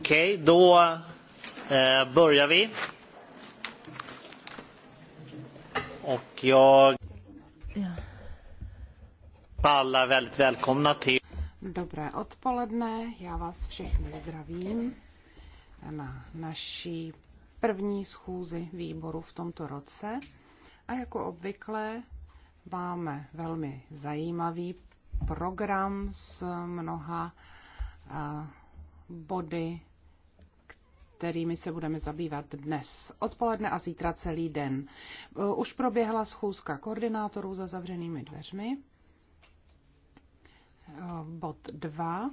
Okej, då eh, börjar vi. Och jag alla väldigt välkomna till... Dobré odpoledne, já vás všechny zdravím na naší první schůzi výboru v tomto roce. A jako obvykle máme velmi zajímavý program s mnoha eh, body kterými se budeme zabývat dnes odpoledne a zítra celý den. Uh, už proběhla schůzka koordinátorů za zavřenými dveřmi. Uh, bod 2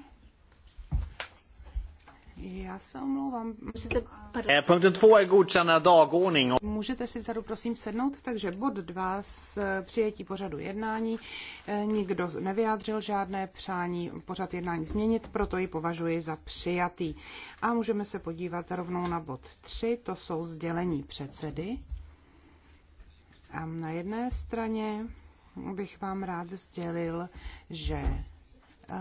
já se omlouvám. Můžete, Punktem 2 je godkänna dagordning. Můžete si vzadu prosím sednout, takže bod 2 z eh, přijetí pořadu jednání. Eh, nikdo nevyjádřil žádné přání pořad jednání změnit, proto ji považuji za přijatý. A můžeme se podívat rovnou na bod 3, to jsou sdělení předsedy. A na jedné straně bych vám rád sdělil, že eh,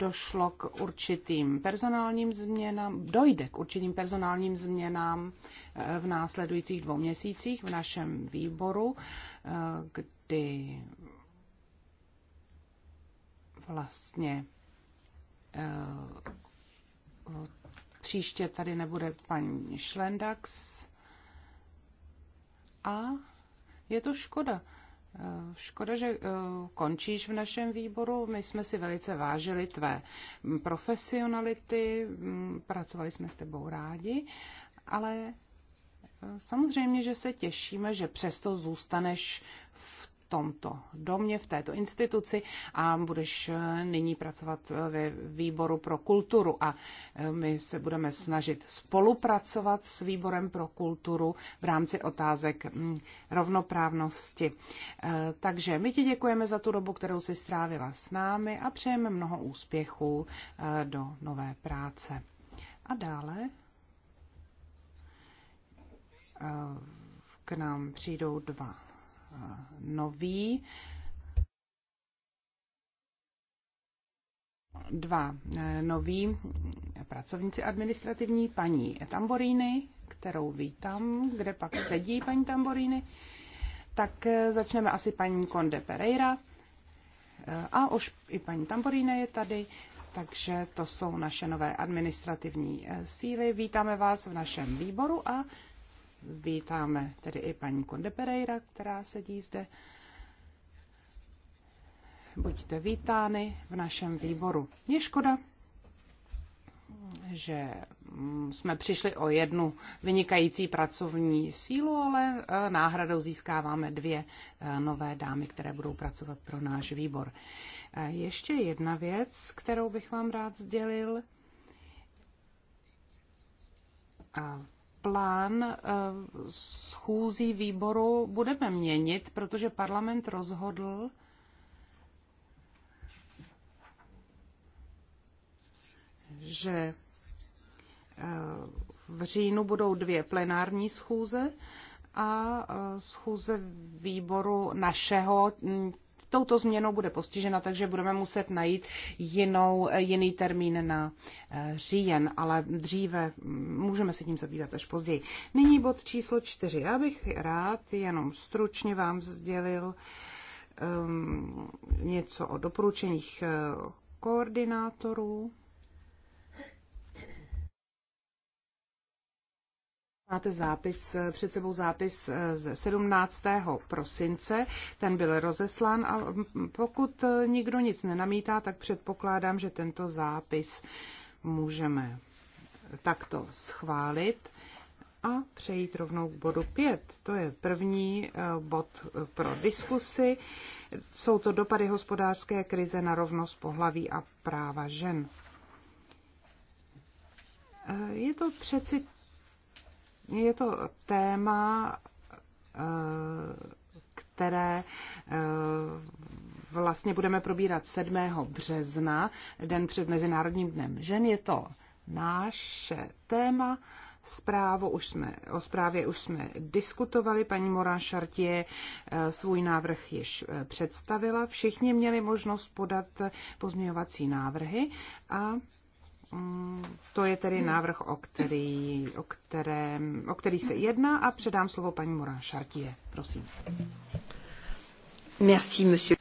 došlo k určitým personálním změnám, dojde k určitým personálním změnám eh, v následujících dvou měsících v našem výboru, eh, kdy vlastně eh, příště tady nebude paní Šlendax a je to škoda, Eh, škoda, že eh, končíš v našem výboru. My jsme si velice vážili tvé hm, profesionality, hm, pracovali jsme s tebou rádi, ale eh, samozřejmě, že se těšíme, že přesto zůstaneš v tomto domě, v této instituci a budeš eh, nyní pracovat eh, ve výboru pro kulturu. A eh, my se budeme snažit spolupracovat s výborem pro kulturu v rámci otázek hm, rovnoprávnosti. Takže my ti děkujeme za tu dobu, kterou jsi strávila s námi a přejeme mnoho úspěchů do nové práce. A dále k nám přijdou dva nový. Dva eh, noví pracovníci administrativní, paní Tamboríny, kterou vítám, kde pak sedí paní Tamboríny. Tak eh, začneme asi paní Konde Pereira. Eh, a už i paní Tamborína je tady, takže to jsou naše nové administrativní síly. Vítáme vás v našem výboru a Vítáme tedy i paní Konde Pereira, která sedí zde. Buďte vítány v našem výboru. Je škoda, že mm, jsme přišli o jednu vynikající pracovní sílu, ale e, náhradou získáváme dvě e, nové dámy, které budou pracovat pro náš výbor. E, ještě jedna věc, kterou bych vám rád sdělil. A plán eh, schůzí výboru budeme měnit, protože parlament rozhodl, že eh, v říjnu budou dvě plenární schůze a eh, schůze výboru našeho hm, touto změnou bude postižena, takže budeme muset najít jinou, eh, jiný termín na eh, říjen, ale dříve mm, můžeme se tím zabývat až později. Nyní bod číslo čtyři. Já bych rád jenom stručně vám sdělil um, něco o doporučeních eh, koordinátorů Máte zápis, eh, před sebou zápis eh, z 17. prosince, ten byl rozeslán a mm, pokud eh, nikdo nic nenamítá, tak předpokládám, že tento zápis můžeme takto schválit a přejít rovnou k bodu 5. To je první bod pro diskusy. Jsou to dopady hospodářské krize na rovnost pohlaví a práva žen. Je to přeci je to téma, eh, které eh, vlastně budeme probírat 7. března, den před Mezinárodním dnem žen. Je to naše téma. Zprávu už jsme, o zprávě už jsme diskutovali, paní Morán Šartě eh, svůj návrh již představila. Všichni měli možnost podat pozměňovací návrhy a Mm, to je tedy návrh, o, který, o, kterém, o který se jedná a předám slovo paní Morán Šartie. Prosím. Merci, monsieur.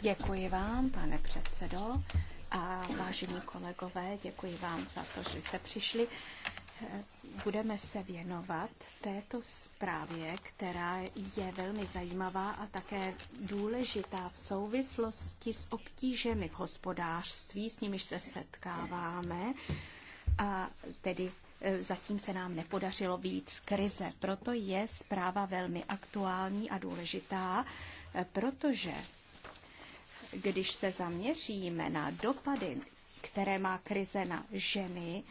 Děkuji vám, pane předsedo. A vážení kolegové, děkuji vám za to, že jste přišli budeme se věnovat této zprávě, která je velmi zajímavá a také důležitá v souvislosti s obtížemi v hospodářství, s nimiž se setkáváme. A tedy e, zatím se nám nepodařilo víc krize. Proto je zpráva velmi aktuální a důležitá, e, protože když se zaměříme na dopady, které má krize na ženy,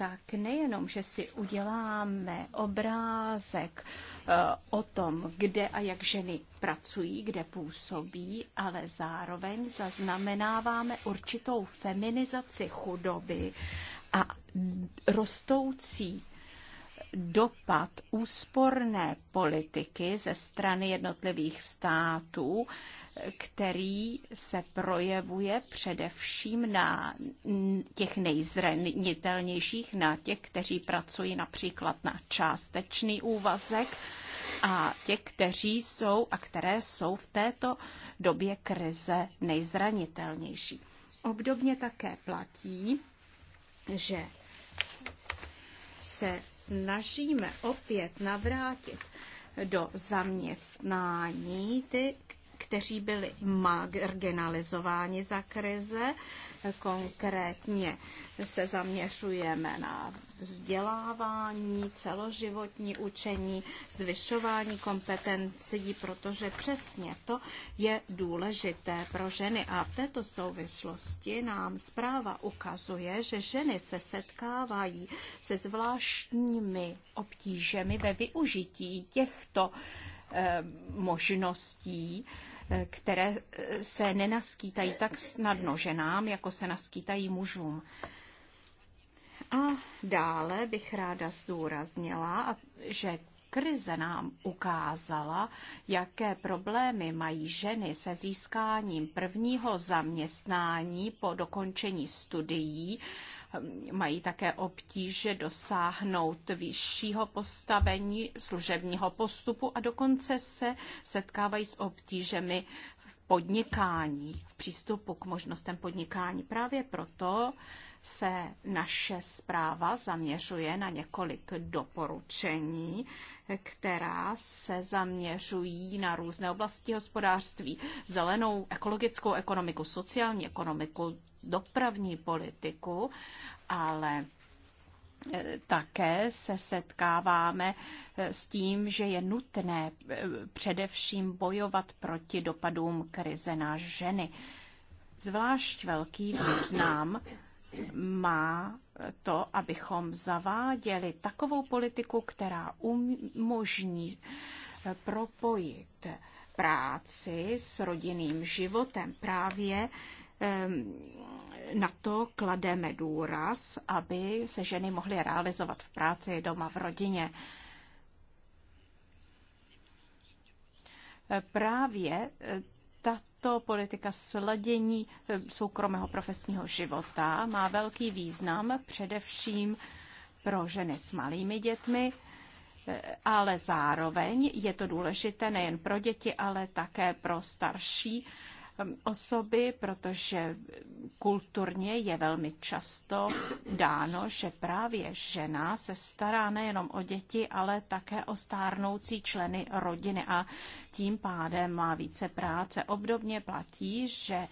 tak nejenom, že si uděláme obrázek eh, o tom, kde a jak ženy pracují, kde působí, ale zároveň zaznamenáváme určitou feminizaci chudoby a rostoucí dopad úsporné politiky ze strany jednotlivých států který se projevuje především na těch nejzranitelnějších, na těch, kteří pracují například na částečný úvazek a těch, kteří jsou a které jsou v této době krize nejzranitelnější. Obdobně také platí, že se snažíme opět navrátit do zaměstnání ty kteří byli marginalizováni za krize. Konkrétně se zaměřujeme na vzdělávání, celoživotní učení, zvyšování kompetencí, protože přesně to je důležité pro ženy. A v této souvislosti nám zpráva ukazuje, že ženy se setkávají se zvláštními obtížemi ve využití těchto eh, možností Eh, které eh, se nenaskýtají tak snadno ženám, jako se naskýtají mužům. A dále bych ráda zdůraznila, že krize nám ukázala, jaké problémy mají ženy se získáním prvního zaměstnání po dokončení studií mají také obtíže dosáhnout vyššího postavení služebního postupu a dokonce se setkávají s obtížemi v podnikání, v přístupu k možnostem podnikání. Právě proto se naše zpráva zaměřuje na několik doporučení, která se zaměřují na různé oblasti hospodářství, zelenou ekologickou ekonomiku, sociální ekonomiku, dopravní politiku, ale eh, také se setkáváme eh, s tím, že je nutné eh, především bojovat proti dopadům krize na ženy. Zvlášť velký význam má to, abychom zaváděli takovou politiku, která umožní propojit práci s rodinným životem. Právě na to klademe důraz, aby se ženy mohly realizovat v práci, doma, v rodině. E, právě e, tato politika sladění e, soukromého profesního života má velký význam především pro ženy s malými dětmi, ale zároveň je to důležité nejen pro děti, ale také pro starší Um, osoby, protože kulturně je velmi často dáno, že právě žena se stará nejenom o děti, ale také o stárnoucí členy rodiny a tím pádem má více práce. Obdobně platí, že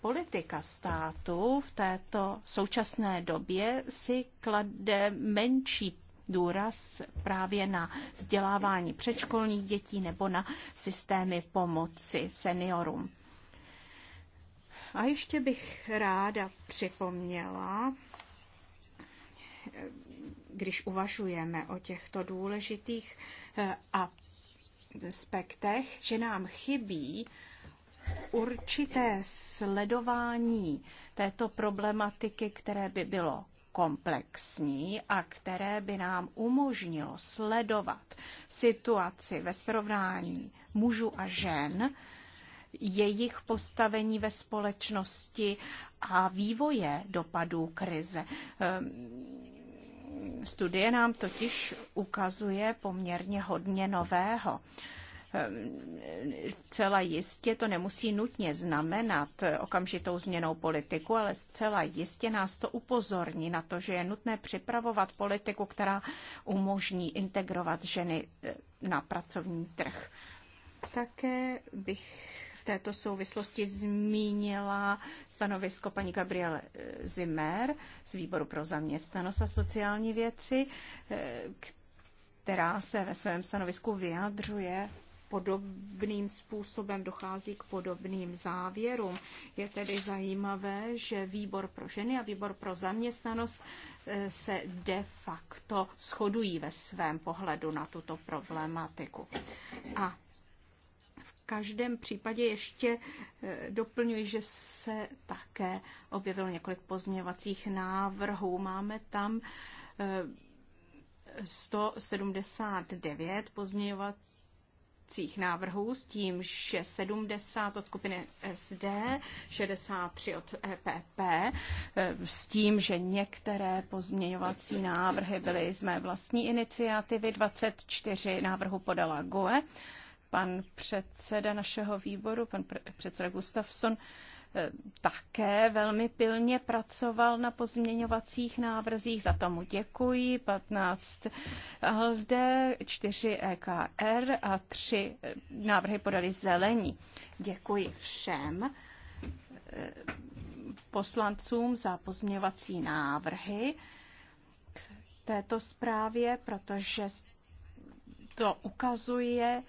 politika státu v této současné době si klade menší důraz právě na vzdělávání předškolních dětí nebo na systémy pomoci seniorům. A ještě bych ráda připomněla, když uvažujeme o těchto důležitých eh, aspektech, že nám chybí určité sledování této problematiky, které by bylo komplexní a které by nám umožnilo sledovat situaci ve srovnání mužů a žen jejich postavení ve společnosti a vývoje dopadů krize. Ehm, studie nám totiž ukazuje poměrně hodně nového. Ehm, zcela jistě to nemusí nutně znamenat okamžitou změnou politiku, ale zcela jistě nás to upozorní na to, že je nutné připravovat politiku, která umožní integrovat ženy eh, na pracovní trh. Také bych v této souvislosti zmínila stanovisko paní Gabriele eh, Zimmer z Výboru pro zaměstnanost a sociální věci, eh, která se ve svém stanovisku vyjadřuje podobným způsobem dochází k podobným závěrům. Je tedy zajímavé, že výbor pro ženy a výbor pro zaměstnanost eh, se de facto shodují ve svém pohledu na tuto problematiku. A každém případě ještě eh, doplňuji, že se také objevilo několik pozměňovacích návrhů. Máme tam 179 eh, pozměňovacích návrhů s tím, že 70 od skupiny SD, 63 od EPP, eh, s tím, že některé pozměňovací návrhy byly z mé vlastní iniciativy, 24 návrhů podala GOE Pan předseda našeho výboru, pan předseda Gustafsson, eh, také velmi pilně pracoval na pozměňovacích návrzích, za tomu děkuji, 15 LD, 4 EKR a 3 eh, návrhy podali zelení. Děkuji všem eh, poslancům za pozměňovací návrhy k této zprávě, protože to ukazuje,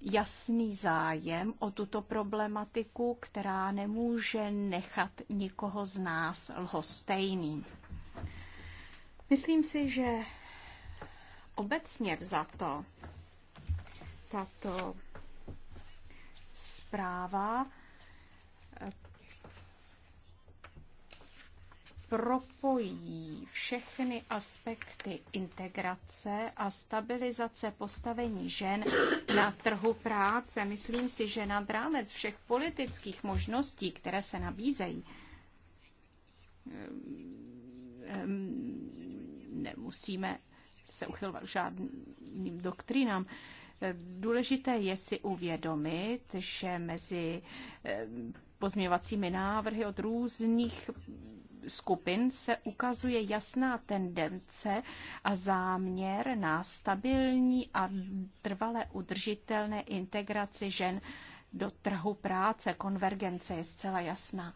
jasný zájem o tuto problematiku, která nemůže nechat nikoho z nás lhostejným. Myslím si, že obecně vzato tato zpráva propojí všechny aspekty integrace a stabilizace postavení žen na trhu práce. Myslím si, že nad rámec všech politických možností, které se nabízejí, ehm, nemusíme se uchylovat žádným doktrinám. Ehm, důležité je si uvědomit, že mezi ehm, pozměvacími návrhy od různých skupin se ukazuje jasná tendence a záměr na stabilní a trvale udržitelné integraci žen do trhu práce. Konvergence je zcela jasná.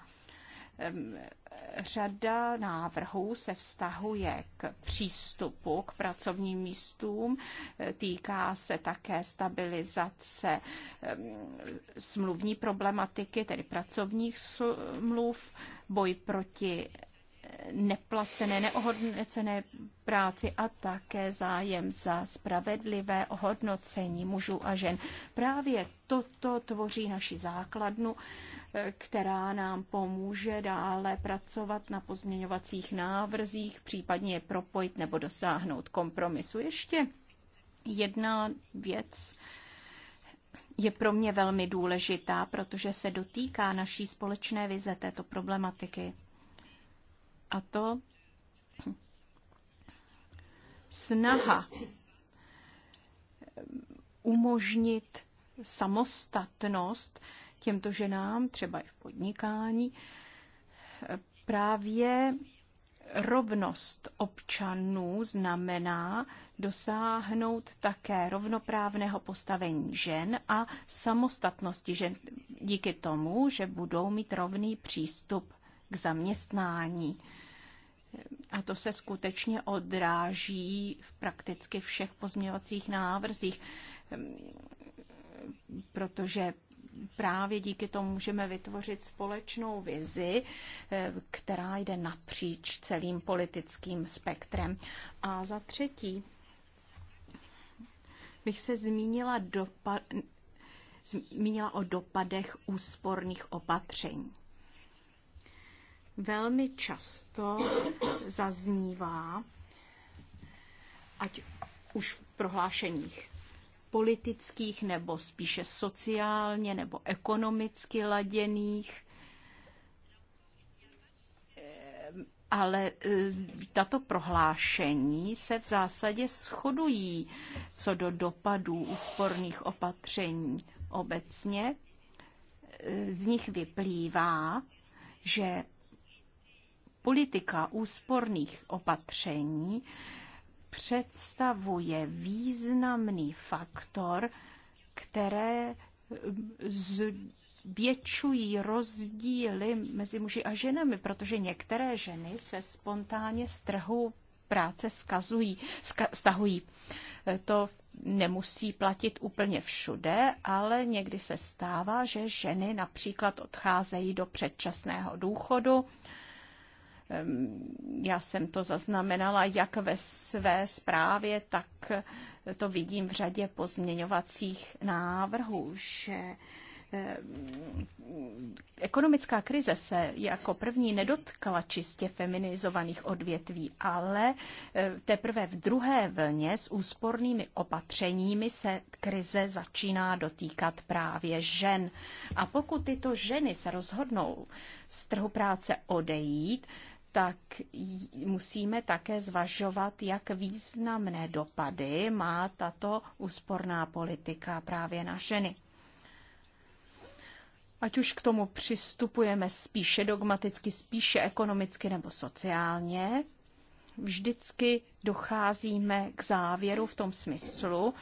Řada návrhů se vztahuje k přístupu k pracovním místům, týká se také stabilizace smluvní problematiky, tedy pracovních smluv, boj proti neplacené, neohodnocené práci a také zájem za spravedlivé hodnocení mužů a žen. Právě toto tvoří naši základnu, eh, která nám pomůže dále pracovat na pozměňovacích návrzích, případně je propojit nebo dosáhnout kompromisu. Ještě jedna věc je pro mě velmi důležitá, protože se dotýká naší společné vize této problematiky. A to snaha umožnit samostatnost těmto ženám, třeba i v podnikání, právě rovnost občanů znamená dosáhnout také rovnoprávného postavení žen a samostatnosti žen díky tomu, že budou mít rovný přístup k zaměstnání. A to se skutečně odráží v prakticky všech pozměňovacích návrzích, ehm, protože právě díky tomu můžeme vytvořit společnou vizi, eh, která jde napříč celým politickým spektrem. A za třetí bych se zmínila, dopa- zmínila o dopadech úsporných opatření velmi často zaznívá, ať už v prohlášeních politických nebo spíše sociálně nebo ekonomicky laděných. Ale e, tato prohlášení se v zásadě shodují co do dopadů úsporných opatření obecně. E, z nich vyplývá, že politika úsporných opatření představuje významný faktor, které eh, Většují rozdíly mezi muži a ženami, protože některé ženy se spontánně z trhu práce skazují, ska, stahují. Eh, to nemusí platit úplně všude, ale někdy se stává, že ženy například odcházejí do předčasného důchodu já jsem to zaznamenala jak ve své zprávě, tak to vidím v řadě pozměňovacích návrhů, že ekonomická krize se jako první nedotkala čistě feminizovaných odvětví, ale teprve v druhé vlně s úspornými opatřeními se krize začíná dotýkat právě žen. A pokud tyto ženy se rozhodnou z trhu práce odejít, tak musíme také zvažovat, jak významné dopady má tato úsporná politika právě na ženy. Ať už k tomu přistupujeme spíše dogmaticky, spíše ekonomicky nebo sociálně, vždycky docházíme k závěru v tom smyslu,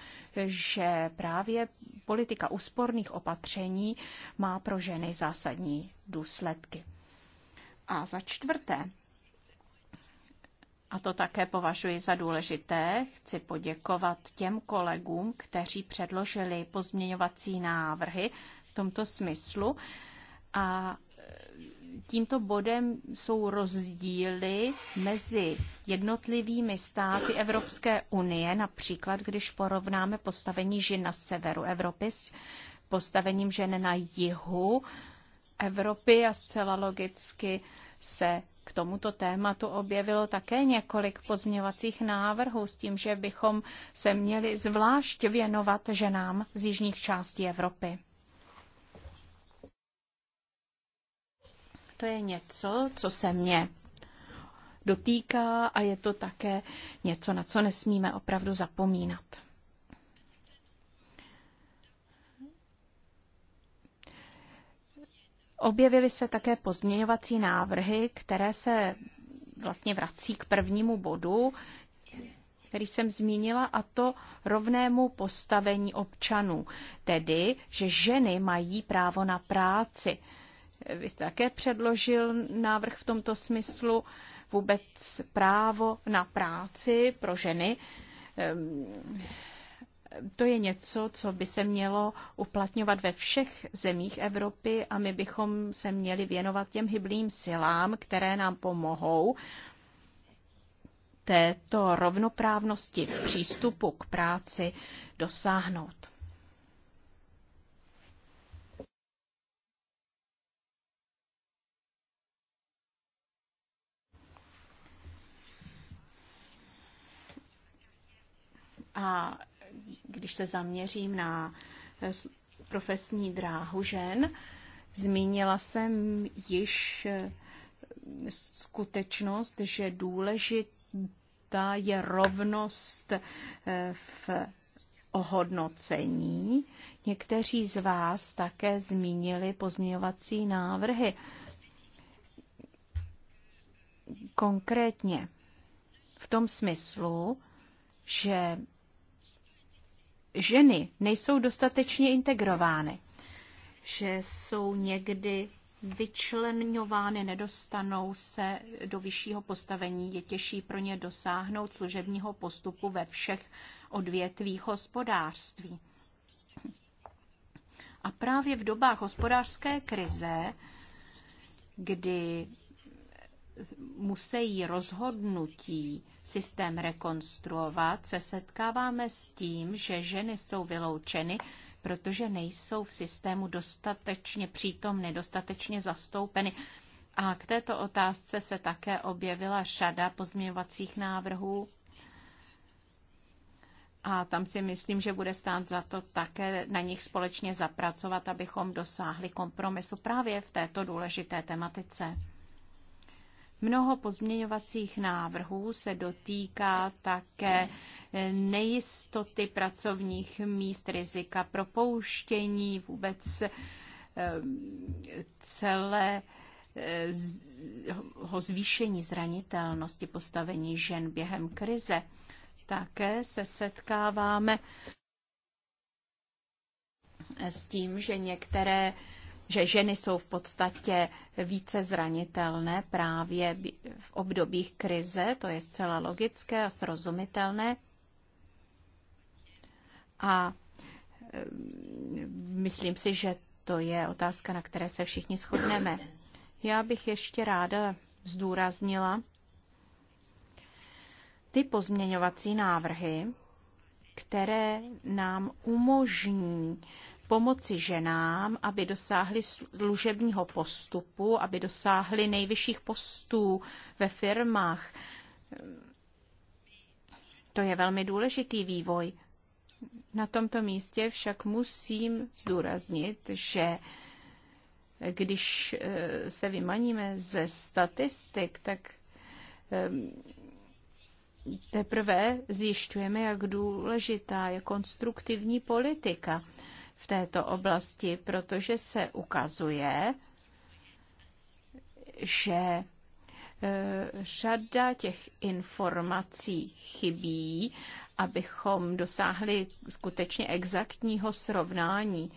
že právě politika úsporných opatření má pro ženy zásadní důsledky. A za čtvrté, a to také považuji za důležité, chci poděkovat těm kolegům, kteří předložili pozměňovací návrhy v tomto smyslu. A tímto bodem jsou rozdíly mezi jednotlivými státy Evropské unie, například když porovnáme postavení žen na severu Evropy s postavením žen na jihu Evropy a zcela logicky se k tomuto tématu objevilo také několik pozměňovacích návrhů s tím, že bychom se měli zvlášť věnovat ženám z jižních částí Evropy. To je něco, co se mě dotýká a je to také něco, na co nesmíme opravdu zapomínat. Objevily se také pozměňovací návrhy, které se vlastně vrací k prvnímu bodu, který jsem zmínila, a to rovnému postavení občanů, tedy, že ženy mají právo na práci. Vy jste také předložil návrh v tomto smyslu vůbec právo na práci pro ženy. Ehm, to je něco, co by se mělo uplatňovat ve všech zemích Evropy a my bychom se měli věnovat těm hyblým silám, které nám pomohou této rovnoprávnosti v přístupu k práci dosáhnout. A když se zaměřím na eh, profesní dráhu žen, zmínila jsem již eh, skutečnost, že důležitá je rovnost eh, v ohodnocení. Někteří z vás také zmínili pozměňovací návrhy. Konkrétně v tom smyslu, že ženy nejsou dostatečně integrovány, že jsou někdy vyčlenňovány, nedostanou se do vyššího postavení, je těžší pro ně dosáhnout služebního postupu ve všech odvětvích hospodářství. A právě v dobách hospodářské krize, kdy musí rozhodnutí systém rekonstruovat, se setkáváme s tím, že ženy jsou vyloučeny, protože nejsou v systému dostatečně přítomny, dostatečně zastoupeny. A k této otázce se také objevila šada pozměňovacích návrhů. A tam si myslím, že bude stát za to také na nich společně zapracovat, abychom dosáhli kompromisu právě v této důležité tematice. Mnoho pozměňovacích návrhů se dotýká také nejistoty pracovních míst, rizika propouštění, vůbec eh, celé eh, ho zvýšení zranitelnosti postavení žen během krize. Také se setkáváme s tím, že některé že ženy jsou v podstatě více zranitelné právě v obdobích krize, to je zcela logické a srozumitelné. A eh, myslím si, že to je otázka, na které se všichni shodneme. Já bych ještě ráda zdůraznila ty pozměňovací návrhy, které nám umožní pomoci ženám, aby dosáhly služebního postupu, aby dosáhly nejvyšších postů ve firmách. To je velmi důležitý vývoj. Na tomto místě však musím zdůraznit, že když eh, se vymaníme ze statistik, tak eh, teprve zjišťujeme, jak důležitá je konstruktivní politika v této oblasti, protože se ukazuje, že e, řada těch informací chybí, abychom dosáhli skutečně exaktního srovnání.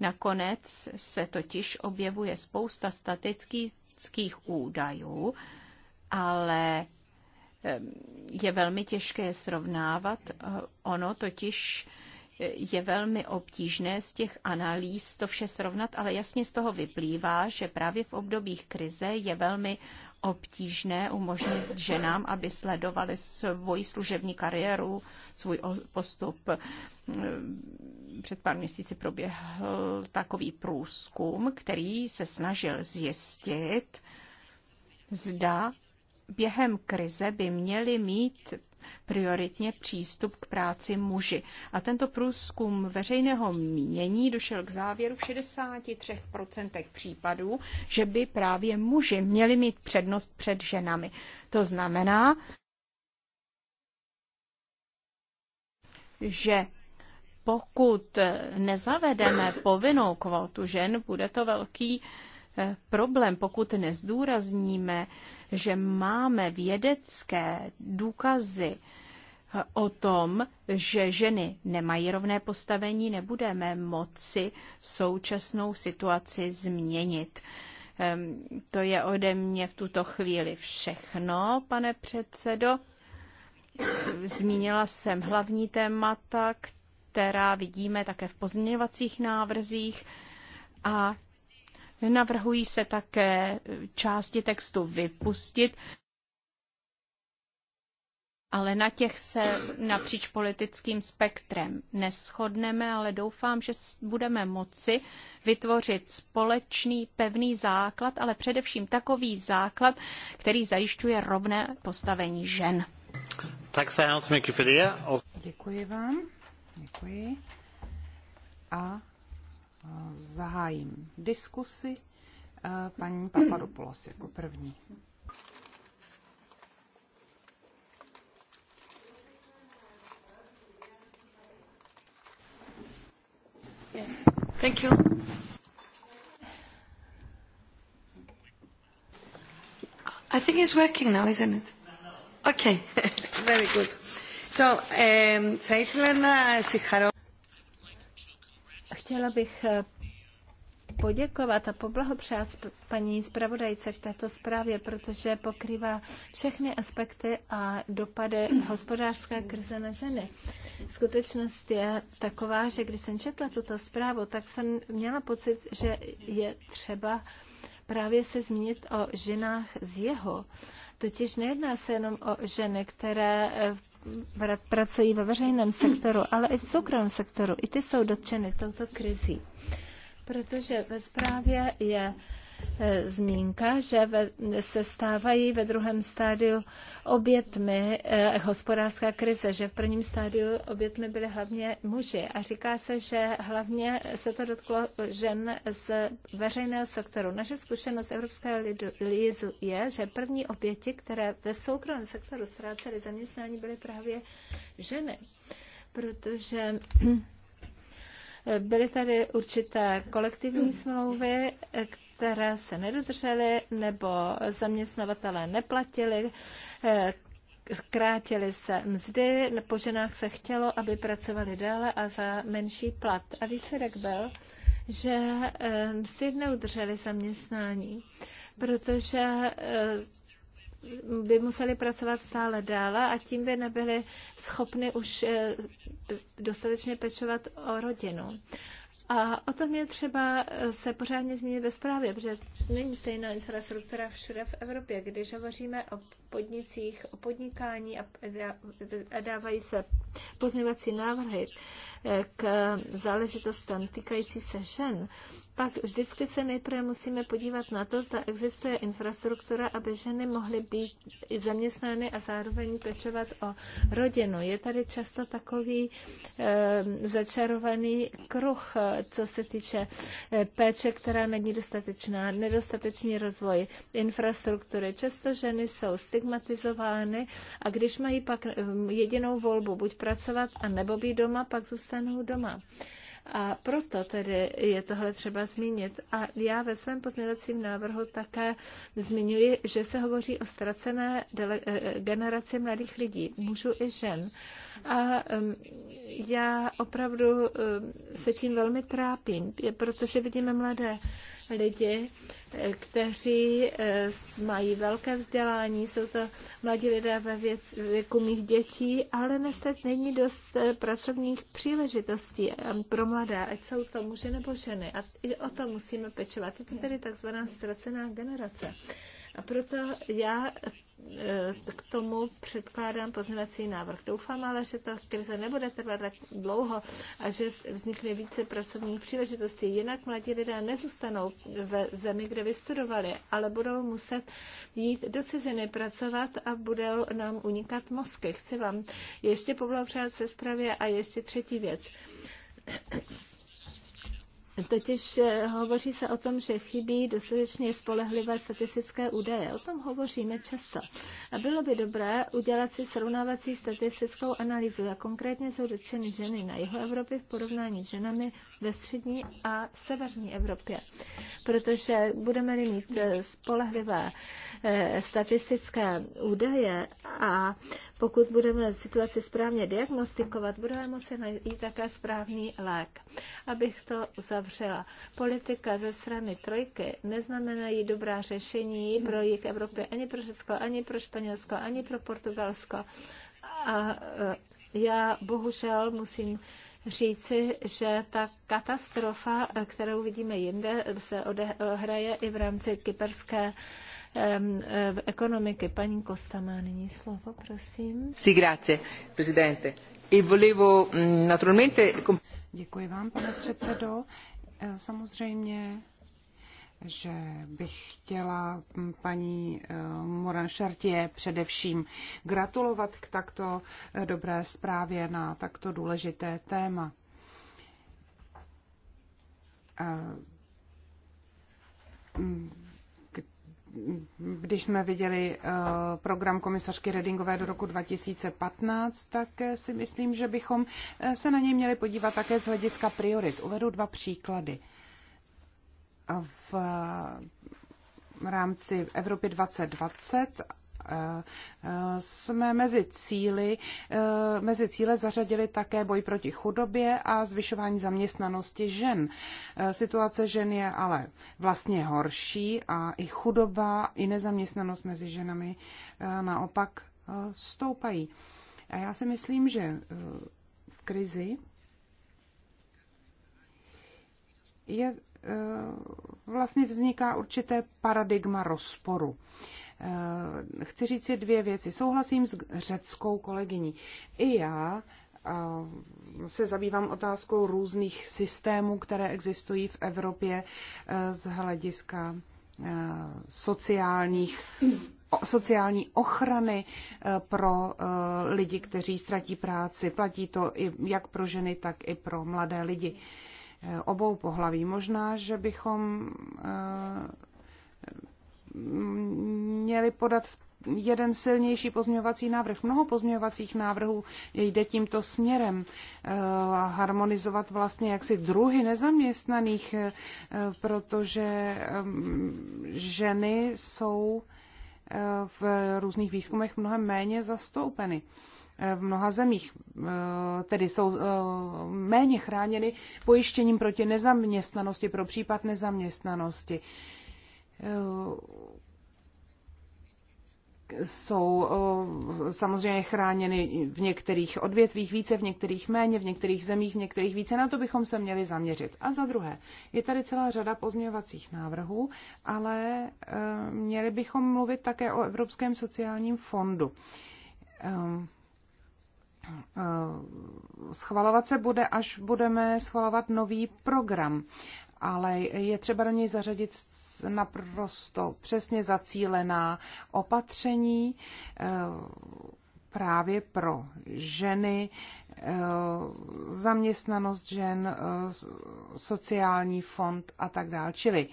Nakonec se totiž objevuje spousta statických údajů, ale e, je velmi těžké srovnávat. E, ono totiž je velmi obtížné z těch analýz to vše srovnat, ale jasně z toho vyplývá, že právě v obdobích krize je velmi obtížné umožnit ženám, aby sledovali svoji služební kariéru, svůj postup. Ehm, před pár měsíci proběhl takový průzkum, který se snažil zjistit, zda během krize by měly mít prioritně přístup k práci muži. A tento průzkum veřejného mínění došel k závěru v 63% případů, že by právě muži měli mít přednost před ženami. To znamená, že pokud nezavedeme povinnou kvotu žen, bude to velký eh, problém, pokud nezdůrazníme že máme vědecké důkazy eh, o tom, že ženy nemají rovné postavení, nebudeme moci současnou situaci změnit. Ehm, to je ode mě v tuto chvíli všechno, pane předsedo. Zmínila jsem hlavní témata, která vidíme také v pozměňovacích návrzích a Navrhují se také eh, části textu vypustit, ale na těch se napříč politickým spektrem neschodneme, ale doufám, že budeme moci vytvořit společný pevný základ, ale především takový základ, který zajišťuje rovné postavení žen. Tak se Děkuji vám. Děkuji. A zahájím diskusi. Paní Papadopoulos jako první. Yes. Thank you. I think it's working now, isn't it? Okay, very good. So, um, θα ήθελα να συγχαρώ Chtěla bych eh, poděkovat a poblahopřát paní zpravodajce k této zprávě, protože pokrývá všechny aspekty a dopady hospodářské krize na ženy. Skutečnost je taková, že když jsem četla tuto zprávu, tak jsem měla pocit, že je třeba právě se zmínit o ženách z jeho. Totiž nejedná se jenom o ženy, které eh, pracují ve veřejném sektoru, ale i v soukromém sektoru. I ty jsou dotčeny touto krizí. Protože ve zprávě je E, zmínka, že ve, se stávají ve druhém stádiu obětmi eh, hospodářská krize, že v prvním stádiu obětmi byly hlavně muži. A říká se, že hlavně se to dotklo žen z veřejného sektoru. Naše zkušenost Evropského lízu je, že první oběti, které ve soukromém sektoru ztrácely zaměstnání, byly právě ženy. Protože byly tady určité kolektivní smlouvy, které které se nedodržely nebo zaměstnavatelé neplatili, eh, zkrátili se mzdy, po ženách se chtělo, aby pracovali déle a za menší plat. A výsledek byl, že eh, si neudrželi zaměstnání, protože eh, by museli pracovat stále dále a tím by nebyli schopni už dostatečně pečovat o rodinu. A o tom je třeba eh, se pořádně změnit ve zprávě, protože není stejná infrastruktura všude v Evropě. Když hovoříme o podnicích, o podnikání a dávají se pozměvací návrhy, k záležitostem týkající se žen, pak vždycky se nejprve musíme podívat na to, zda existuje infrastruktura, aby ženy mohly být i zaměstnány a zároveň pečovat o rodinu. Je tady často takový e, začarovaný kruh, eh, co se týče eh, péče, která není dostatečná, nedostatečný rozvoj infrastruktury. Často ženy jsou stigmatizovány a když mají pak jedinou volbu buď pracovat a nebo být doma, pak zůstávají zůstanou doma. A proto tedy je tohle třeba zmínit. A já ve svém pozměňovacím návrhu také zmiňuji, že se hovoří o ztracené eh, generaci mladých lidí, mužů i žen. A já opravdu se tím velmi trápím, protože vidíme mladé lidi, eh, kteří eh, mají velké vzdělání, jsou to mladí lidé ve věc, věku mých dětí, ale neset není dost eh, pracovních příležitostí pro mladé, ať jsou to muže nebo ženy. A i o to musíme pečovat. Je to tedy takzvaná ztracená generace. A proto já E, k tomu předkládám pozměňovací návrh. Doufám ale, že ta krize nebude trvat tak dlouho a že vznikne více pracovních příležitostí. Jinak mladí lidé nezůstanou ve zemi, kde vystudovali, ale budou muset jít do ciziny pracovat a budou nám unikat mozky. Chci vám ještě poblahopřát se zprávě a ještě třetí věc Totiž eh, hovoří se o tom, že chybí dostatečně spolehlivé statistické údaje. O tom hovoříme často. A bylo by dobré udělat si srovnávací statistickou analýzu, jak konkrétně jsou dotčeny ženy na jihu Evropy v porovnání s ženami ve střední a severní Evropě. Protože budeme-li mít eh, spolehlivé eh, statistické údaje a pokud budeme situaci správně diagnostikovat, budeme moci najít také správný lék. Abych to uzavřela. Politika ze strany trojky neznamenají dobrá řešení pro jejich Evropě, ani pro Řecko, ani pro Španělsko, ani pro Portugalsko. A e, já bohužel musím říci, že ta katastrofa, kterou vidíme jinde, se odehraje i v rámci kyperské um, um, ekonomiky. Paní Kosta má nyní slovo, prosím. Sí, grazie, presidente. I e volevo, mm, naturalmente... Děkuji vám, pane předsedo. E, samozřejmě že bych chtěla mm, paní eh, Moran Šartě především gratulovat k takto eh, dobré zprávě na takto důležité téma. Mm, když jsme viděli eh, program komisařky Redingové do roku 2015, tak si myslím, že bychom se na něj měli podívat také z hlediska priorit. Uvedu dva příklady. Eh, v rámci Evropy 2020 eh, eh, jsme mezi cíly, mezi cíle zařadili také boj proti chudobě a zvyšování zaměstnanosti žen. Situace žen je ale vlastně horší a i chudoba, i nezaměstnanost mezi ženami naopak stoupají. A já si myslím, že v krizi je Eh, vlastně vzniká určité paradigma rozporu. Eh, chci říct si dvě věci. Souhlasím s řeckou kolegyní. I já eh, se zabývám otázkou různých systémů, které existují v Evropě z hlediska sociálních sociální ochrany pro lidi, kteří ztratí práci. Platí to i jak pro ženy, tak i pro mladé lidi. Eh, obou pohlaví. Možná, že bychom eh, měli podat jeden silnější pozměňovací návrh. Mnoho pozměňovacích návrhů jde tímto směrem. Eh, harmonizovat vlastně jaksi druhy nezaměstnaných, protože ženy jsou v různých výzkumech mnohem méně zastoupeny v mnoha zemích, eh, tedy jsou eh, méně chráněny pojištěním proti nezaměstnanosti pro případ nezaměstnanosti. Eh, jsou samozřejmě chráněny v některých odvětvích více, v některých méně, v některých zemích, v některých více. Na to bychom se měli zaměřit. A za druhé, je tady celá řada pozměňovacích návrhů, ale měli bychom mluvit také o Evropském sociálním fondu. Ehm, Eh, schvalovat se bude, až budeme schvalovat nový program, ale je třeba do něj zařadit naprosto přesně zacílená opatření eh, právě pro ženy, eh, zaměstnanost žen, sociální fond a tak dále. Čili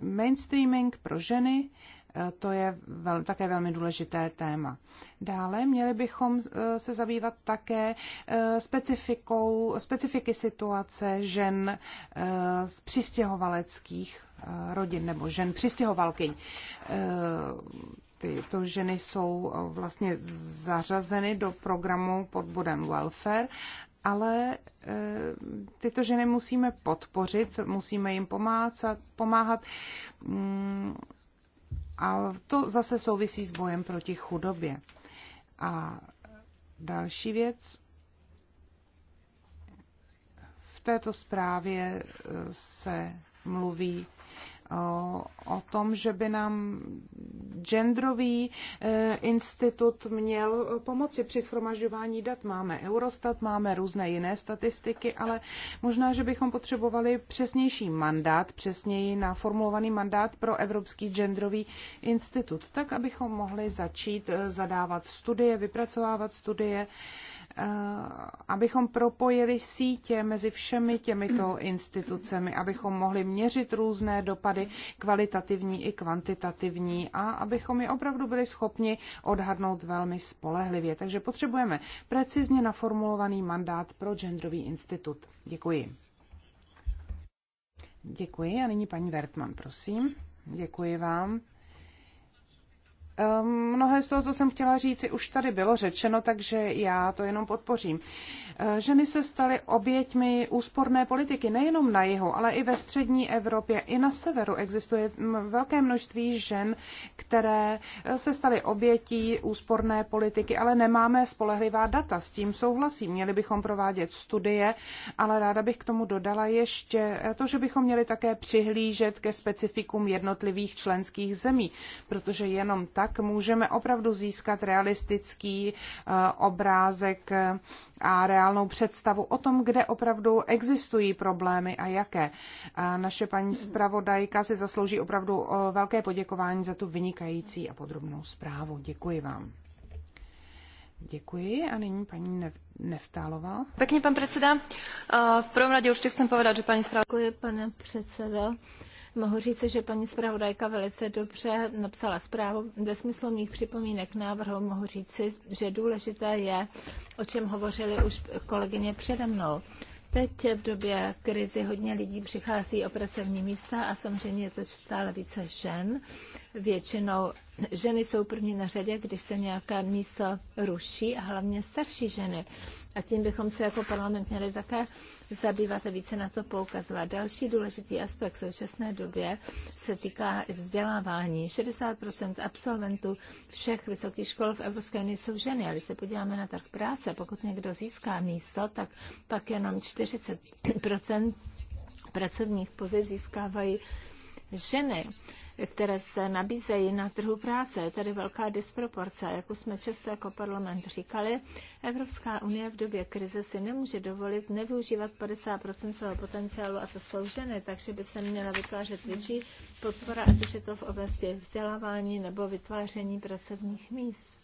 mainstreaming pro ženy to je vel, také velmi důležité téma. Dále měli bychom eh, se zabývat také eh, specifikou, specifiky situace žen eh, z přistěhovaleckých rodin nebo žen přistěhovalkyň tyto ženy jsou vlastně zařazeny do programu pod bodem welfare, ale tyto ženy musíme podpořit, musíme jim pomáhat, pomáhat mm, a to zase souvisí s bojem proti chudobě. A další věc. V této zprávě eh, se mluví o tom, že by nám genderový e, institut měl pomoci při schromažďování dat. Máme Eurostat, máme různé jiné statistiky, ale možná, že bychom potřebovali přesnější mandát, přesněji naformulovaný mandát pro Evropský genderový institut, tak abychom mohli začít e, zadávat studie, vypracovávat studie, Eh, abychom propojili sítě mezi všemi těmito institucemi, abychom mohli měřit různé dopady, kvalitativní i kvantitativní, a abychom je opravdu byli schopni odhadnout velmi spolehlivě. Takže potřebujeme precizně naformulovaný mandát pro Genderový institut. Děkuji. Děkuji a nyní paní Vertman, prosím. Děkuji vám. Ehm, mnohé z toho, co jsem chtěla říct, už tady bylo řečeno, takže já to jenom podpořím. Eh, ženy se staly oběťmi úsporné politiky nejenom na jihu, ale i ve střední Evropě, i na severu existuje mm, velké množství žen, které eh, se staly obětí úsporné politiky, ale nemáme spolehlivá data. S tím souhlasím. Měli bychom provádět studie, ale ráda bych k tomu dodala ještě eh, to, že bychom měli také přihlížet ke specifikům jednotlivých členských zemí, protože jenom tak můžeme opravdu získat realistický obrázek a realistický reálnou představu o tom, kde opravdu existují problémy a jaké. A naše paní zpravodajka si zaslouží opravdu velké poděkování za tu vynikající a podrobnou zprávu. Děkuji vám. Děkuji a nyní paní Nev- Nevtálová. Pěkně, pan předseda. V prvom radě určitě chcem povedat, že paní zpravodajka... Děkuji, pane předsedo. Mohu říct, že paní zpravodajka velice dobře napsala zprávu ve smyslu mých připomínek návrhu. Mohu říct, že důležité je, o čem hovořili už kolegyně přede mnou. Teď v době krizi hodně lidí přichází o pracovní místa a samozřejmě je to stále více žen. Většinou ženy jsou první na řadě, když se nějaká místo ruší a hlavně starší ženy. A tím bychom se jako parlament měli také zabývat a více na to poukazovat. Další důležitý aspekt v současné době se týká vzdělávání. 60 absolventů všech vysokých škol v Evropské unii jsou ženy. A když se podíváme na trh práce, pokud někdo získá místo, tak pak jenom 40 pracovních pozic získávají ženy které se nabízejí na trhu práce. Je tady velká disproporce. Jak už jsme často jako parlament říkali, Evropská unie v době krize si nemůže dovolit nevyužívat 50 svého potenciálu, a to jsou ženy, takže by se měla vytvářet větší podpora, ať už je to v oblasti vzdělávání nebo vytváření pracovních míst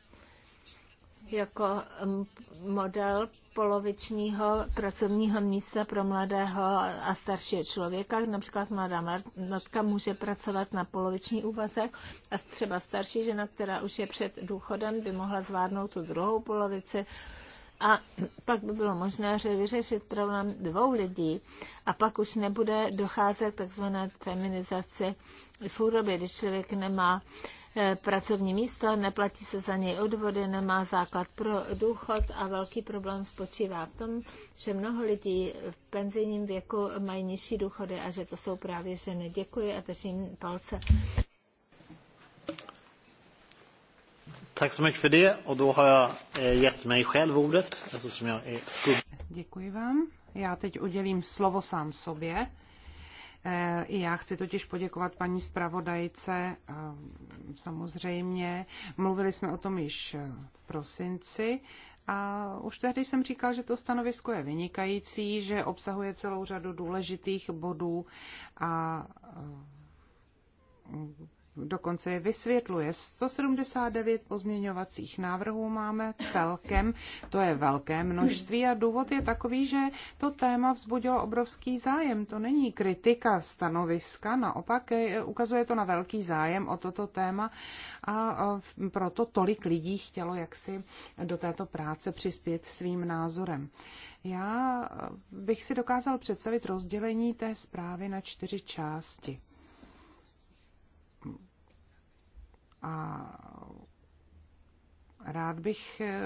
jako um, model polovičního pracovního místa pro mladého a staršího člověka. Například mladá matka může pracovat na poloviční úvazek a třeba starší žena, která už je před důchodem, by mohla zvládnout tu druhou polovici a pak by bylo možné vyřešit problém dvou lidí a pak už nebude docházet takzvané feminizaci v úrobě, když člověk nemá eh, pracovní místo, neplatí se za něj odvody, nemá základ pro důchod a velký problém spočívá v tom, že mnoho lidí v penzijním věku mají nižší důchody a že to jsou právě ženy. Děkuji a držím palce. det. då eh, mig själv ordet Děkuji vám. Já teď udělím slovo sám sobě. E, I já chci totiž poděkovat paní zpravodajce. E, samozřejmě, mluvili jsme o tom již e, v prosinci. A už tehdy jsem říkal, že to stanovisko je vynikající, že obsahuje celou řadu důležitých bodů a dokonce je vysvětluje. 179 pozměňovacích návrhů máme celkem, to je velké množství a důvod je takový, že to téma vzbudilo obrovský zájem. To není kritika stanoviska, naopak eh, ukazuje to na velký zájem o toto téma a proto tolik lidí chtělo jaksi do této práce přispět svým názorem. Já bych si dokázal představit rozdělení té zprávy na čtyři části. A rád bych eh,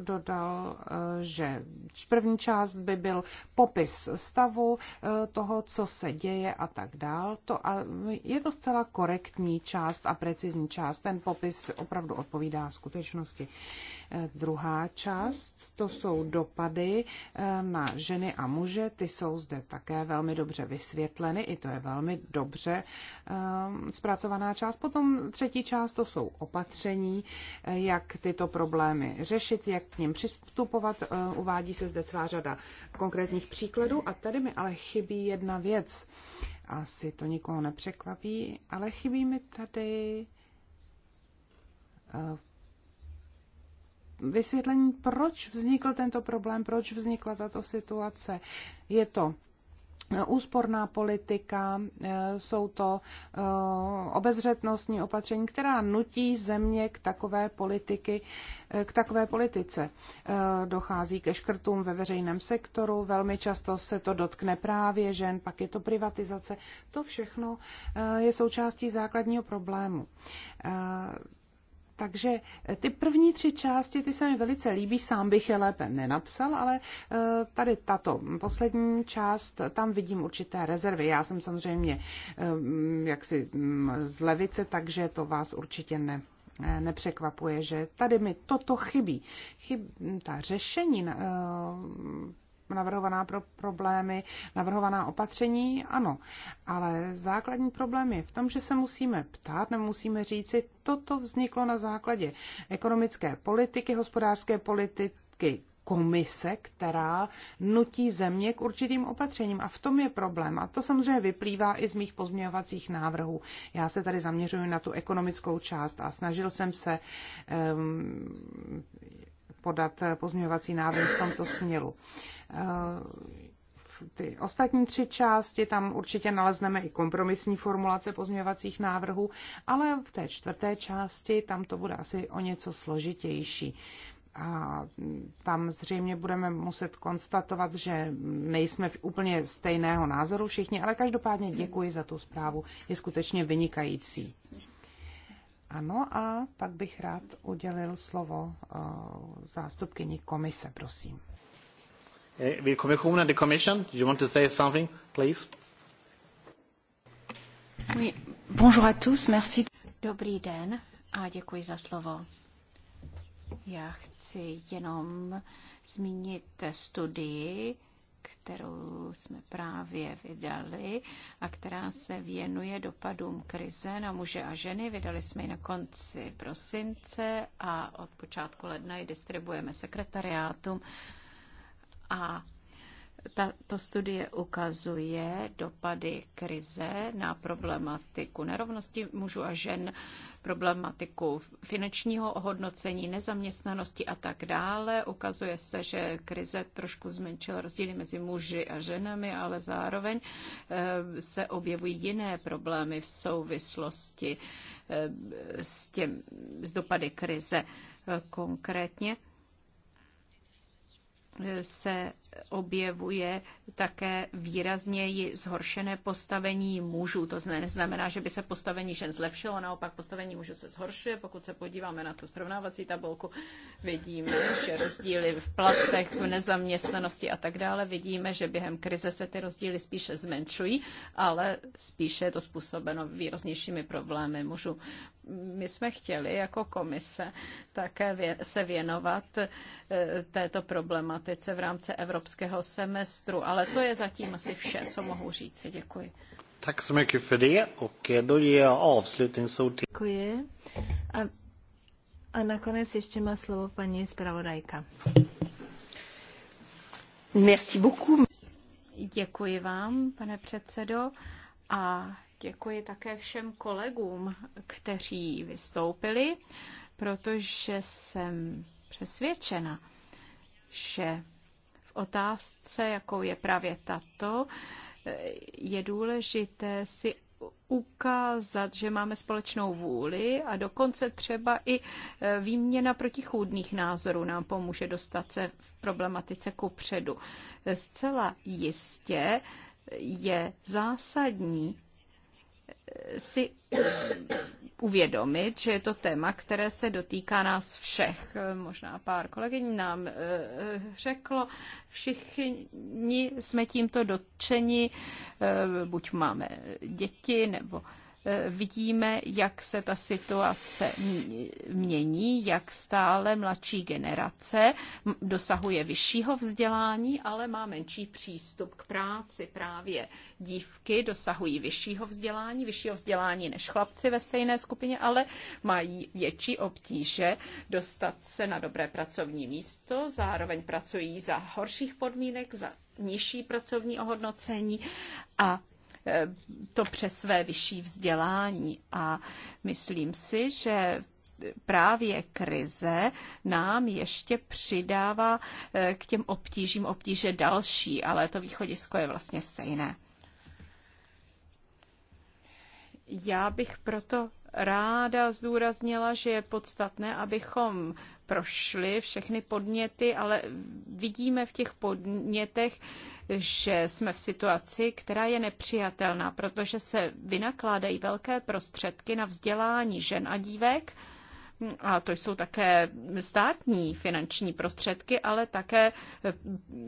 dodal, eh, že první část by byl popis stavu eh, toho, co se děje a tak dál. To a je to zcela korektní část a precizní část. Ten popis opravdu odpovídá skutečnosti. Druhá část, to jsou dopady eh, na ženy a muže, ty jsou zde také velmi dobře vysvětleny, i to je velmi dobře eh, zpracovaná část. Potom třetí část, to jsou opatření, eh, jak tyto problémy řešit, jak k ním přistupovat. Uvádí se zde celá řada konkrétních příkladů a tady mi ale chybí jedna věc. Asi to nikoho nepřekvapí, ale chybí mi tady vysvětlení, proč vznikl tento problém, proč vznikla tato situace. Je to eh, úsporná politika, eh, jsou to eh, obezřetnostní opatření, která nutí země k takové politiky, k takové politice. Dochází ke škrtům ve veřejném sektoru, velmi často se to dotkne právě žen, pak je to privatizace. To všechno je součástí základního problému takže eh, ty první tři části, ty se mi velice líbí, sám bych je lépe nenapsal, ale eh, tady tato poslední část, tam vidím určité rezervy. Já jsem samozřejmě eh, jaksi mm, z levice, takže to vás určitě ne, nepřekvapuje, že tady mi toto chybí. Chyb, ta řešení navrhovaná pro problémy, navrhovaná opatření, ano. Ale základní problém je v tom, že se musíme ptát, nemusíme musíme říci, toto vzniklo na základě ekonomické politiky, hospodářské politiky, komise, která nutí země k určitým opatřením. A v tom je problém. A to samozřejmě vyplývá i z mých pozměňovacích návrhů. Já se tady zaměřuji na tu ekonomickou část a snažil jsem se um, podat eh, pozměňovací návrh v tomto směru eh, ty ostatní tři části, tam určitě nalezneme i kompromisní formulace pozměňovacích návrhů, ale v té čtvrté části tam to bude asi o něco složitější. A tam zřejmě budeme muset konstatovat, že nejsme v úplně stejného názoru všichni, ale každopádně děkuji za tu zprávu, je skutečně vynikající. Ano, a pak bych rád udělil slovo eh, zástupkyni komise, prosím. Eh, commission, Dobrý den a děkuji za slovo. Já chci jenom zmínit studii, kterou jsme právě vydali a která se věnuje dopadům krize na muže a ženy. Vydali jsme ji na konci prosince a od počátku ledna ji distribuujeme sekretariátům. A tato studie ukazuje dopady krize na problematiku nerovnosti mužů a žen problematiku finančního ohodnocení, nezaměstnanosti a tak dále. Ukazuje se, že krize trošku zmenšila rozdíly mezi muži a ženami, ale zároveň eh, se objevují jiné problémy v souvislosti eh, s, těm, s dopady krize. Eh, konkrétně se objevuje také výrazněji zhoršené postavení mužů. To neznamená, že by se postavení žen zlepšilo, naopak postavení mužů se zhoršuje. Pokud se podíváme na tu srovnávací tabulku, vidíme, že rozdíly v platech, v nezaměstnanosti a tak dále, vidíme, že během krize se ty rozdíly spíše zmenšují, ale spíše je to způsobeno výraznějšími problémy mužů. My jsme chtěli jako komise také se věnovat eh, této problematice v rámci Evropy evropského semestru. Ale to je zatím asi vše, co mohu říct. Děkuji. Tak så mycket för det och då ger jag avslutningsord till... Děkuji. A, a nakonec ještě má slovo paní zpravodajka. Merci beaucoup. Děkuji vám, pane předsedo, a děkuji také všem kolegům, kteří vystoupili, protože jsem přesvědčena, že otázce, jakou je právě tato, je důležité si ukázat, že máme společnou vůli a dokonce třeba i e, výměna protichůdných názorů nám pomůže dostat se v problematice ku předu. Zcela jistě je zásadní e, si uvědomit, že je to téma, které se dotýká nás všech. Možná pár kolegyní nám eh, eh, řeklo, všichni jsme tímto dotčeni, eh, buď máme děti nebo Eh, vidíme, jak se ta situace mění, jak stále mladší generace dosahuje vyššího vzdělání, ale má menší přístup k práci. Právě dívky dosahují vyššího vzdělání, vyššího vzdělání než chlapci ve stejné skupině, ale mají větší obtíže dostat se na dobré pracovní místo, zároveň pracují za horších podmínek, za nižší pracovní ohodnocení a to přes své vyšší vzdělání. A myslím si, že právě krize nám ještě přidává eh, k těm obtížím obtíže další, ale to východisko je vlastně stejné. Já bych proto ráda zdůraznila, že je podstatné, abychom prošly všechny podněty, ale vidíme v těch podnětech, že jsme v situaci, která je nepřijatelná, protože se vynakládají velké prostředky na vzdělání žen a dívek, a to jsou také státní finanční prostředky, ale také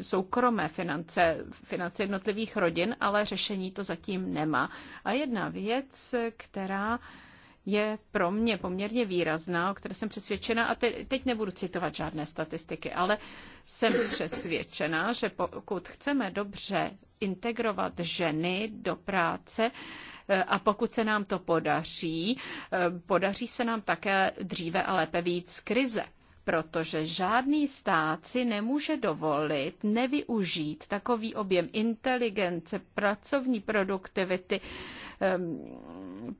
soukromé finance, finance jednotlivých rodin, ale řešení to zatím nemá. A jedna věc, která je pro mě poměrně výrazná, o které jsem přesvědčena, a te, teď nebudu citovat žádné statistiky, ale jsem přesvědčena, že pokud chceme dobře integrovat ženy do práce, eh, a pokud se nám to podaří, eh, podaří se nám také dříve a lépe víc z krize protože žádný stát si nemůže dovolit nevyužít takový objem inteligence, pracovní produktivity, Ehm,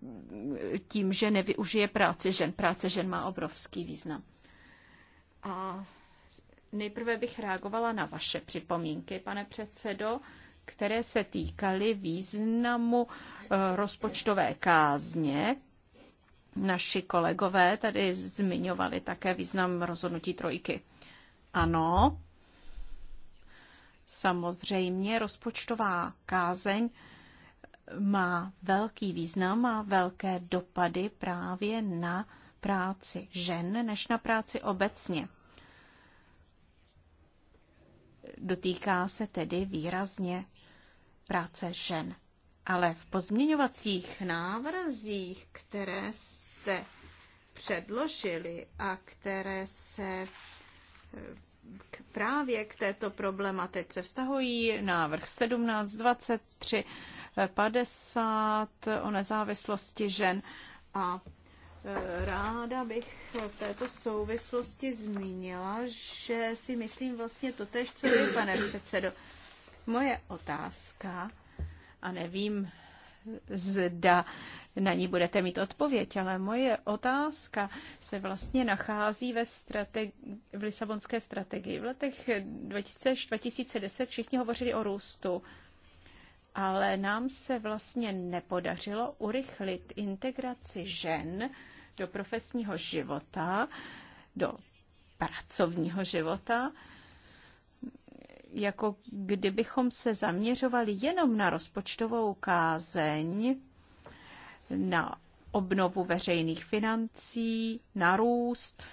tím, že nevyužije práce žen. Práce žen má obrovský význam. A nejprve bych reagovala na vaše připomínky, pane předsedo, které se týkaly významu eh, rozpočtové kázně naši kolegové tady zmiňovali také význam rozhodnutí trojky. Ano, samozřejmě rozpočtová kázeň má velký význam, má velké dopady právě na práci žen než na práci obecně. Dotýká se tedy výrazně práce žen. Ale v pozměňovacích návrzích, které jste předložili a které se eh, k, právě k této problematice vztahují návrh 1723, 50 o nezávislosti žen. A e, ráda bych v této souvislosti zmínila, že si myslím vlastně to tež, co vy, pane předsedo. Moje otázka, a nevím, zda na ní budete mít odpověď, ale moje otázka se vlastně nachází ve strategi- v Lisabonské strategii. V letech 2010 všichni hovořili o růstu ale nám se vlastně nepodařilo urychlit integraci žen do profesního života, do pracovního života, jako kdybychom se zaměřovali jenom na rozpočtovou kázeň, na obnovu veřejných financí, na růst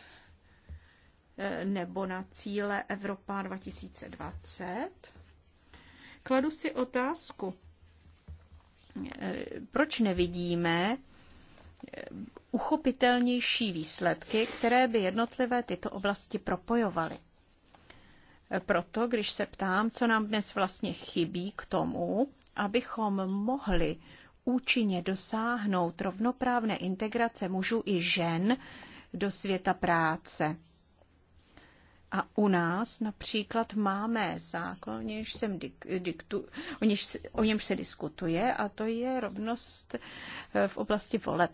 eh, nebo na cíle Evropa 2020 Kladu si otázku, eh, proč nevidíme eh, uchopitelnější výsledky, které by jednotlivé tyto oblasti propojovaly. Eh, proto, když se ptám, co nám dnes vlastně chybí k tomu, abychom mohli účinně dosáhnout rovnoprávné integrace mužů i žen do světa práce. A u nás například máme zákon, o němž, jsem diktu, o, něž, o němž se diskutuje, a to je rovnost eh, v oblasti voleb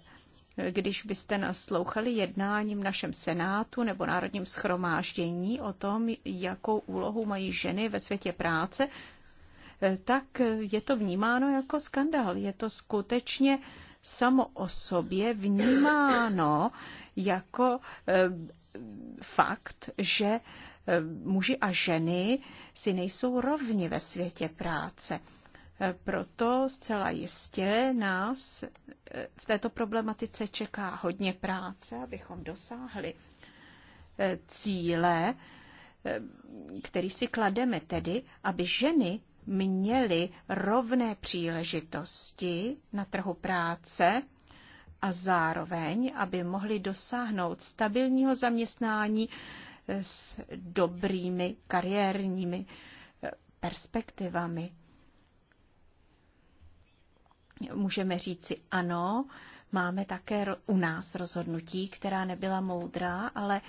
když byste naslouchali jednáním v našem Senátu nebo Národním schromáždění o tom, jakou úlohu mají ženy ve světě práce, eh, tak je to vnímáno jako skandál. Je to skutečně samo o sobě vnímáno jako eh, fakt, že e, muži a ženy si nejsou rovni ve světě práce. E, proto zcela jistě nás e, v této problematice čeká hodně práce, abychom dosáhli cíle, který si klademe tedy, aby ženy měly rovné příležitosti na trhu práce, a zároveň, aby mohli dosáhnout stabilního zaměstnání s dobrými kariérními eh, perspektivami. Můžeme říci ano, máme také u nás rozhodnutí, která nebyla moudrá, ale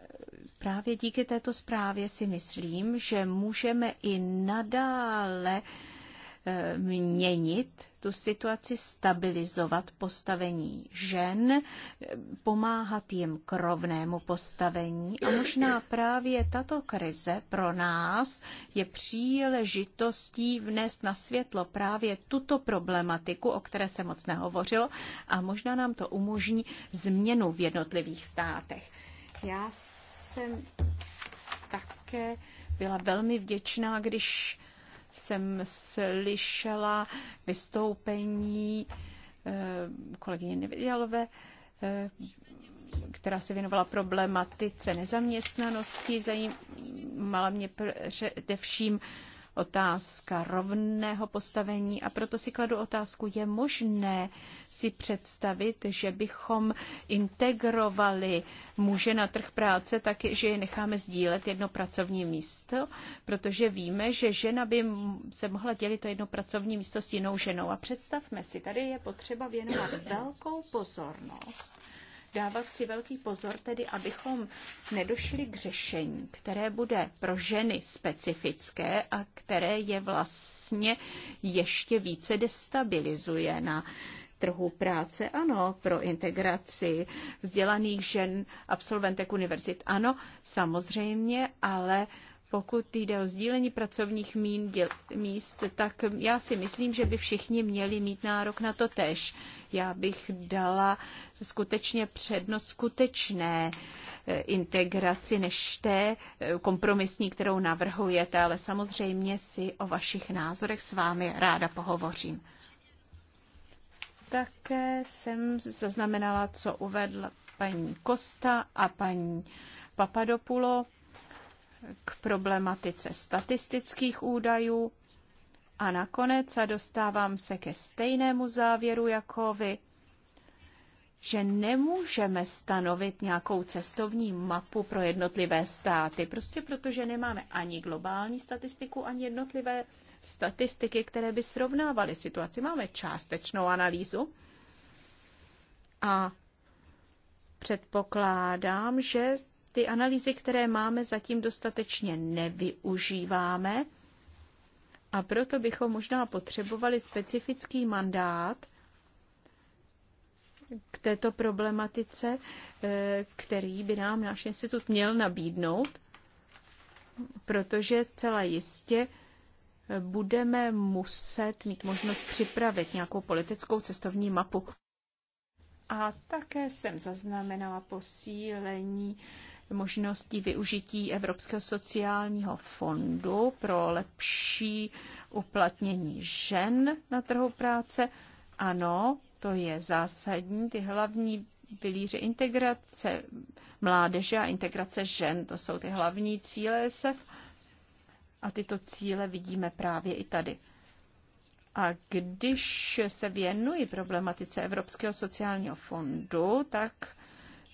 eh, právě díky této zprávě si myslím, že můžeme i nadále měnit tu situaci, stabilizovat postavení žen, pomáhat jim k rovnému postavení. A možná právě tato krize pro nás je příležitostí vnést na světlo právě tuto problematiku, o které se moc nehovořilo, a možná nám to umožní změnu v jednotlivých státech. Já jsem také byla velmi vděčná, když jsem slyšela vystoupení eh, kolegyně Nevidělové, eh, která se věnovala problematice nezaměstnanosti. Zajímala mě především otázka rovného postavení a proto si kladu otázku, je možné si představit, že bychom integrovali muže na trh práce tak, že je necháme sdílet jedno pracovní místo, protože víme, že žena by se mohla dělit to jedno pracovní místo s jinou ženou. A představme si, tady je potřeba věnovat velkou pozornost dávat si velký pozor, tedy abychom nedošli k řešení, které bude pro ženy specifické a které je vlastně ještě více destabilizuje na trhu práce, ano, pro integraci vzdělaných žen, absolventek univerzit, ano, samozřejmě, ale pokud jde o sdílení pracovních míst, tak já si myslím, že by všichni měli mít nárok na to tež. Já bych dala skutečně přednost skutečné eh, integraci než té eh, kompromisní, kterou navrhujete, ale samozřejmě si o vašich názorech s vámi ráda pohovořím. Také jsem zaznamenala, co uvedl paní Kosta a paní Papadopulo k problematice statistických údajů. A nakonec a dostávám se ke stejnému závěru jako vy, že nemůžeme stanovit nějakou cestovní mapu pro jednotlivé státy, prostě protože nemáme ani globální statistiku, ani jednotlivé statistiky, které by srovnávaly situaci. Máme částečnou analýzu a předpokládám, že ty analýzy, které máme, zatím dostatečně nevyužíváme a proto bychom možná potřebovali specifický mandát k této problematice, eh, který by nám náš institut měl nabídnout, protože zcela jistě budeme muset mít možnost připravit nějakou politickou cestovní mapu. A také jsem zaznamenala posílení možností využití Evropského sociálního fondu pro lepší uplatnění žen na trhu práce. Ano, to je zásadní. Ty hlavní pilíře integrace mládeže a integrace žen, to jsou ty hlavní cíle SF. E a tyto cíle vidíme právě i tady. A když se věnuji problematice Evropského sociálního fondu, tak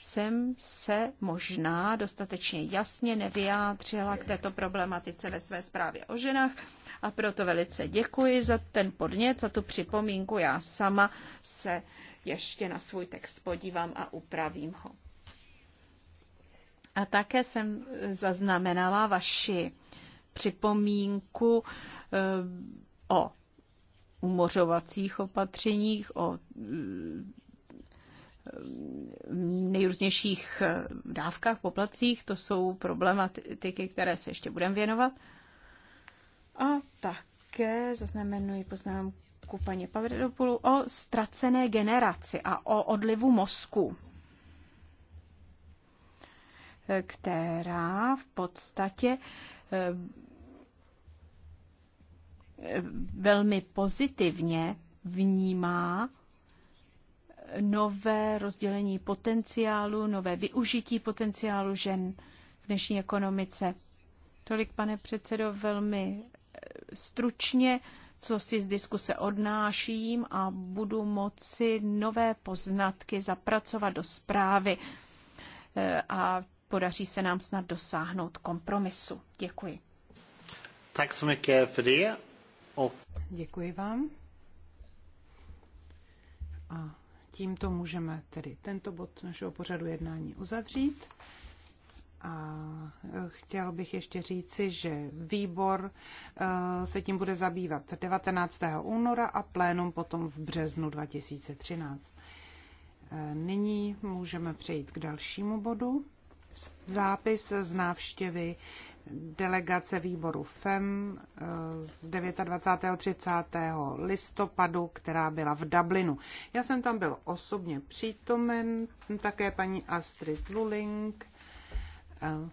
jsem se možná dostatečně jasně nevyjádřila k této problematice ve své zprávě o ženách a proto velice děkuji za ten podnět, za tu připomínku. Já sama se ještě na svůj text podívám a upravím ho. A také jsem zaznamenala vaši připomínku eh, o umořovacích opatřeních, o nejrůznějších eh, dávkách, poplacích. To jsou problematiky, které se ještě budeme věnovat. A také zaznamenuji poznámku paní Pavredopulu o ztracené generaci a o odlivu mozku eh, která v podstatě eh, velmi pozitivně vnímá nové rozdělení potenciálu, nové využití potenciálu žen v dnešní ekonomice. Tolik, pane předsedo, velmi eh, stručně, co si z diskuse odnáším a budu moci nové poznatky zapracovat do zprávy eh, a podaří se nám snad dosáhnout kompromisu. Děkuji. Tak jsme mycket Děkuji vám. A Tímto můžeme tedy tento bod našeho pořadu jednání uzavřít. A eh, chtěl bych ještě říci, že výbor eh, se tím bude zabývat 19. února a plénum potom v březnu 2013. Eh, nyní můžeme přejít k dalšímu bodu. Zápis z návštěvy delegace výboru FEM eh, z 29. 30. listopadu, která byla v Dublinu. Já jsem tam byl osobně přítomen, také paní Astrid Luling. Eh,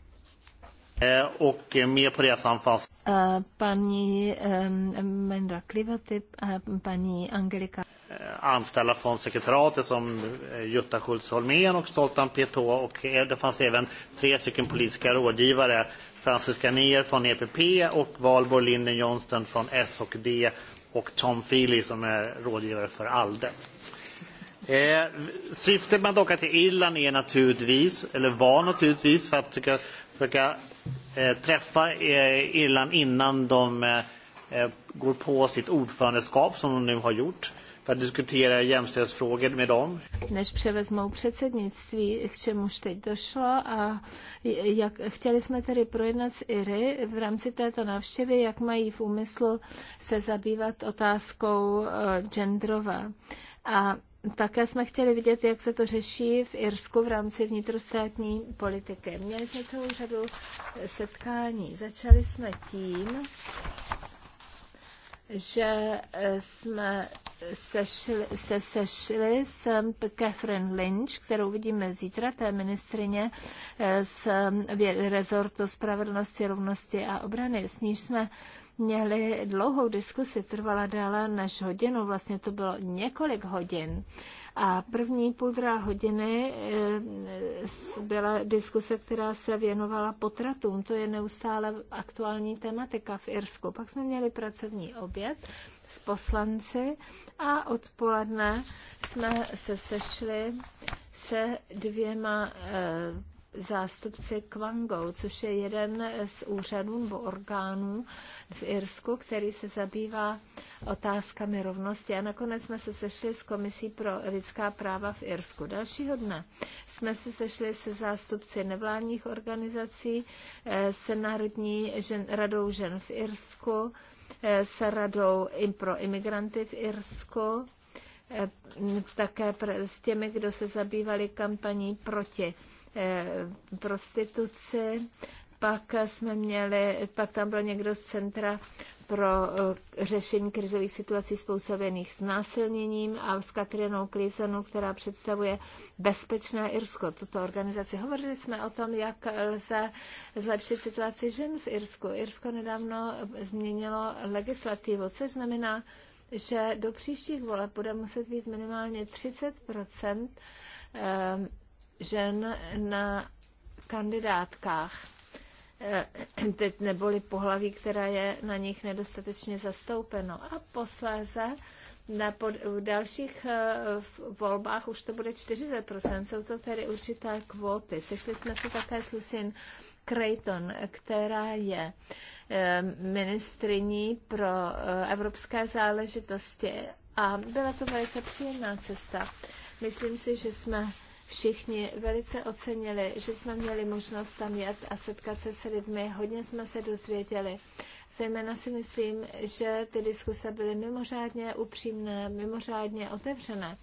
eh, och mer på resan fanns... Paní Mendra Klivaty, paní Angelika. Anställda från sekretariatet som Jutta Schultz Holmén och Zoltan Pietå och det fanns även tre stycken politiska rådgivare Francisca Nier från EPP och Valborg Linden Johnston från S och D och Tom Feely som är rådgivare för ALDE. Eh, syftet med att åka till Irland är naturligtvis, eller var naturligtvis, för att försöka, försöka eh, träffa eh, Irland innan de eh, eh går på sitt ordförandeskap som de nu har gjort. Než převezmou předsednictví, k čemuž teď došlo a jak, chtěli jsme tedy projednat s Iry v rámci této návštěvy, jak mají v úmyslu se zabývat otázkou uh, genderové. A také jsme chtěli vidět, jak se to řeší v Irsku v rámci vnitrostátní politiky. Měli jsme celou řadu eh, setkání. Začali jsme tím, že eh, jsme sešli, se sešli s Catherine Lynch, kterou vidíme zítra, té ministrině eh, z eh, rezortu spravedlnosti, rovnosti a obrany. S níž jsme měli dlouhou diskusi, trvala déle než hodinu, vlastně to bylo několik hodin. A první půl druhá hodiny eh, byla diskuse, která se věnovala potratům. To je neustále aktuální tematika v Irsku. Pak jsme měli pracovní oběd s poslanci a odpoledne jsme se sešli se dvěma eh, zástupci Kvango, což je jeden z úřadů nebo orgánů v Irsku, který se zabývá otázkami rovnosti. A nakonec jsme se sešli s Komisí pro lidská práva v Irsku. Dalšího dne jsme se sešli se zástupci nevládních organizací, eh, se Národní žen, radou žen v Irsku, eh, s radou pro imigranty v Irsku, eh, také s těmi, kdo se zabývali kampaní proti Eh, prostituci, pak jsme měli, pak tam byl někdo z centra pro eh, řešení krizových situací způsobených s násilněním a s Katrinou Klízenou, která představuje Bezpečné Irsko, tuto organizaci. Hovořili jsme o tom, jak lze zlepšit situaci žen v Irsku. Irsko nedávno změnilo legislativu, což znamená, že do příštích voleb bude muset být minimálně 30 žen na kandidátkách, eh, teď neboli pohlaví, která je na nich nedostatečně zastoupeno. A posléze na pod, v dalších eh, v volbách už to bude 40%, jsou to tedy určité kvóty. Sešli jsme se také s Lucin Creighton, která je eh, ministriní pro evropské záležitosti a byla to velice příjemná cesta. Myslím si, že jsme všichni velice ocenili, že jsme měli možnost tam jet a setkat se s lidmi. Hodně jsme se dozvěděli Zejména si myslím, že ty diskuse byly mimořádně upřímné, mimořádně otevřené.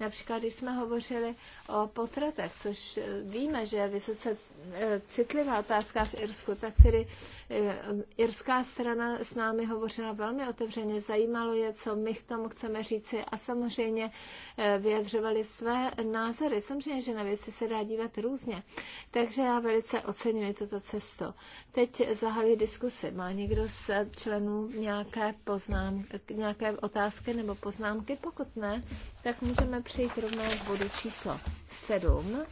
Například, když jsme hovořili o potratech, což eh, víme, že je vysoce eh, citlivá otázka v Irsku, tak tedy eh, irská strana s námi hovořila velmi otevřeně, zajímalo je, co my k tomu chceme říci a samozřejmě vyjadřovali své názory. Samozřejmě, že na věci se dá dívat různě. Takže já velice oceňuji tuto cestu. Teď zahajuji diskusy. Má někdo z členů nějaké poznám nějaké otázky nebo poznámky? Pokud ne, tak můžeme přejít rovnou k bodu číslo 7.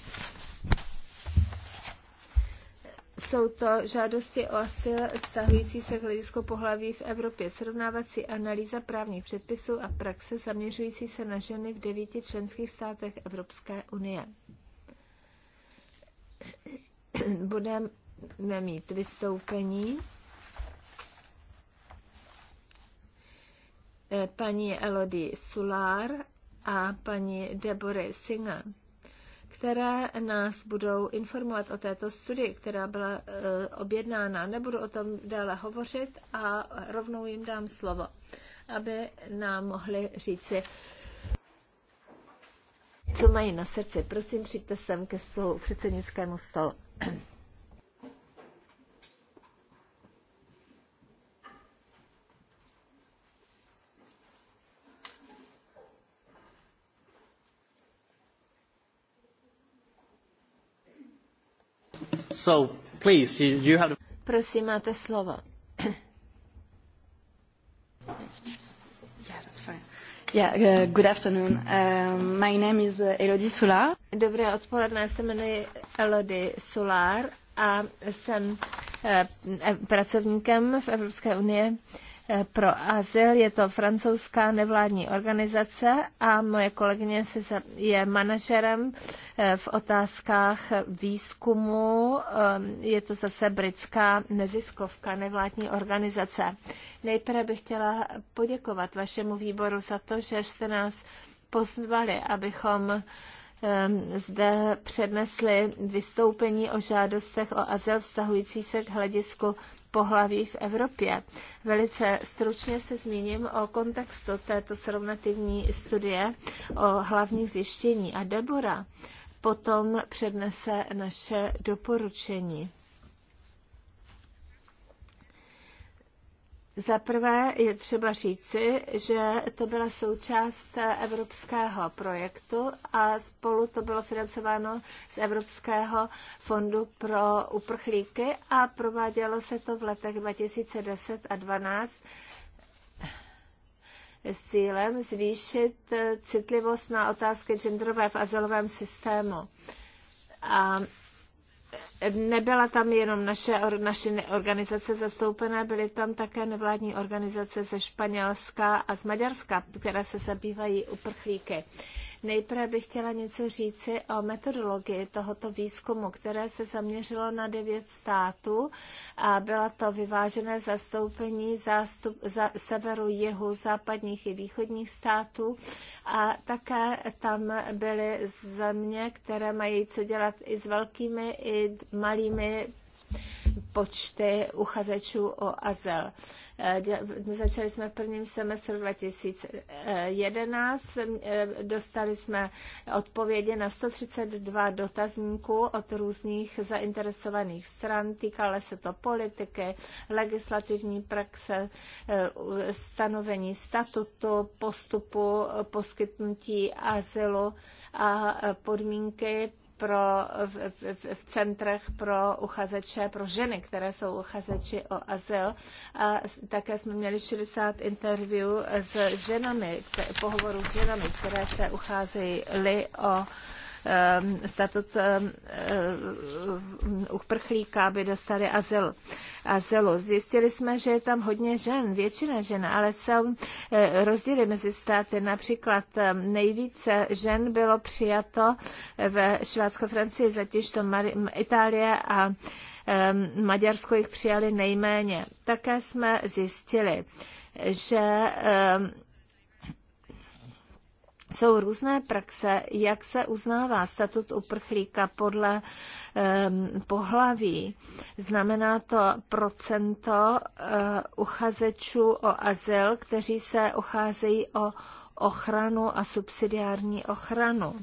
Jsou to žádosti o asyl stahující se k hledisku pohlaví v Evropě, srovnávací analýza právních předpisů a praxe zaměřující se na ženy v devíti členských státech Evropské unie. Budeme mít vystoupení Eh, paní Elodie Sular a paní Debory Singa, které nás budou informovat o této studii, která byla eh, objednána. Nebudu o tom déle hovořit a rovnou jim dám slovo, aby nám mohli říci, co mají na srdci. Prosím, přijďte sem ke stolu, k předsednickému stolu. So please, you, you have... Prosím, máte slovo. yeah, that's fine. Yeah, uh, good afternoon. Uh, my name is Elodie Soulard. Dobré odpoledne, se jmenuji Elodie Soulard a jsem uh, pracovníkem v Evropské unii pro azyl. Je to francouzská nevládní organizace a moje kolegyně je manažerem eh, v otázkách výzkumu. Ehm, je to zase britská neziskovka, nevládní organizace. Nejprve bych chtěla poděkovat vašemu výboru za to, že jste nás pozvali, abychom ehm, zde přednesli vystoupení o žádostech o azyl vztahující se k hledisku pohlaví v Evropě. Velice stručně se zmíním o kontextu této srovnativní studie, o hlavních zjištění. A Debora potom přednese naše doporučení. Za prvé je třeba říci, že to byla součást evropského projektu a spolu to bylo financováno z Evropského fondu pro uprchlíky a provádělo se to v letech 2010 a 2012 s cílem zvýšit citlivost na otázky genderové v azylovém systému. A nebyla tam jenom naše, naše organizace zastoupená, byly tam také nevládní organizace ze Španělska a z Maďarska, které se zabývají uprchlíky. Nejprve bych chtěla něco říci o metodologii tohoto výzkumu, které se zaměřilo na devět států a byla to vyvážené zastoupení zástup, za severu, jihu, západních i východních států a také tam byly země, které mají co dělat i s velkými, i malými počty uchazečů o azyl. Eh, začali jsme v prvním semestru 2011, eh, dostali jsme odpovědi na 132 dotazníků od různých zainteresovaných stran. Týkalo se to politiky, legislativní praxe, eh, stanovení statutu, postupu poskytnutí azylu a podmínky pro, v, v, v centrech pro uchazeče, pro ženy, které jsou uchazeči o azyl. A také jsme měli 60 interview s ženami, pohovorů s ženami, které se ucházejí o Eh, statut eh, eh, uprchlíka, by dostali azyl. azylu. Zjistili jsme, že je tam hodně žen, většina žen, ale jsou rozdíly mezi státy. Například nejvíce žen bylo přijato ve Švédsko-Francii, zatím to Itálie a Maďarsko jich přijali nejméně. Také jsme zjistili, že jsou různé praxe, jak se uznává statut uprchlíka podle um, pohlaví. Znamená to procento uh, uchazečů o azyl, kteří se ucházejí o ochranu a subsidiární ochranu.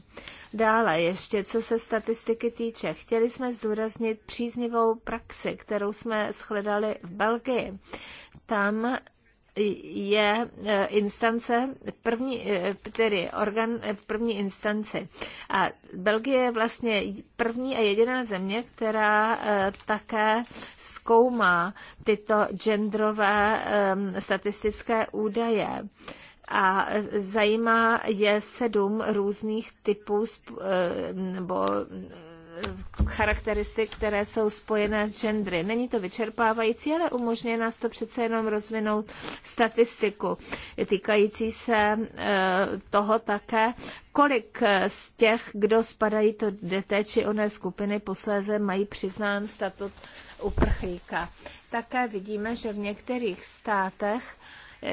Dále ještě, co se statistiky týče, chtěli jsme zdůraznit příznivou praxi, kterou jsme shledali v Belgii. Tam je eh, instance, první, eh, tedy organ v eh, první instanci. A Belgie je vlastně první a jediná země, která také zkoumá tyto genderové statistické údaje a zajímá je sedm různých typů nebo charakteristik, které jsou spojené s gendry. Není to vyčerpávající, ale umožňuje nás to přece jenom rozvinout statistiku týkající se eh, toho také, kolik eh, z těch, kdo spadají to té či oné skupiny, posléze mají přiznán statut uprchlíka. Také vidíme, že v některých státech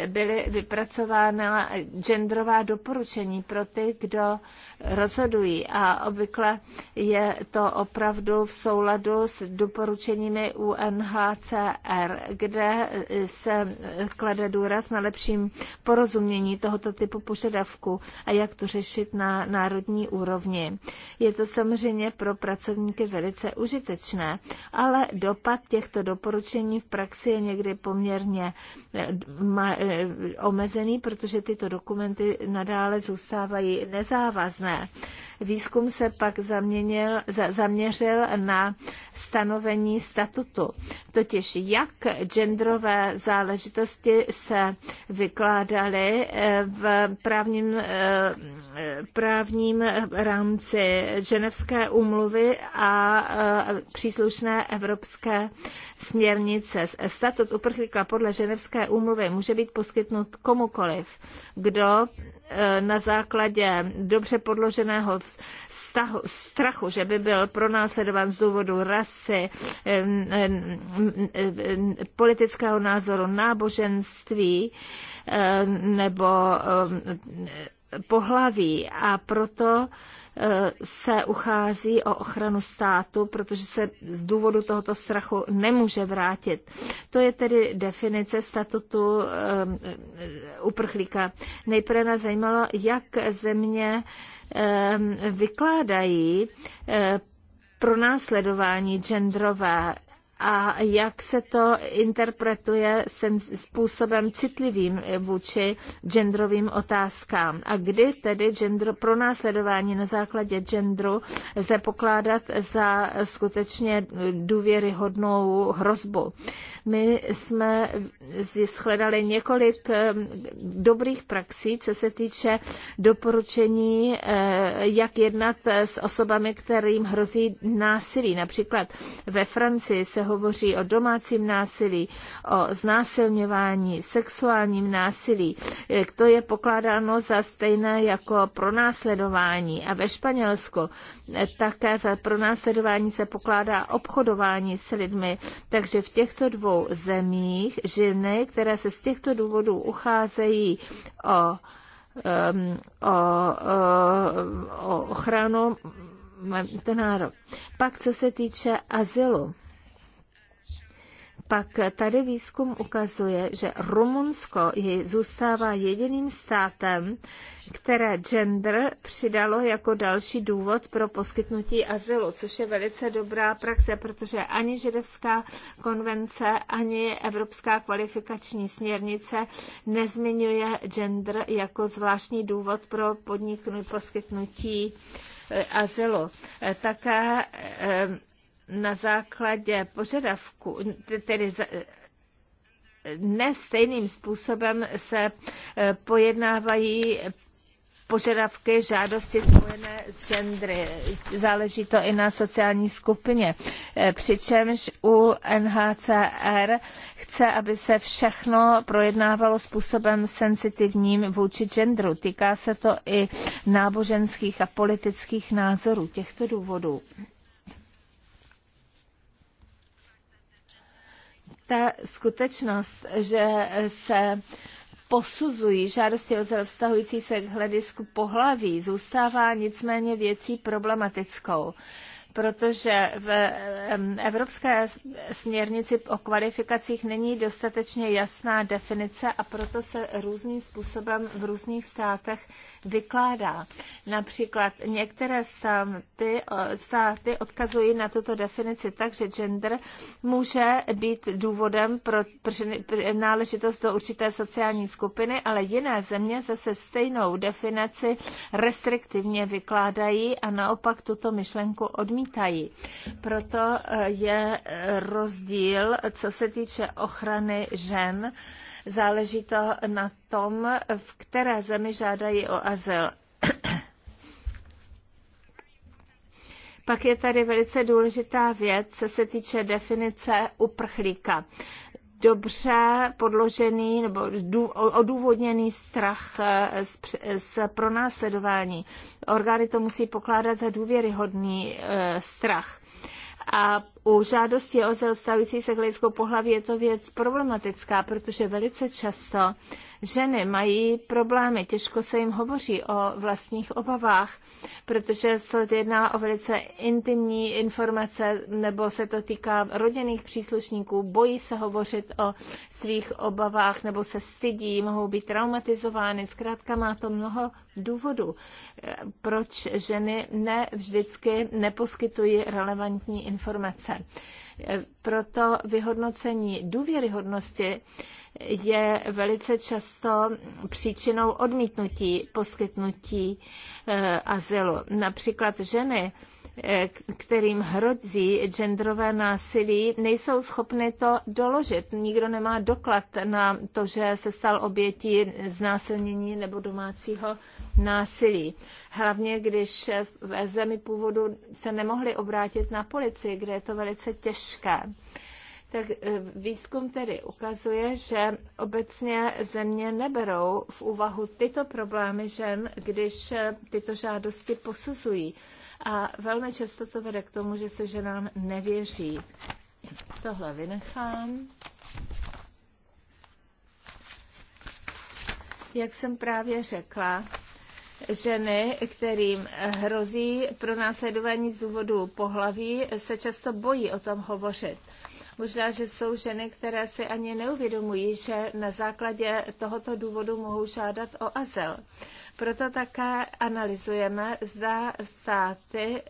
byly vypracována genderová doporučení pro ty, kdo rozhodují. A obvykle je to opravdu v souladu s doporučeními UNHCR, kde se klade důraz na lepším porozumění tohoto typu požadavku a jak to řešit na národní úrovni. Je to samozřejmě pro pracovníky velice užitečné, ale dopad těchto doporučení v praxi je někdy poměrně omezený, protože tyto dokumenty nadále zůstávají nezávazné. Výzkum se pak zaměnil, zaměřil na stanovení statutu, totiž jak genderové záležitosti se vykládaly eh, v právním, eh, právním rámci Ženevské úmluvy a eh, příslušné evropské směrnice. Statut uprchlíka podle Ženevské úmluvy může být poskytnut komukoliv, kdo Eh, na základě dobře podloženého vztahu, strachu, že by byl pronásledován z důvodu rasy, politického názoru, náboženství eh, nebo pohlaví a proto Eh, se uchází o ochranu státu, protože se z důvodu tohoto strachu nemůže vrátit. To je tedy definice statutu eh, uprchlíka. Nejprve nás zajímalo, jak země eh, vykládají pro následování genderové a jak se to interpretuje sem způsobem citlivým vůči genderovým otázkám a kdy tedy gender, pro následování na základě genderu se pokládat za skutečně důvěryhodnou hrozbu. My jsme shledali několik eh, dobrých praxí, co se týče doporučení, eh, jak jednat s osobami, kterým hrozí násilí. Například ve Francii se hovoří o domácím násilí, o znásilňování, sexuálním násilí. E, to je pokládáno za stejné jako pronásledování. A ve Španělsku e, také za pronásledování se pokládá obchodování s lidmi. Takže v těchto dvou zemích ženy, které se z těchto důvodů ucházejí o um, o, o, e, o ochranu to národ. Pak co se týče azylu, pak tady výzkum ukazuje, že Rumunsko je, zůstává jediným státem, které gender přidalo jako další důvod pro poskytnutí azylu, což je velice dobrá praxe, protože ani židovská konvence, ani evropská kvalifikační směrnice nezmiňuje gender jako zvláštní důvod pro podniknutí poskytnutí eh, azylu. Eh, také eh, na základě požadavku, tedy ne stejným způsobem se e, pojednávají požadavky, žádosti spojené s gendry. Záleží to i na sociální skupině. E, přičemž u NHCR chce, aby se všechno projednávalo způsobem sensitivním vůči gendru. Týká se to i náboženských a politických názorů těchto důvodů. ta skutečnost, že se posuzují žádosti o vztahující se k hledisku pohlaví, zůstává nicméně věcí problematickou protože v Evropské směrnici o kvalifikacích není dostatečně jasná definice a proto se různým způsobem v různých státech vykládá. Například některé státy, státy odkazují na tuto definici tak, že gender může být důvodem pro náležitost do určité sociální skupiny, ale jiné země zase stejnou definici restriktivně vykládají a naopak tuto myšlenku odmítají odmítají. Proto eh, je eh, rozdíl, co se týče ochrany žen. Záleží to na tom, v které zemi žádají o azyl. Pak je tady velice důležitá věc, co se týče definice uprchlíka dobře podložený nebo odůvodněný strach eh, z pronásledování. Orgány to musí pokládat za důvěryhodný eh, strach. A u žádosti o azyl stavící se k lidskou pohlaví je to věc problematická, protože velice často ženy mají problémy, těžko se jim hovoří o vlastních obavách, protože se jedná o velice intimní informace nebo se to týká rodinných příslušníků, bojí se hovořit o svých obavách nebo se stydí, mohou být traumatizovány. Zkrátka má to mnoho důvodů, proč ženy ne vždycky neposkytují relevantní informace konce. Eh, Proto vyhodnocení důvěryhodnosti je velice často příčinou odmítnutí poskytnutí e, azylu. Například ženy, Eh, kterým hrozí genderové násilí, nejsou schopny to doložit. Nikdo nemá doklad na to, že se stal obětí znásilnění nebo domácího násilí. Hlavně, když ve zemi původu se nemohli obrátit na policii, kde je to velice těžké. Tak eh, výzkum tedy ukazuje, že obecně země neberou v úvahu tyto problémy žen, když eh, tyto žádosti posuzují. A velmi často to vede k tomu, že se ženám nevěří. Tohle vynechám. Jak jsem právě řekla, ženy, kterým hrozí následování z důvodu pohlaví, se často bojí o tom hovořit. Možná, že jsou ženy, které si ani neuvědomují, že na základě tohoto důvodu mohou žádat o azyl. Proto také analyzujeme, zda státy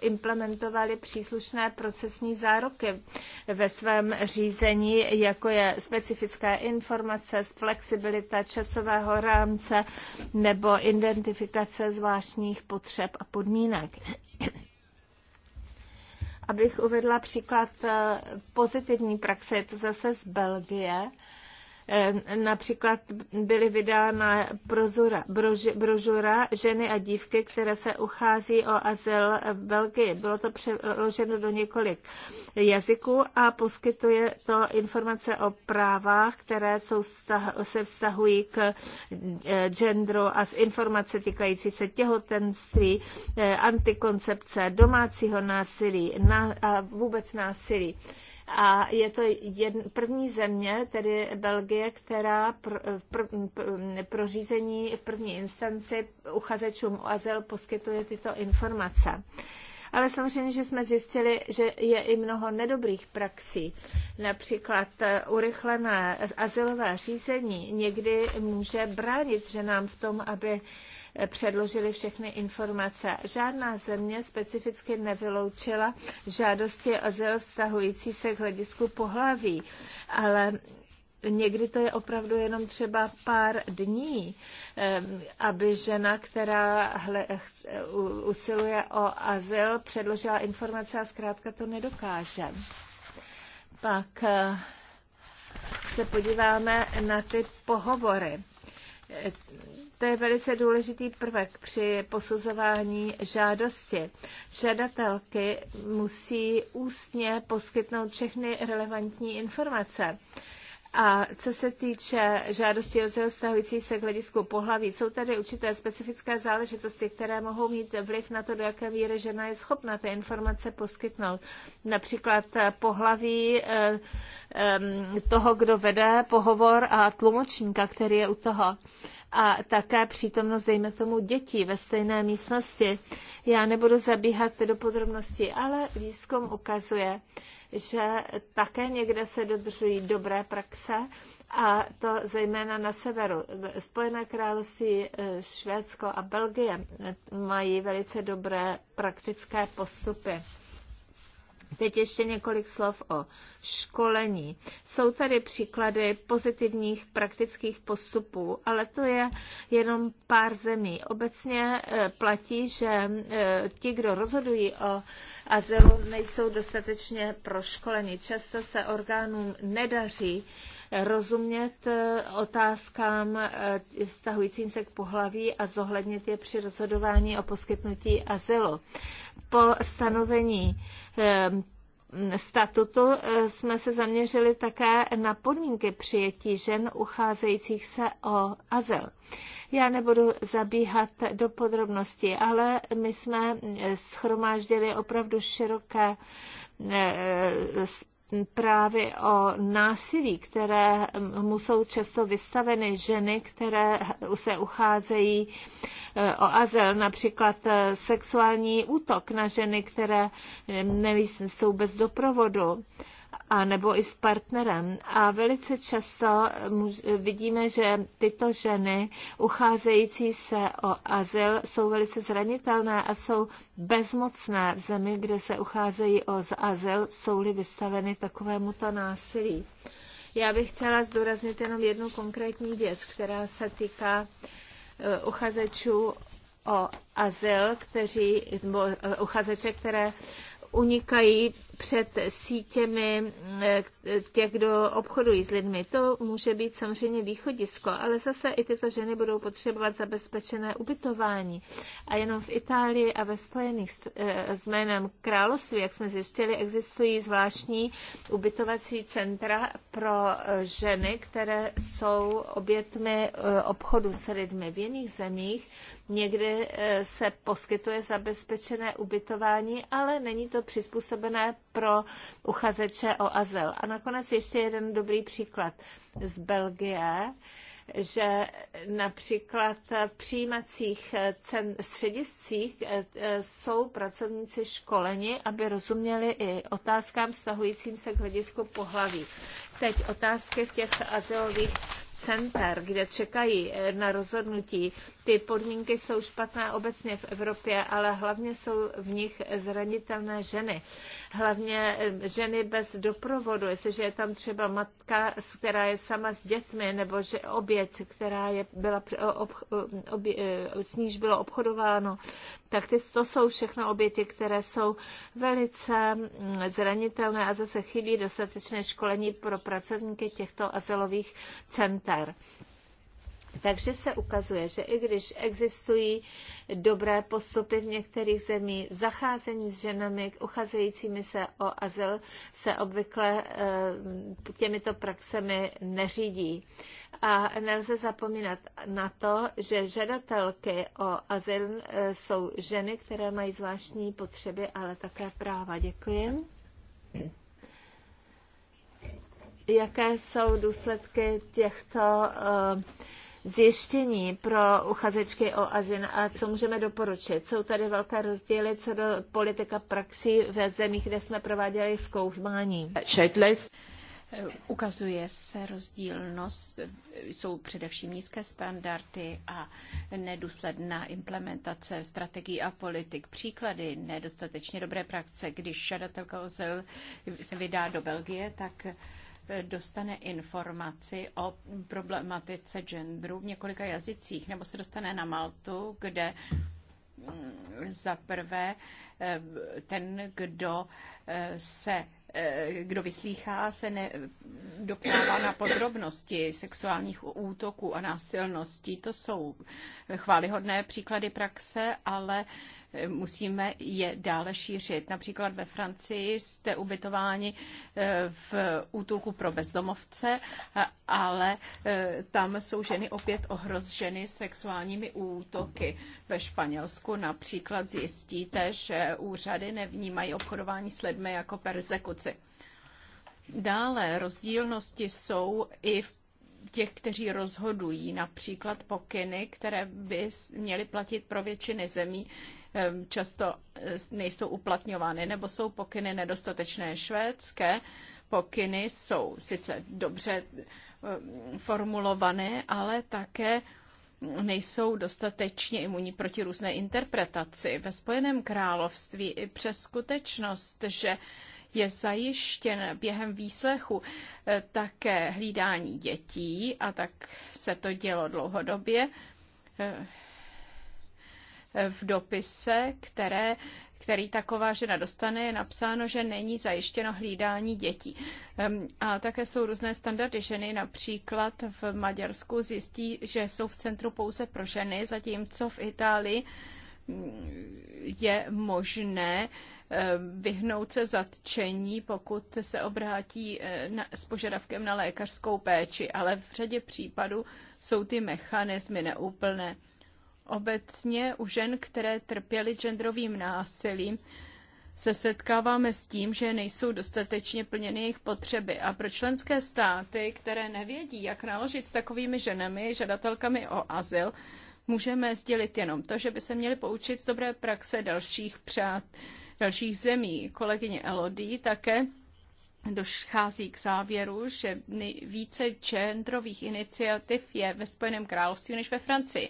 implementovaly příslušné procesní záruky ve svém řízení, jako je specifické informace, flexibilita časového rámce nebo identifikace zvláštních potřeb a podmínek abych uvedla příklad eh, pozitivní praxe, je to zase z Belgie. Eh, například byly vydána brožura, brož, brožura Ženy a dívky, které se uchází o azyl v Belgii. Bylo to přeloženo do několik jazyků a poskytuje to informace o právách, které jsou vztah, se vztahují k eh, genderu a z informace týkající se těhotenství, eh, antikoncepce, domácího násilí na, a vůbec násilí. A je to jedn, první země, tedy Belgie, která pro, pro, pro řízení v první instanci uchazečům o azyl poskytuje tyto informace. Ale samozřejmě, že jsme zjistili, že je i mnoho nedobrých praxí. Například eh, urychlené azylové řízení někdy může bránit že nám v tom, aby předložili všechny informace. Žádná země specificky nevyloučila žádosti o azyl vztahující se k hledisku pohlaví, ale Někdy to je opravdu jenom třeba pár dní, aby žena, která usiluje o azyl, předložila informace a zkrátka to nedokáže. Pak eh, se podíváme na ty pohovory to je velice důležitý prvek při posuzování žádosti. Žadatelky musí ústně poskytnout všechny relevantní informace. A co se týče žádosti o zil vztahující se k hledisku pohlaví, jsou tady určité specifické záležitosti, které mohou mít vliv na to, do jaké víry žena je schopna ty informace poskytnout. Například pohlaví eh, eh, toho, kdo vede pohovor a tlumočníka, který je u toho a také přítomnost, dejme tomu, dětí ve stejné místnosti. Já nebudu zabíhat do podrobností, ale výzkum ukazuje, že také někde se dodržují dobré praxe a to zejména na severu. Spojené království, eh, Švédsko a Belgie mají velice dobré praktické postupy. Teď ještě několik slov o školení. Jsou tady příklady pozitivních praktických postupů, ale to je jenom pár zemí. Obecně eh, platí, že eh, ti, kdo rozhodují o azylu, nejsou dostatečně proškoleni. Často se orgánům nedaří eh, rozumět otázkám vztahujícím se k pohlaví a zohlednit je při rozhodování o poskytnutí azylu po stanovení eh, statutu eh, jsme se zaměřili také na podmínky přijetí žen ucházejících se o azyl. Já nebudu zabíhat do podrobností, ale my jsme eh, schromáždili opravdu široké právě o násilí, které jsou často vystaveny ženy, které se ucházejí eh, o azyl, například eh, sexuální útok na ženy, které eh, jsou bez doprovodu a nebo i s partnerem. A velice často vidíme, že tyto ženy ucházející se o azyl jsou velice zranitelné a jsou bezmocné v zemi, kde se ucházejí o azyl, jsou-li vystaveny takovémuto násilí. Já bych chtěla zdůraznit jenom jednu konkrétní věc, která se týká eh, uchazečů o azyl, kteří, nebo eh, uchazeče, které unikají před sítěmi eh, těch, kdo obchodují s lidmi. To může být samozřejmě východisko, ale zase i tyto ženy budou potřebovat zabezpečené ubytování. A jenom v Itálii a ve Spojených eh, s jménem království, jak jsme zjistili, existují zvláštní ubytovací centra pro eh, ženy, které jsou obětmi obchodu s lidmi. V jiných zemích někdy se poskytuje zabezpečené ubytování, ale není to přizpůsobené pro uchazeče o azyl. A nakonec ještě jeden dobrý příklad z Belgie že například v přijímacích střediscích eh, jsou pracovníci školeni, aby rozuměli i otázkám vztahujícím se k hledisku pohlaví. Teď otázky v těch azylových center, kde čekají eh, na rozhodnutí, ty podmínky jsou špatné obecně v Evropě, ale hlavně jsou v nich zranitelné ženy. Hlavně eh, ženy bez doprovodu, jestliže je tam třeba matka, která je sama s dětmi, nebo že oběť, která je, byla, ob, ob, eh, s níž bylo obchodováno, tak ty, to jsou všechno oběti, které jsou velice mm, zranitelné a zase chybí dostatečné školení pro pracovníky těchto azylových center. Takže se ukazuje, že i když existují dobré postupy v některých zemích, zacházení s ženami uchazejícími se o azyl se obvykle eh, těmito praxemi neřídí. A nelze zapomínat na to, že žadatelky o azyl eh, jsou ženy, které mají zvláštní potřeby, ale také práva. Děkuji. Jaké jsou důsledky těchto uh, zjištění pro uchazečky o azyl a co můžeme doporučit. Jsou tady velké rozdíly co do politika praxí ve zemích, kde jsme prováděli zkoumání. Ukazuje se rozdílnost, jsou především nízké standardy a nedůsledná implementace strategií a politik. Příklady nedostatečně dobré praxe, když žadatelka ozel se vydá do Belgie, tak dostane informaci o problematice genderu v několika jazycích, nebo se dostane na Maltu, kde mm, za prvé eh, ten, kdo eh, se eh, kdo vyslýchá, se ne, na podrobnosti sexuálních útoků a násilností. To jsou chválihodné příklady praxe, ale musíme je dále šířit. Například ve Francii jste ubytováni eh, v útulku pro bezdomovce, eh, ale eh, tam jsou ženy opět ohroženy sexuálními útoky. Ve Španělsku například zjistíte, že úřady nevnímají obchodování s lidmi jako persekuci. Dále rozdílnosti jsou i v těch, kteří rozhodují, například pokyny, které by měly platit pro většiny zemí, Ehm, často eh, nejsou uplatňovány nebo jsou pokyny nedostatečné švédské. Pokyny jsou sice dobře ehm, formulované, ale také nejsou dostatečně imunní proti různé interpretaci. Ve Spojeném království i přes skutečnost, že je zajištěn během výslechu eh, také hlídání dětí a tak se to dělo dlouhodobě. Eh, v dopise, které, který taková žena dostane, je napsáno, že není zajištěno hlídání dětí. A také jsou různé standardy ženy. Například v Maďarsku zjistí, že jsou v centru pouze pro ženy, zatímco v Itálii mm, je možné vyhnout se zatčení, pokud se obrátí e, na, s požadavkem na lékařskou péči, ale v řadě případů jsou ty mechanismy neúplné obecně u žen, které trpěly genderovým násilím, se setkáváme s tím, že nejsou dostatečně plněny jejich potřeby. A pro členské státy, které nevědí, jak naložit s takovými ženami, žadatelkami o azyl, můžeme sdělit jenom to, že by se měli poučit z dobré praxe dalších přát, dalších zemí. Kolegyně Elodie také dochází k závěru, že více genderových iniciativ je ve Spojeném království než ve Francii.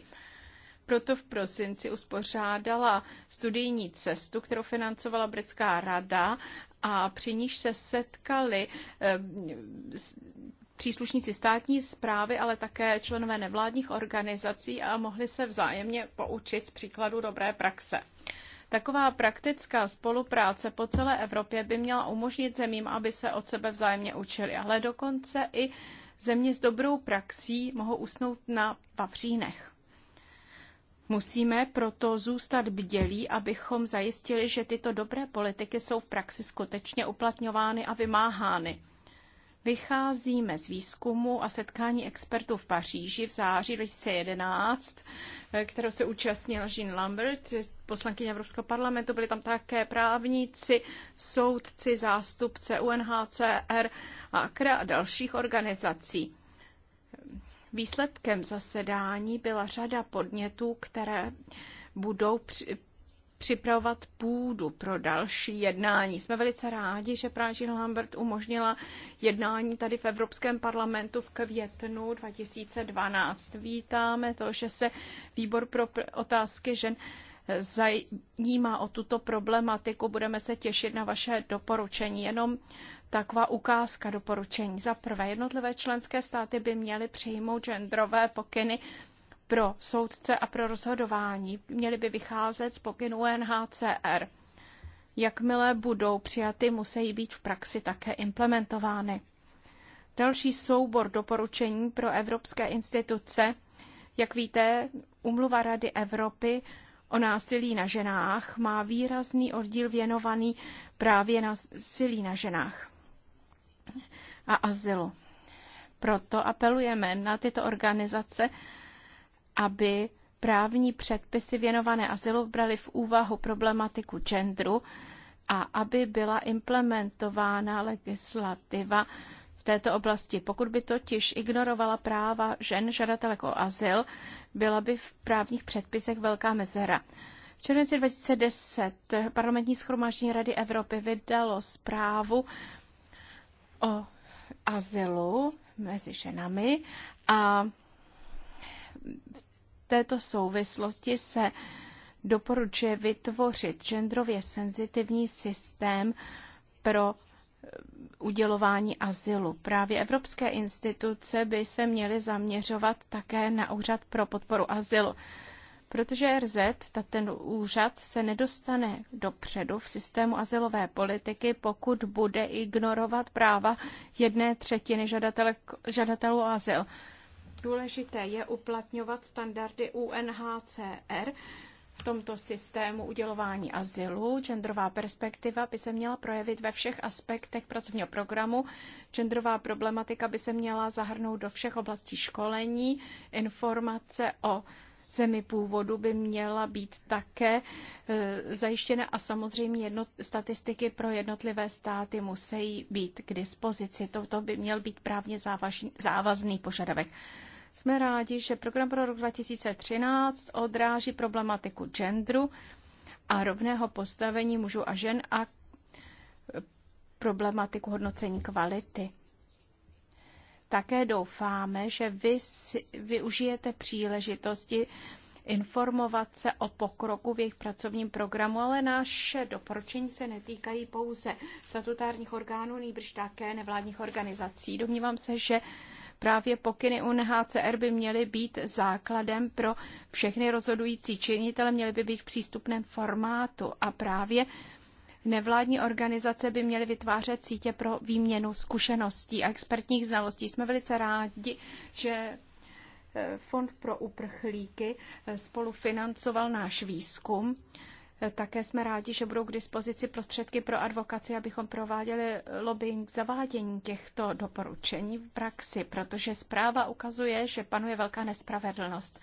Proto v prosinci uspořádala studijní cestu, kterou financovala Britská rada a při níž se setkali eh, příslušníci státní zprávy, ale také členové nevládních organizací a mohli se vzájemně poučit z příkladu dobré praxe. Taková praktická spolupráce po celé Evropě by měla umožnit zemím, aby se od sebe vzájemně učili, ale dokonce i země s dobrou praxí mohou usnout na pavřínech. Musíme proto zůstat bdělí, abychom zajistili, že tyto dobré politiky jsou v praxi skutečně uplatňovány a vymáhány. Vycházíme z výzkumu a setkání expertů v Paříži v září 2011, eh, kterou se účastnil Jean Lambert, poslankyně Evropského parlamentu, byli tam také právníci, soudci, zástupce UNHCR a a dalších organizací Výsledkem zasedání byla řada podnětů, které budou při, připravovat půdu pro další jednání. Jsme velice rádi, že Prážino Lambert umožnila jednání tady v Evropském parlamentu v květnu 2012. Vítáme to, že se výbor pro otázky žen eh, zajímá o tuto problematiku. Budeme se těšit na vaše doporučení. Jenom taková ukázka doporučení. Za prvé, jednotlivé členské státy by měly přijmout genderové pokyny pro soudce a pro rozhodování. Měly by vycházet z pokynů UNHCR. Jakmile budou přijaty, musí být v praxi také implementovány. Další soubor doporučení pro evropské instituce. Jak víte, Umluva Rady Evropy o násilí na ženách má výrazný oddíl věnovaný právě násilí na ženách a azylu. Proto apelujeme na tyto organizace, aby právní předpisy věnované azylu brali v úvahu problematiku genderu a aby byla implementována legislativa v této oblasti. Pokud by totiž ignorovala práva žen žadatelek o azyl, byla by v právních předpisech velká mezera. V červenci 2010 parlamentní schromáždění Rady Evropy vydalo zprávu o azylu mezi ženami a v této souvislosti se doporučuje vytvořit genderově senzitivní systém pro eh, udělování azylu. Právě evropské instituce by se měly zaměřovat také na úřad pro podporu azylu protože RZ, ten úřad, se nedostane dopředu v systému asilové politiky, pokud bude ignorovat práva jedné třetiny žadatele, žadatelů o azyl. Důležité je uplatňovat standardy UNHCR v tomto systému udělování azylu. Genderová perspektiva by se měla projevit ve všech aspektech pracovního programu. Genderová problematika by se měla zahrnout do všech oblastí školení, informace o zemi původu by měla být také e, zajištěna a samozřejmě jednot, statistiky pro jednotlivé státy musí být k dispozici. Toto by měl být právně závažný, závazný požadavek. Jsme rádi, že program pro rok 2013 odráží problematiku genderu a rovného postavení mužů a žen a e, problematiku hodnocení kvality. Také doufáme, že vy využijete příležitosti informovat se o pokroku v jejich pracovním programu, ale naše doporučení se netýkají pouze statutárních orgánů, nýbrž také nevládních organizací. Domnívám se, že Právě pokyny UNHCR by měly být základem pro všechny rozhodující činitele, měly by být v přístupném formátu a právě Nevládní organizace by měly vytvářet sítě pro výměnu zkušeností a expertních znalostí. Jsme velice rádi, že eh, Fond pro uprchlíky eh, spolufinancoval náš výzkum. Eh, také jsme rádi, že budou k dispozici prostředky pro advokaci, abychom prováděli lobbying k zavádění těchto doporučení v praxi, protože zpráva ukazuje, že panuje velká nespravedlnost.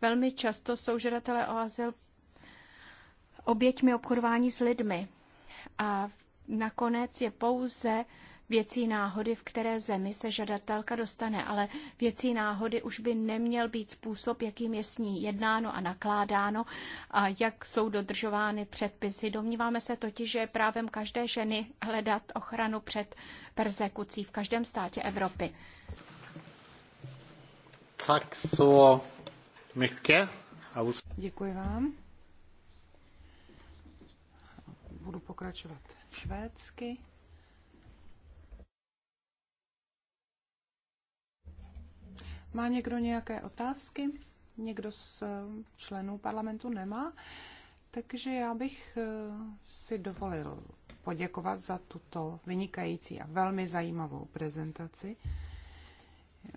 Velmi často jsou žadatelé o azyl oběťmi obchodování s lidmi. A nakonec je pouze věcí náhody, v které zemi se žadatelka dostane, ale věcí náhody už by neměl být způsob, jakým je s ní jednáno a nakládáno a jak jsou dodržovány předpisy. Domníváme se totiž, že je právem každé ženy hledat ochranu před persekucí v každém státě Evropy. Tak so Děkuji vám budu pokračovat švédsky. Má někdo nějaké otázky? Někdo z eh, členů parlamentu nemá? Takže já bych eh, si dovolil poděkovat za tuto vynikající a velmi zajímavou prezentaci.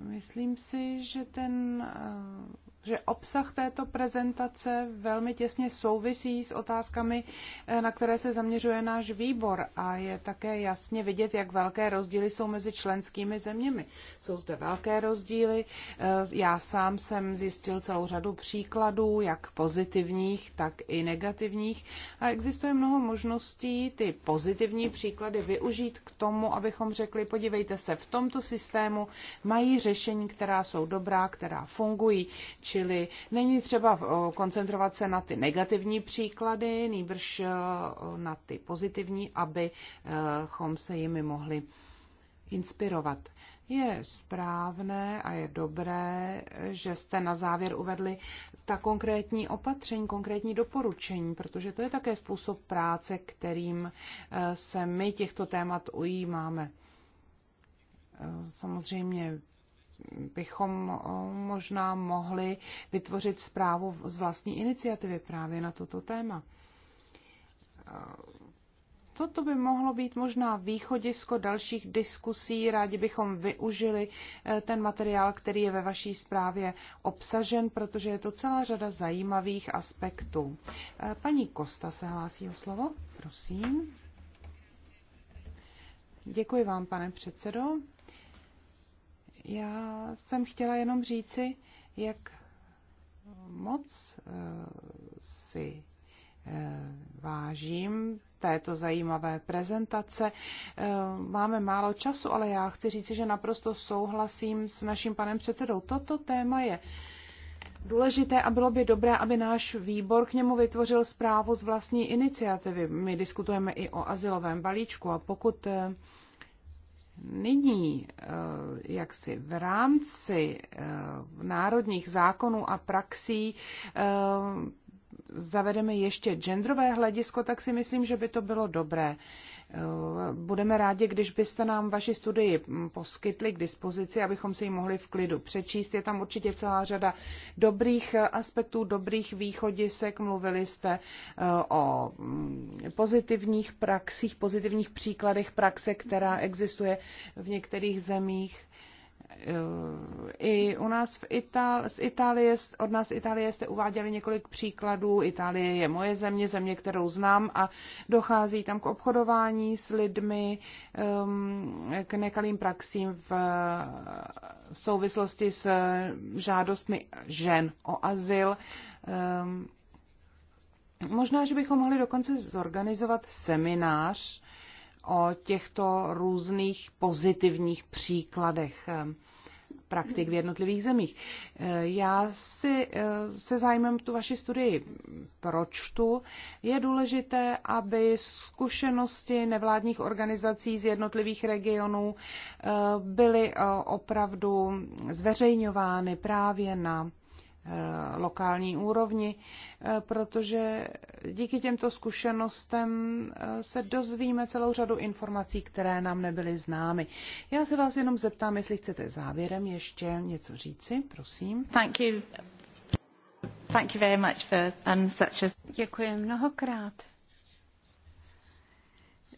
Myslím si, že ten eh, že obsah této prezentace velmi těsně souvisí s otázkami, eh, na které se zaměřuje náš výbor a je také jasně vidět, jak velké rozdíly jsou mezi členskými zeměmi. Jsou zde velké rozdíly. Eh, já sám jsem zjistil celou řadu příkladů, jak pozitivních, tak i negativních. A existuje mnoho možností ty pozitivní příklady využít k tomu, abychom řekli, podívejte se, v tomto systému mají řešení, která jsou dobrá, která fungují, či Čili není třeba eh, koncentrovat se na ty negativní příklady, nýbrž eh, na ty pozitivní, abychom eh, se jimi mohli inspirovat. Je správné a je dobré, že jste na závěr uvedli ta konkrétní opatření, konkrétní doporučení, protože to je také způsob práce, kterým se my těchto témat ujímáme. Samozřejmě bychom eh, možná mohli vytvořit zprávu z vlastní iniciativy právě na toto téma. Eh, toto by mohlo být možná východisko dalších diskusí. Rádi bychom využili eh, ten materiál, který je ve vaší zprávě obsažen, protože je to celá řada zajímavých aspektů. Paní Kosta se hlásí o slovo. Prosím. Děkuji vám, pane předsedo. Já jsem chtěla jenom říci, jak moc uh, si uh, vážím této zajímavé prezentace. Uh, máme málo času, ale já chci říci, že naprosto souhlasím s naším panem předsedou. Toto téma je důležité a bylo by dobré, aby náš výbor k němu vytvořil zprávu z vlastní iniciativy. My diskutujeme i o asilovém balíčku a pokud Nyní, eh, jak si v rámci eh, národních zákonů a praxí eh, zavedeme ještě genderové hledisko, tak si myslím, že by to bylo dobré. Eh, budeme rádi, když byste nám vaši studii poskytli k dispozici, abychom si ji mohli v klidu přečíst. Je tam určitě celá řada dobrých aspektů, dobrých východisek. Mluvili jste eh, o mm, pozitivních praxích, pozitivních příkladech praxe, která existuje v některých zemích Eh, i u nás v Itál, z Itálie, od nás Itálie jste uváděli několik příkladů. Itálie je moje země, země, kterou znám a dochází tam k obchodování s lidmi, ehm, k nekalým praxím v, v souvislosti s žádostmi žen o azyl. Ehm, možná, že bychom mohli dokonce zorganizovat seminář o těchto různých pozitivních příkladech ehm, praktik v jednotlivých zemích. Eh, já si eh, se zájmem tu vaši studii pročtu. Je důležité, aby zkušenosti nevládních organizací z jednotlivých regionů eh, byly opravdu zveřejňovány právě na Eh, lokální úrovni, eh, protože díky těmto zkušenostem eh, se dozvíme celou řadu informací, které nám nebyly známy. Já se vás jenom zeptám, jestli chcete závěrem ještě něco říci, prosím. Thank you. Thank you very much for, um, such a... Děkuji mnohokrát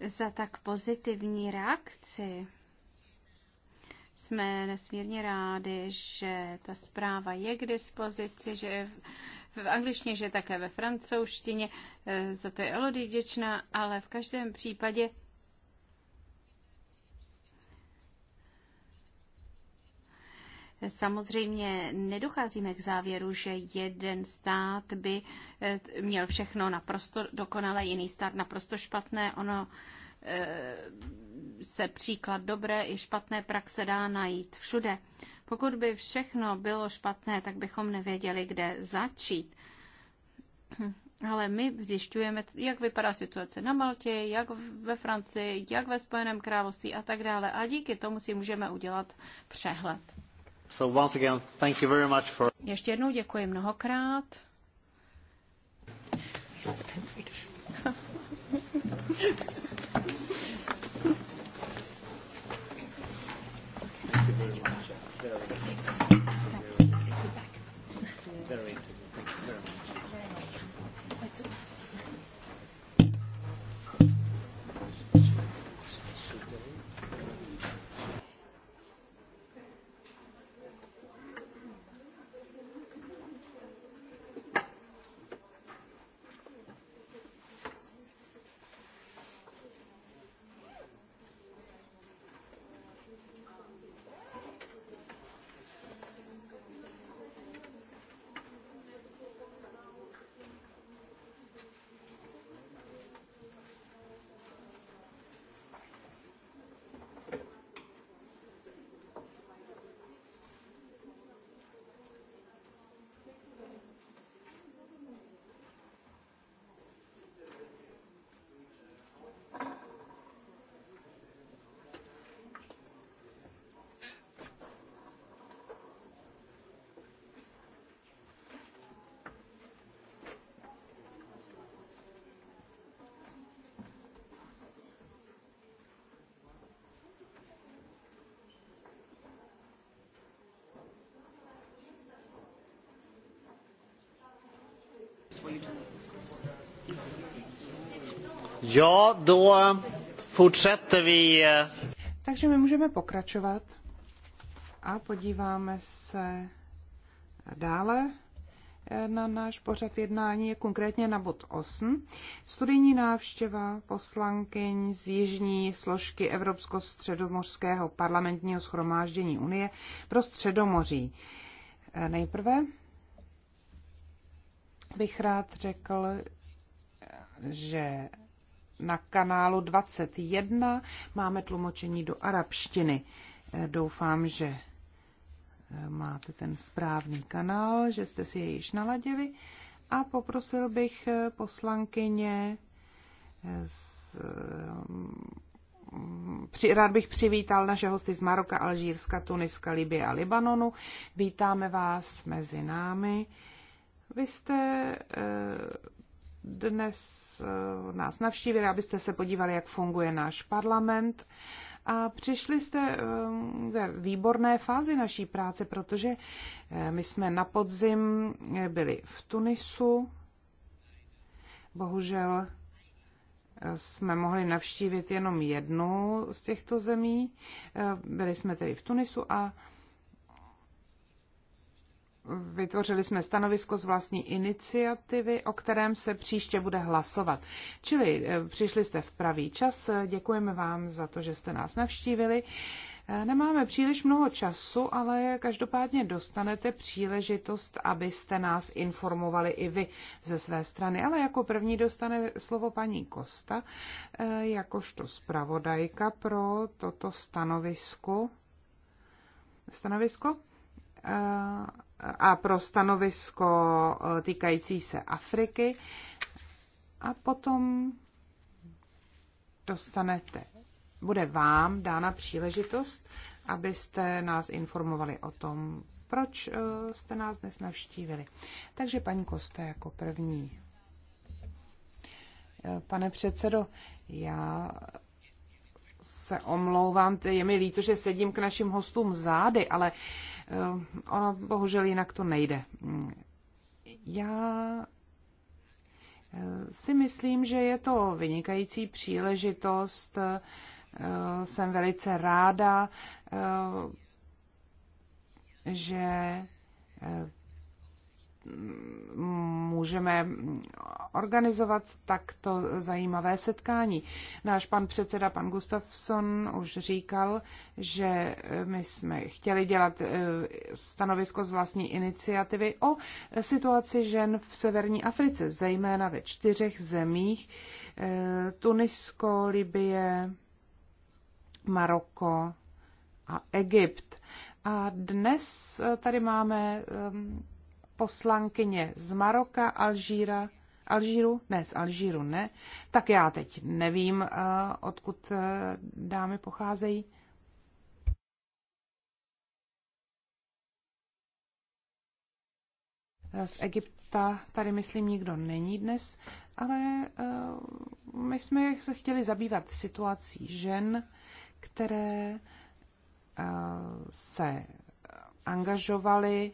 za tak pozitivní reakci jsme nesmírně rádi, že ta zpráva je k dispozici, že je v angličtině, že je také ve francouzštině. E, za to je Elodie vděčná, ale v každém případě Samozřejmě nedocházíme k závěru, že jeden stát by e, měl všechno naprosto dokonale, jiný stát naprosto špatné. Ono Eh, se příklad dobré i špatné praxe dá najít všude. Pokud by všechno bylo špatné, tak bychom nevěděli, kde začít. Ale my zjišťujeme, jak vypadá situace na Maltě, jak ve Francii, jak ve Spojeném království a tak dále. A díky tomu si můžeme udělat přehled. So once again, thank you very much for... Ještě jednou děkuji mnohokrát. very much. Very, very, very då eh, fortsätter vi. Eh. Takže my můžeme pokračovat a podíváme se dále eh, na náš pořad jednání, konkrétně na bod 8. Studijní návštěva poslankyň z jižní složky Evropsko-středomořského parlamentního schromáždění Unie pro Středomoří. Nejprve bych rád řekl, že na kanálu 21 máme tlumočení do arabštiny. Eh, doufám, že eh, máte ten správný kanál, že jste si jej již naladili. A poprosil bych eh, poslankyně z při, rád bych přivítal naše hosty z Maroka, Alžírska, Tuniska, Libie a Libanonu. Vítáme vás mezi námi. Vy jste eh, dnes eh, nás navštívili, abyste se podívali, jak funguje náš parlament. A přišli jste eh, ve výborné fázi naší práce, protože my jsme na podzim byli v Tunisu. Bohužel jsme mohli navštívit jenom jednu z těchto zemí. Byli jsme tedy v Tunisu a Vytvořili jsme stanovisko z vlastní iniciativy, o kterém se příště bude hlasovat. Čili eh, přišli jste v pravý čas. Děkujeme vám za to, že jste nás navštívili. Eh, nemáme příliš mnoho času, ale každopádně dostanete příležitost, abyste nás informovali i vy ze své strany. Ale jako první dostane slovo paní Kosta, eh, jakožto zpravodajka pro toto stanovisko. Stanovisko? a pro stanovisko eh, týkající se Afriky. A potom dostanete, bude vám dána příležitost, abyste nás informovali o tom, proč eh, jste nás dnes navštívili. Takže paní Kosta jako první. Eh, pane předsedo, já se omlouvám, je mi líto, že sedím k našim hostům zády, ale uh, Eh, ono bohužel jinak to nejde. Mm. Já eh, si myslím, že je to vynikající příležitost. Eh, jsem velice ráda, že můžeme organizovat takto zajímavé setkání. Náš pan předseda, pan Gustafsson, už říkal, že my jsme chtěli dělat eh, stanovisko z vlastní iniciativy o situaci žen v severní Africe, zejména ve čtyřech zemích eh, Tunisko, Libie, Maroko a Egypt. A dnes eh, tady máme poslankyně z Maroka, Alžíra, Alžíru, ne, z Alžíru ne, tak já teď nevím, eh, odkud eh, dámy pocházejí. Eh, z Egypta tady, myslím, nikdo není dnes, ale my jsme se chtěli zabývat situací žen, které se angažovaly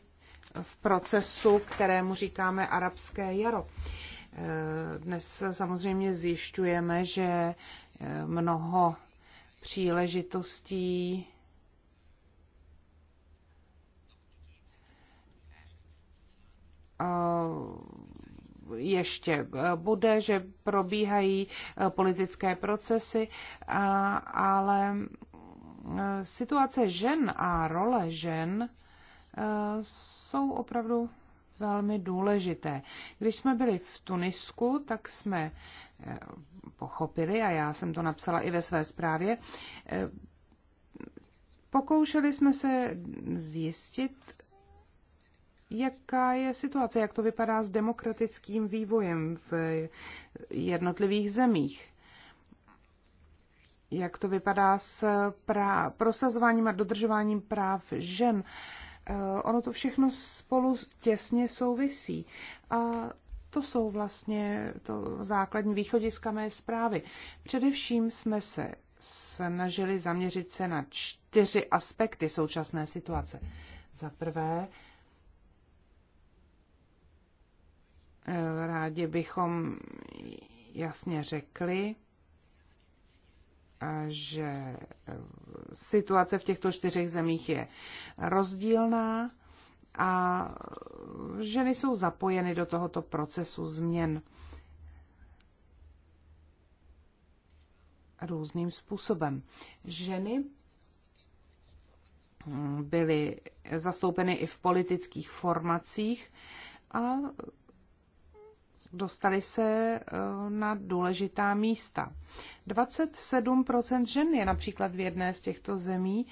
v procesu, kterému říkáme arabské jaro. Eh, dnes samozřejmě zjišťujeme, že eh, mnoho příležitostí eh, ještě bude, že probíhají politické procesy, ale situace žen a role žen jsou opravdu velmi důležité. Když jsme byli v Tunisku, tak jsme eh, pochopili, a já jsem to napsala i ve své zprávě, eh, pokoušeli jsme se zjistit, jaká je situace, jak to vypadá s demokratickým vývojem v jednotlivých zemích. Jak to vypadá s prá- prosazováním a dodržováním práv žen. Uh, Eh, ono to všechno spolu těsně souvisí. A to jsou vlastně to základní východiska mé zprávy. Především jsme se snažili zaměřit se na čtyři aspekty současné situace. Za prvé, eh, rádi bychom jasně řekli, že eh, situace v těchto čtyřech zemích je rozdílná a že nejsou zapojeny do tohoto procesu změn různým způsobem. Ženy byly zastoupeny i v politických formacích a dostali se eh, na důležitá místa. 27% žen je například v jedné z těchto zemí.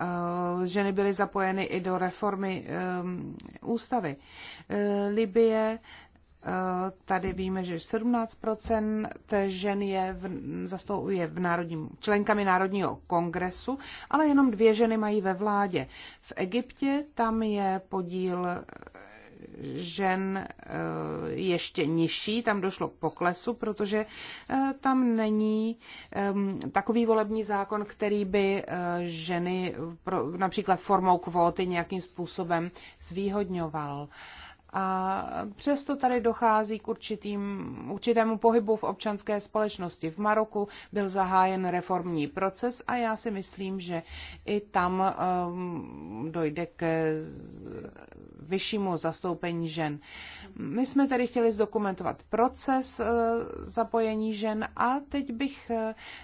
Eh, ženy byly zapojeny i do reformy eh, ústavy. Libie Tady víme, že 17 žen je v, je v národním, členkami Národního kongresu, ale jenom dvě ženy mají ve vládě. V Egyptě tam je podíl žen eh, ještě nižší, tam došlo k poklesu, protože eh, tam není ehm, takový volební zákon, který by eh, ženy například formou kvóty nějakým způsobem zvýhodňoval. A přesto tady dochází k určitým, určitému pohybu v občanské společnosti. V Maroku byl zahájen reformní proces a já si myslím, že i tam um, dojde k vyššímu zastoupení žen. My jsme tedy chtěli zdokumentovat proces uh, zapojení žen a teď bych uh,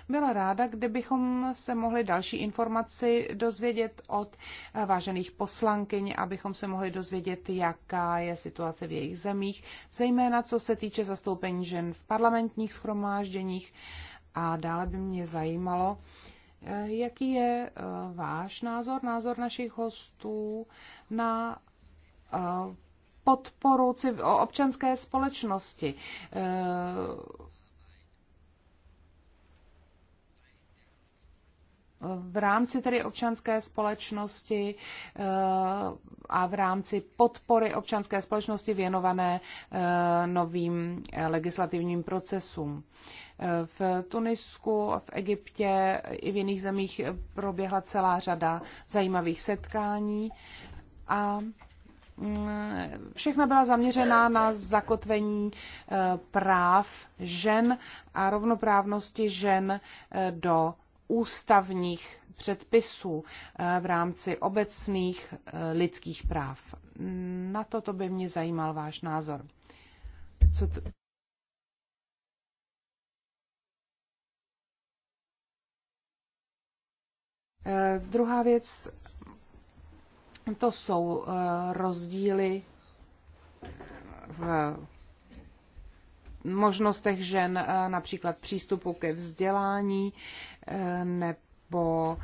byla ráda, kdybychom se mohli další informaci dozvědět od uh, vážených poslankyň, abychom se mohli dozvědět, jaká je situace v jejich zemích, zejména co se týče zastoupení žen v parlamentních schromážděních. A dále by mě zajímalo, eh, jaký je eh, váš názor, názor našich hostů na eh, podporu občanské společnosti v rámci tedy občanské společnosti eh, a v rámci podpory občanské společnosti věnované eh, novým eh, legislativním procesům. V Tunisku, v Egyptě i v jiných zemích proběhla celá řada zajímavých setkání a mm, všechna byla zaměřená na zakotvení práv žen a rovnoprávnosti žen do ústavních předpisů eh, v rámci obecných eh, lidských práv. Na to, to by mě zajímal váš názor. Co t- eh, Druhá věc, to jsou rozdíly v možnostech žen, například přístupu ke vzdělání, nebo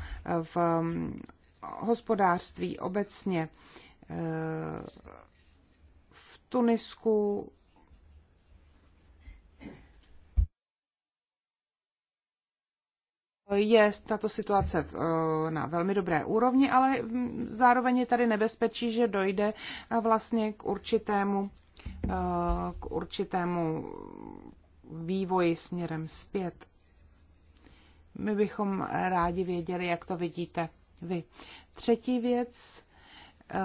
v um, hospodářství obecně. E, v Tunisku je tato situace e, na velmi dobré úrovni, ale mm, zároveň je tady nebezpečí, že dojde e, vlastně k určitému, k určitému vývoji směrem zpět. My bychom rádi věděli, jak to vidíte vy. Třetí věc, eh,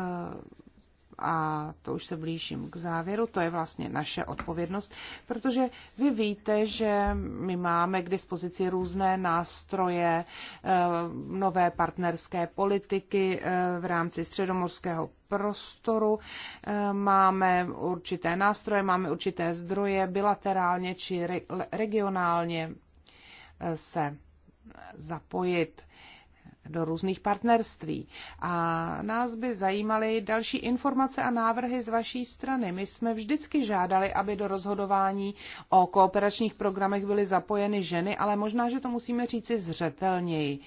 a to už se blížím k závěru, to je vlastně naše odpovědnost, protože vy víte, že my máme k dispozici různé nástroje, eh, nové partnerské politiky eh, v rámci středomorského prostoru, máme určité nástroje, máme určité zdroje bilaterálně či regionálně se zapojit do různých partnerství. A nás by zajímaly další informace a návrhy z vaší strany. My jsme vždycky žádali, aby do rozhodování o kooperačních programech byly zapojeny ženy, ale možná, že to musíme říci zřetelněji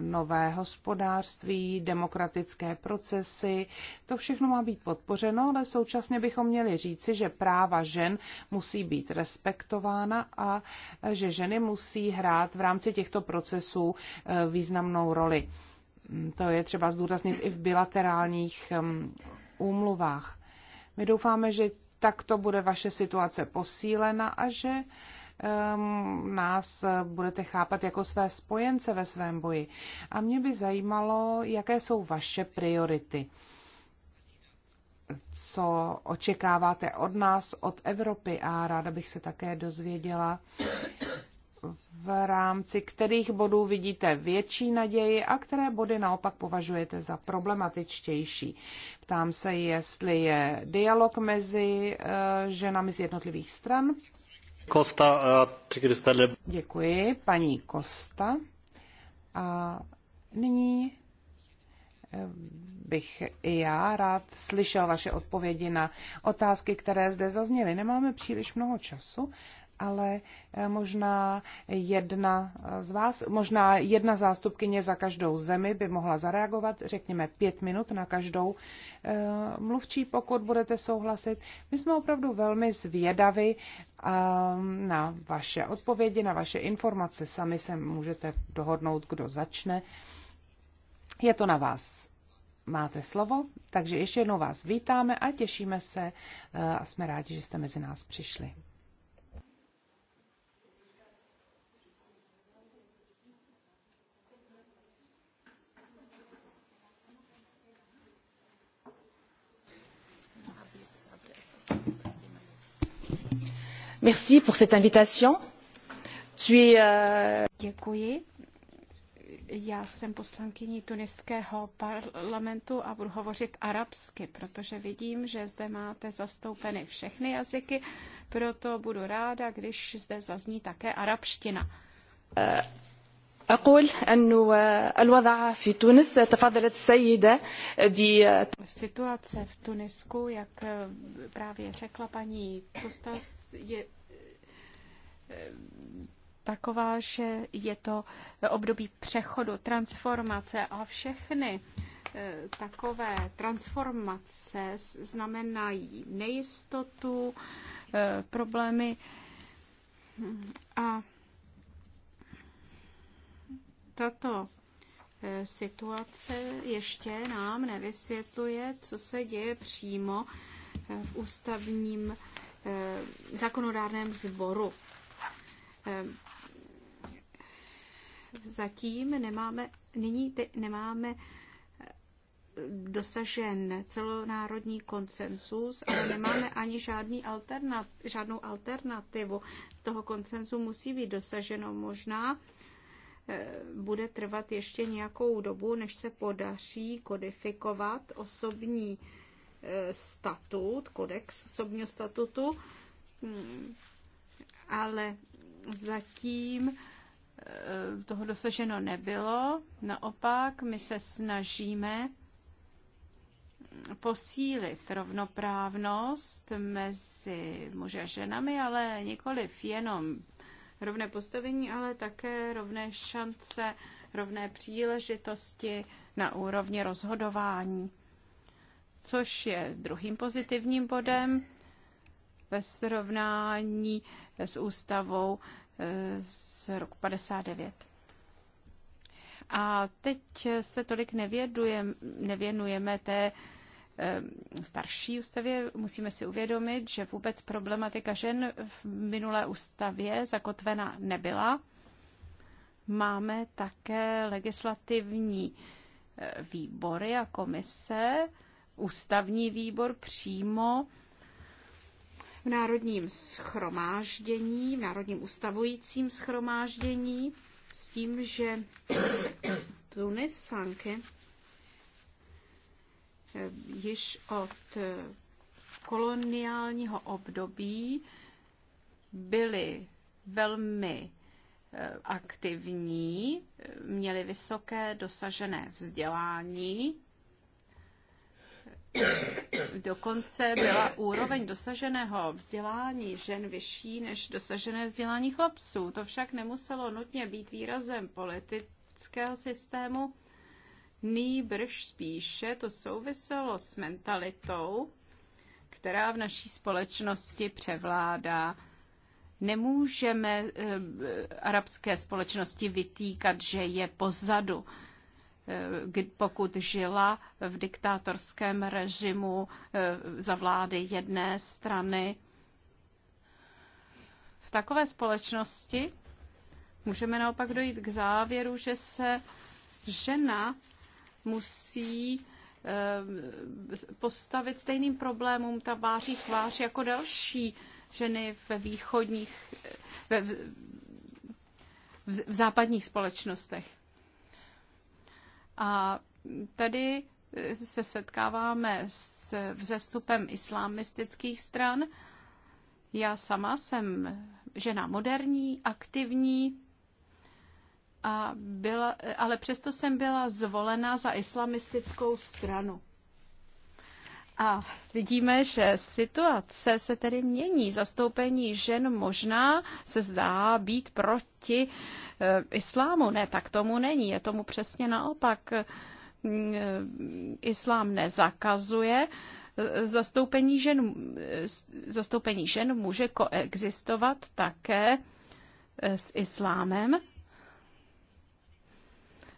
nové hospodářství, demokratické procesy. To všechno má být podpořeno, ale současně bychom měli říci, že práva žen musí být respektována a že ženy musí hrát v rámci těchto procesů eh, významnou roli. Mm, to je třeba zdůraznit i v bilaterálních mm, úmluvách. My doufáme, že takto bude vaše situace posílena a že Ehm, nás budete chápat jako své spojence ve svém boji. A mě by zajímalo, jaké jsou vaše priority. Co očekáváte od nás, od Evropy a ráda bych se také dozvěděla, v rámci kterých bodů vidíte větší naději a které body naopak považujete za problematičtější. Ptám se, jestli je dialog mezi eh, ženami z jednotlivých stran Kosta, Děkuji, paní Kosta. A nyní eh, bych i já rád slyšel vaše odpovědi na otázky, které zde zazněly. Nemáme příliš mnoho času, ale eh, možná jedna z vás, možná jedna zástupkyně za každou zemi by mohla zareagovat, řekněme pět minut na každou eh, mluvčí, pokud budete souhlasit. My jsme opravdu velmi zvědavi eh, na vaše odpovědi, na vaše informace. Sami se můžete dohodnout, kdo začne. Je to na vás máte slovo, takže ještě jednou vás vítáme a těšíme se a jsme rádi, že jste mezi nás přišli. Merci pour cette invitation. Tu es, euh, Děkuji. Já jsem poslankyní tuniského parlamentu a budu hovořit arabsky, protože vidím, že zde máte zastoupeny všechny jazyky, proto budu ráda, když zde zazní také arabština. Uh... أقول أن الوضع في تونس تفضلت السيدة ب Situace v Tunisku, jak právě řekla paní Kustas, je eh, taková, že je to období přechodu, transformace a všechny eh, takové transformace znamenají nejistotu, eh, problémy a tato eh, situace ještě nám nevysvětluje, co se děje přímo eh, v ústavním eh, zákonodárném sboru. Zatím nemáme, nyní nemáme dosažen celonárodní konsensus, ale nemáme ani žádný alternat, žádnou alternativu. Z toho konsenzu musí být dosaženo možná Eh, bude trvat ještě nějakou dobu, než se podaří kodifikovat osobní eh, statut, kodex osobního statutu, hmm. ale zatím eh, toho dosaženo nebylo. Naopak, my se snažíme posílit rovnoprávnost mezi muži a ženami, ale nikoliv jenom rovné postavení, ale také rovné šance, rovné příležitosti na úrovni rozhodování. Což je druhým pozitivním bodem ve srovnání s ústavou eh, z roku 59. A teď se tolik nevěnujeme té Eh, starší ústavě, musíme si uvědomit, že vůbec problematika žen v minulé ústavě zakotvena nebyla. Máme také legislativní eh, výbory a komise, ústavní výbor přímo v Národním schromáždění, v Národním ustavujícím schromáždění, s tím, že Tunis Sanke Eh, již od eh, koloniálního období byli velmi eh, aktivní, měli vysoké dosažené vzdělání. Dokonce byla úroveň dosaženého vzdělání žen vyšší než dosažené vzdělání chlapců. To však nemuselo nutně být výrazem politického systému, Nýbrž spíše to souviselo s mentalitou, která v naší společnosti převládá. Nemůžeme eh, arabské společnosti vytýkat, že je pozadu eh, pokud žila v diktátorském režimu eh, za vlády jedné strany. V takové společnosti můžeme naopak dojít k závěru, že se žena musí eh, postavit stejným problémům tabáří tvář jako další ženy ve východních, eh, ve, v, v, v západních společnostech. A tady eh, se setkáváme s vzestupem islamistických stran. Já sama jsem žena moderní, aktivní, a byla, ale přesto jsem byla zvolena za islamistickou stranu. A vidíme, že situace se tedy mění. Zastoupení žen možná se zdá být proti e, islámu. Ne, tak tomu není. Je tomu přesně naopak. E, islám nezakazuje eh, zastoupení žen, zastoupení žen může koexistovat také s islámem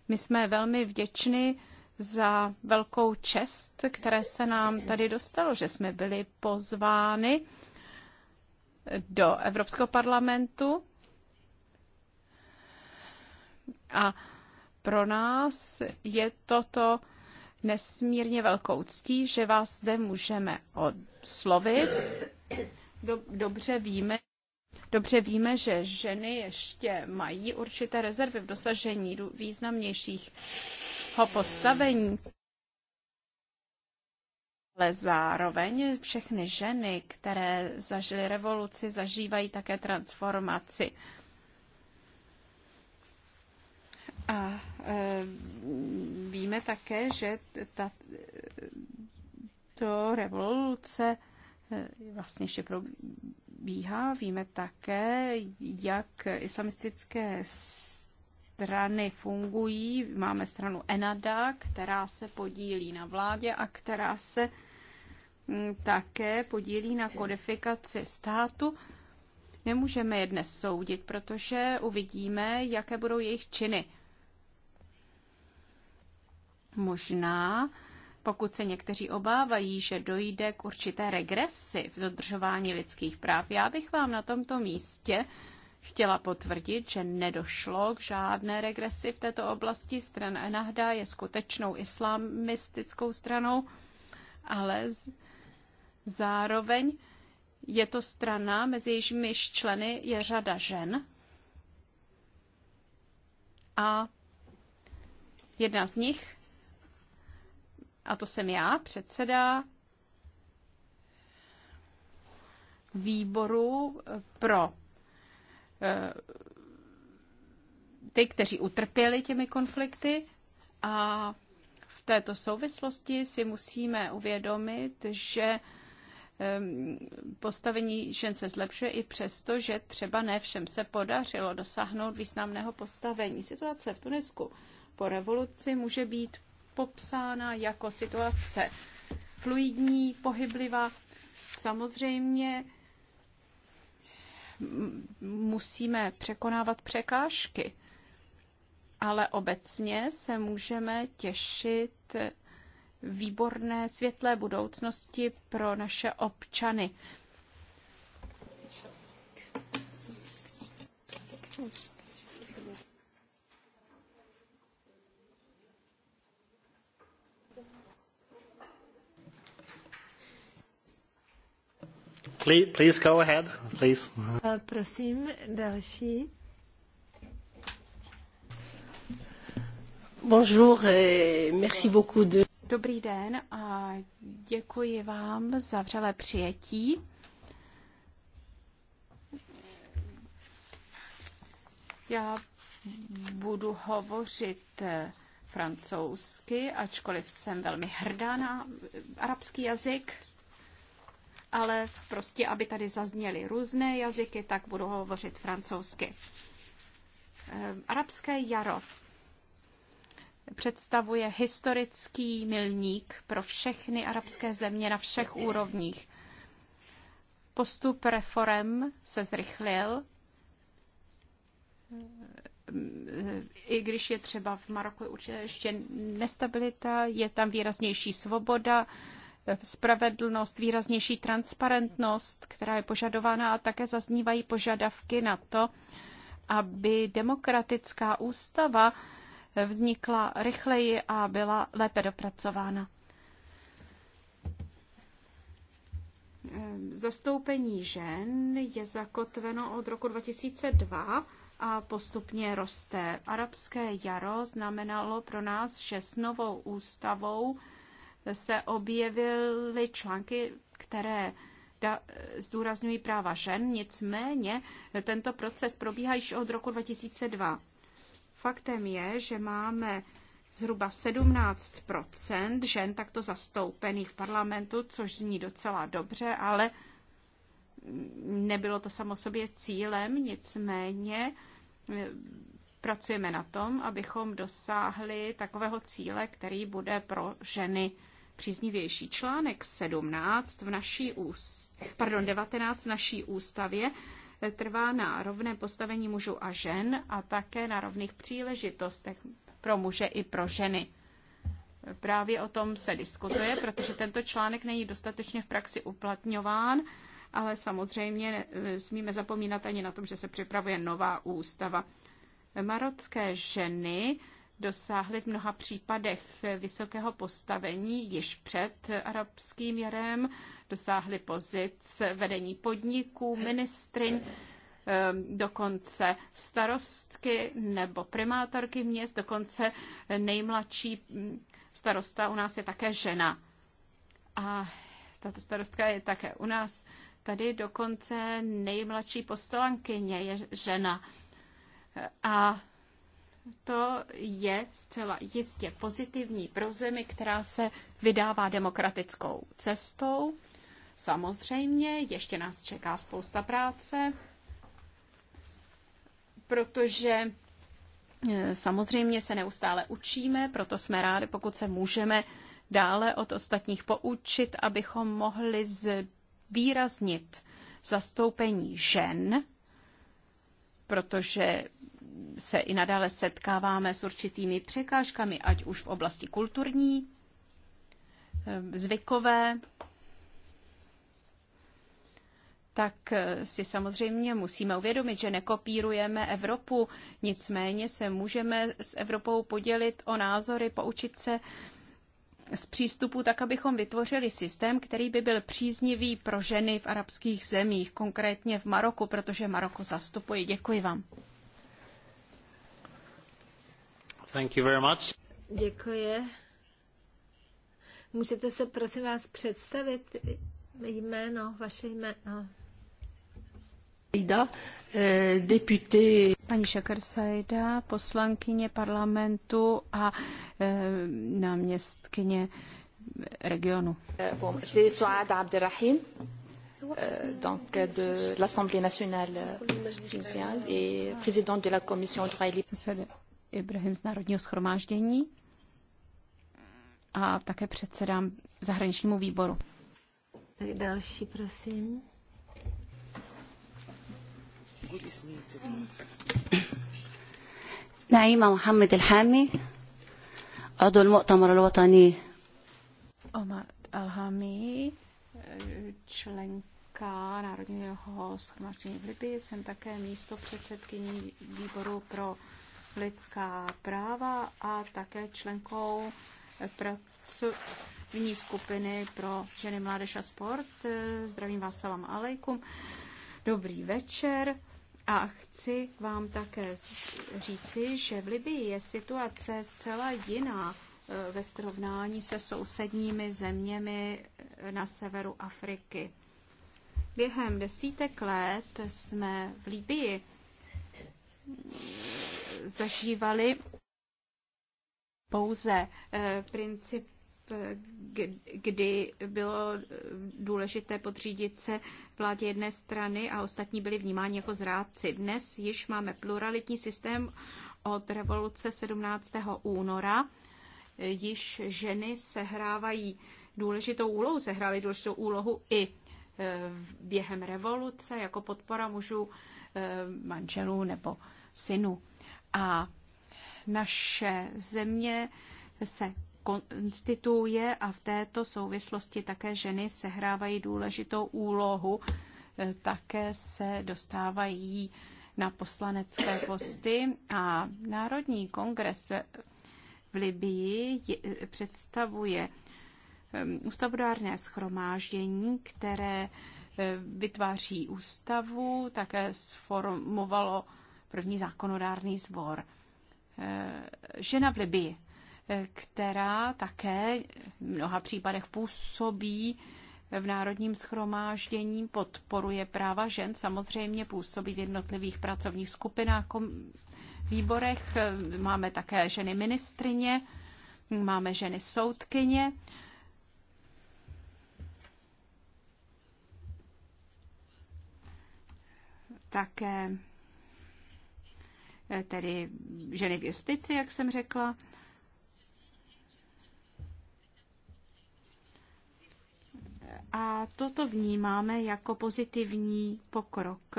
my jsme velmi vděční za velkou čest, které se nám tady dostalo, že jsme byli pozvány do Evropského parlamentu. A pro nás je toto nesmírně velkou ctí, že vás zde můžeme oslovit. Dobře víme, Dobře víme, že ženy ještě mají určité rezervy v dosažení významnějších postavení. Ale zároveň všechny ženy, které zažily revoluci, zažívají také transformaci. A e, víme také, že ta, e, to revoluce Eh, vlastně ještě probíhá. Víme také, jak islamistické strany fungují. Máme stranu Enada, která se podílí na vládě a která se mm, také podílí na kodifikaci státu. Nemůžeme je dnes soudit, protože uvidíme, jaké budou jejich činy. Možná pokud se někteří obávají, že dojde k určité regresi v dodržování lidských práv, já bych vám na tomto místě chtěla potvrdit, že nedošlo k žádné regresi v této oblasti. Strana Enahda je skutečnou islamistickou stranou, ale zároveň je to strana, mezi jejímiž členy je řada žen. A jedna z nich a to jsem já, předseda výboru eh, pro eh, ty, kteří utrpěli těmi konflikty a v této souvislosti si musíme uvědomit, že eh, postavení žen se zlepšuje i přesto, že třeba ne všem se podařilo dosáhnout významného postavení. Situace v Tunisku po revoluci může být popsána jako situace fluidní, pohyblivá. Samozřejmě musíme překonávat překážky, ale obecně se můžeme těšit výborné světlé budoucnosti pro naše občany. Thank you. Please, please go ahead, please. Prosím, další. Bonjour et merci beaucoup de... Dobrý den a děkuji vám za vřelé přijetí. Já budu hovořit eh, francouzsky, ačkoliv jsem velmi hrdá na arabský jazyk ale prostě, aby tady zazněly různé jazyky, tak budu hovořit francouzsky. Ehm, arabské jaro představuje historický milník pro všechny arabské země na všech úrovních. Postup reform se zrychlil, ehm, i když je třeba v Maroku určitě ještě nestabilita, je tam výraznější svoboda, spravedlnost, výraznější transparentnost, která je požadována a také zaznívají požadavky na to, aby demokratická ústava vznikla rychleji a byla lépe dopracována. Ehm, zastoupení žen je zakotveno od roku 2002 a postupně roste. Arabské jaro znamenalo pro nás, že s novou ústavou se objevily články, které da, zdůrazňují práva žen, nicméně tento proces probíhá již od roku 2002. Faktem je, že máme zhruba 17 žen takto zastoupených v parlamentu, což zní docela dobře, ale nebylo to samo sobě cílem, nicméně eh, pracujeme na tom, abychom dosáhli takového cíle, který bude pro ženy příznivější. Článek 17 v naší úst, pardon, 19 v naší ústavě eh, trvá na rovné postavení mužů a žen a také na rovných příležitostech pro muže i pro ženy. Právě o tom se diskutuje, protože tento článek není dostatečně v praxi uplatňován, ale samozřejmě eh, smíme zapomínat ani na tom, že se připravuje nová ústava. Marocké ženy dosáhli v mnoha případech vysokého postavení již před arabským jarem, dosáhli pozic vedení podniků, ministryň, ehm, dokonce starostky nebo primátorky měst, dokonce nejmladší hm, starosta u nás je také žena. A tato starostka je také u nás. Tady dokonce nejmladší postelankyně je žena. A to je zcela jistě pozitivní pro zemi, která se vydává demokratickou cestou. Samozřejmě, ještě nás čeká spousta práce, protože eh, samozřejmě se neustále učíme, proto jsme rádi, pokud se můžeme dále od ostatních poučit, abychom mohli zvýraznit zastoupení žen, protože se i nadále setkáváme s určitými překážkami, ať už v oblasti kulturní, eh, zvykové, tak eh, si samozřejmě musíme uvědomit, že nekopírujeme Evropu, nicméně se můžeme s Evropou podělit o názory, poučit se z přístupu tak, abychom vytvořili systém, který by byl příznivý pro ženy v arabských zemích, konkrétně v Maroku, protože Maroko zastupuje Děkuji vám. Děkuji. Můžete se prosím vás představit jméno, vaše jméno? Ida, eh, deputé. Paní Šakar Sajda, poslankyně parlamentu a e, náměstkyně regionu. Souad Abderrahim, eh, donc de l'Assemblée nationale tunisienne et présidente de la commission droits et libertés. Ibrahim z Národního schromáždění a také předsedám zahraničnímu výboru. Tak další, prosím. نعيمة محمد الحامي عضو al الوطني Omar Alhami, členka Národního schromáždění v Libii, jsem také místo předsedkyní výboru pro lidská práva a také členkou pracovní skupiny pro ženy, mládež a sport. Zdravím vás, salam alejkum. Dobrý večer. A chci vám také říci, že v Libii je situace zcela jiná eh, ve srovnání se sousedními zeměmi eh, na severu Afriky. Během desítek let jsme v Libii zažívali pouze eh, princip, eh, kdy bylo eh, důležité podřídit se vládě jedné strany a ostatní byli vnímáni jako zrádci. Dnes již máme pluralitní systém od revoluce 17. února. Již ženy sehrávají důležitou úlohu, sehrály důležitou úlohu i během revoluce jako podpora mužů, manželů nebo synu. A naše země se konstituje a v této souvislosti také ženy sehrávají důležitou úlohu, e, také se dostávají na poslanecké posty a Národní kongres v Libii představuje ústavodárné schromáždění, které e, vytváří ústavu, také sformovalo první zákonodárný sbor. Eh, žena v Libii, eh, která také v mnoha případech působí v Národním schromáždění, podporuje práva žen, samozřejmě působí v jednotlivých pracovních skupinách, výborech. Eh, máme také ženy ministrině, máme ženy soudkyně. Také Eh, tedy ženy v justici, jak jsem řekla. A toto vnímáme jako pozitivní pokrok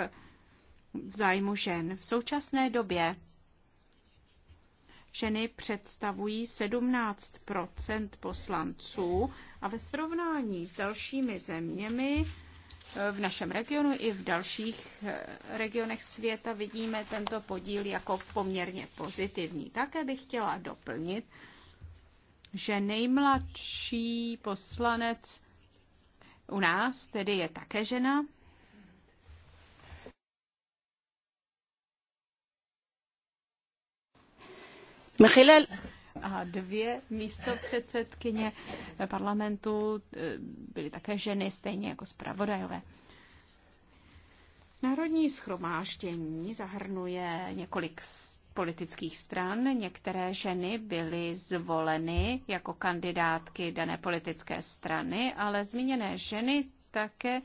v zájmu žen. V současné době ženy představují 17 poslanců a ve srovnání s dalšími zeměmi v našem regionu i v dalších eh, regionech světa vidíme tento podíl jako poměrně pozitivní. Také bych chtěla doplnit, že nejmladší poslanec u nás tedy je také žena a dvě místo předsedkyně parlamentu e, byly také ženy, stejně jako zpravodajové. Národní schromáždění zahrnuje několik politických stran. Některé ženy byly zvoleny jako kandidátky dané politické strany, ale zmíněné ženy také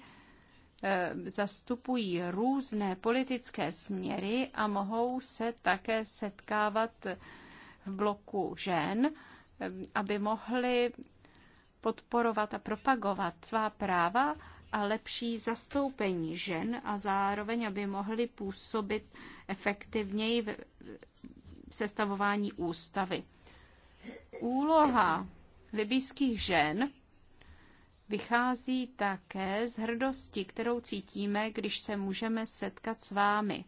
e, zastupují různé politické směry a mohou se také setkávat v bloku žen, aby mohly podporovat a propagovat svá práva a lepší zastoupení žen a zároveň, aby mohly působit efektivněji v sestavování ústavy. Úloha libijských žen vychází také z hrdosti, kterou cítíme, když se můžeme setkat s vámi.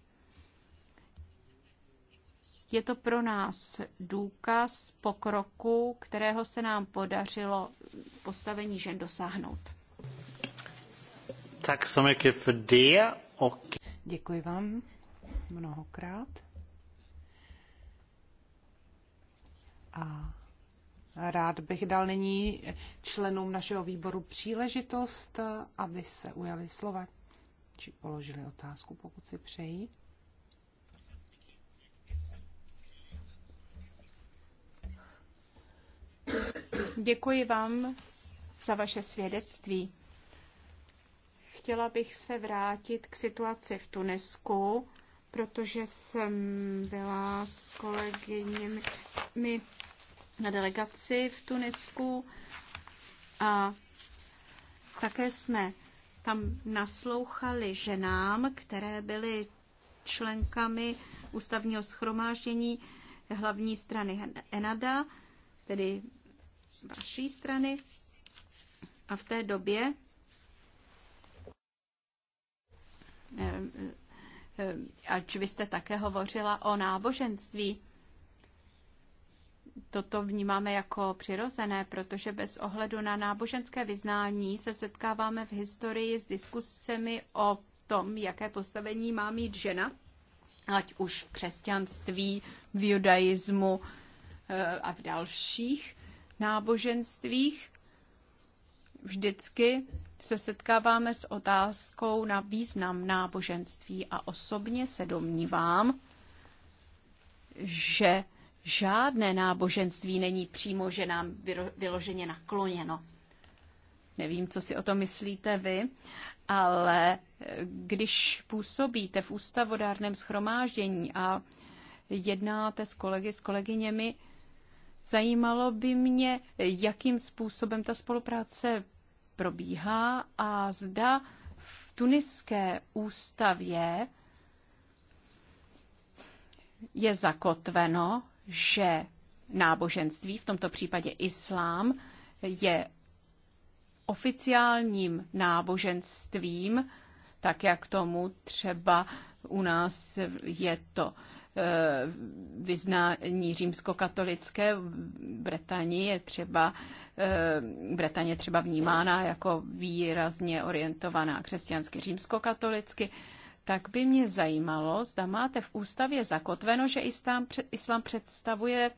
Je to pro nás důkaz pokroku, kterého se nám podařilo postavení žen dosáhnout. Tak så mycket för det. Och... Děkuji vám mnohokrát. A rád bych dal nyní členům našeho výboru příležitost, aby se ujali slova či položili otázku, pokud si přejí. Děkuji vám za vaše svědectví. Chtěla bych se vrátit k situaci v Tunisku, protože jsem byla s kolegyněmi na delegaci v Tunisku a také jsme tam naslouchali ženám, které byly členkami ústavního schromáždění hlavní strany Enada, tedy vaší strany a v té době eh, eh, ač vy jste také hovořila o náboženství, toto vnímáme jako přirozené, protože bez ohledu na náboženské vyznání se setkáváme v historii s diskusemi o tom, jaké postavení má mít žena, ať už v křesťanství, v judaismu eh, a v dalších náboženstvích, vždycky se setkáváme s otázkou na význam náboženství a osobně se domnívám, že žádné náboženství není přímo že nám vyloženě nakloněno. Nevím, co si o to myslíte vy, ale když působíte v ústavodárném schromáždění a jednáte s kolegy, s kolegyněmi, Zajímalo by mě, jakým způsobem ta spolupráce probíhá a zda v tuniské ústavě je zakotveno, že náboženství, v tomto případě islám, je oficiálním náboženstvím, tak jak tomu třeba u nás je to Eh, vyznání římskokatolické. Británii je třeba eh, Británie třeba vnímána jako výrazně orientovaná křesťansky římskokatolicky, tak by mě zajímalo, zda máte v ústavě zakotveno, že islám, islám představuje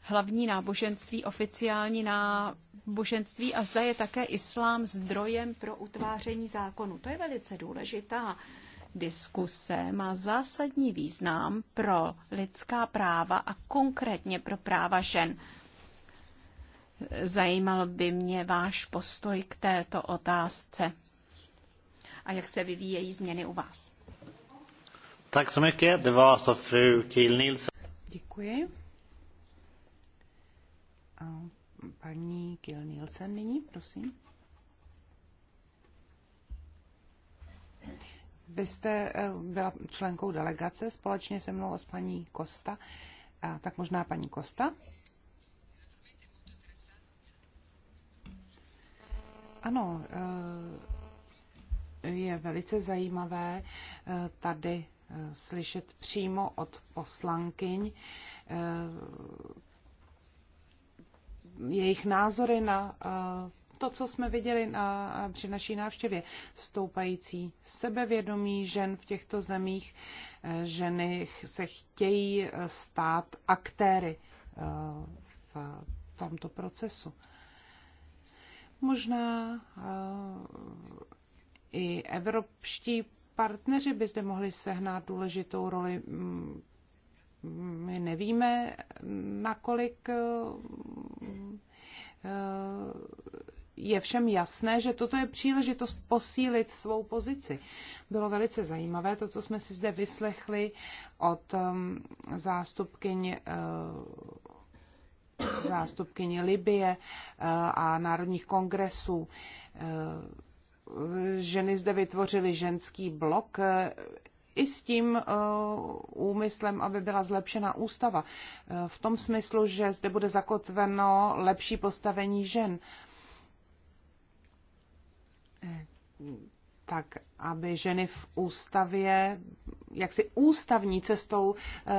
hlavní náboženství, oficiální náboženství a zda je také islám zdrojem pro utváření zákonu. To je velice důležitá diskuse má zásadní význam pro lidská práva a konkrétně pro práva žen. Zajímal by mě váš postoj k této otázce a jak se vyvíjejí změny u vás. Tak så Det var alltså fru Kiel Nielsen. Děkuji. A paní Kiel Nielsen nyní, prosím. Vy jste eh, byla členkou delegace společně se mnou a s paní Kosta, tak možná paní Kosta. Ano, eh, je velice zajímavé eh, tady slyšet přímo od poslankyň jejich názory na to, co jsme viděli na, při naší návštěvě, stoupající sebevědomí žen v těchto zemích. Eh, ženy se chtějí eh, stát aktéry eh, v tomto procesu. Možná i evropští partneři by zde mohli sehnat důležitou roli. My nevíme, nakolik je všem jasné, že toto je příležitost posílit svou pozici. Bylo velice zajímavé to, co jsme si zde vyslechli od um, zástupkyň uh, zástupkyně Libie uh, a národních kongresů. Uh, ženy zde vytvořily ženský blok i s tím úmyslem, aby byla zlepšena ústava. V tom smyslu, že zde bude zakotveno lepší postavení žen. Uh, tak aby ženy v ústavě, jak si ústavní cestou eh,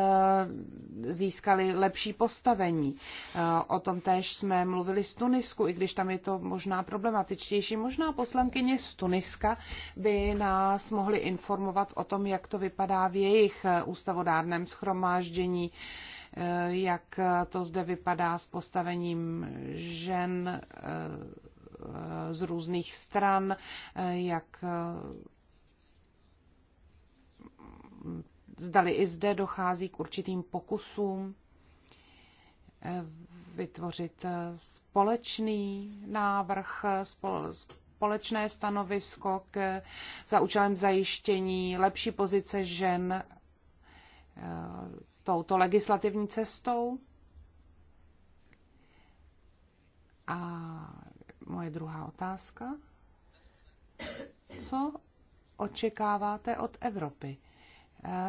získaly lepší postavení. Eh, o tom též jsme mluvili z Tunisku, i když tam je to možná problematičtější. Možná poslankyně z Tuniska by nás mohly informovat o tom, jak to vypadá v jejich eh, ústavodárném schromáždění jak to zde vypadá s postavením žen z různých stran, jak zdali i zde dochází k určitým pokusům eh, vytvořit eh, společný návrh, společné stanovisko k, za účelem zajištění lepší pozice žen eh, touto legislativní cestou. A moje druhá otázka. Co očekáváte od Evropy?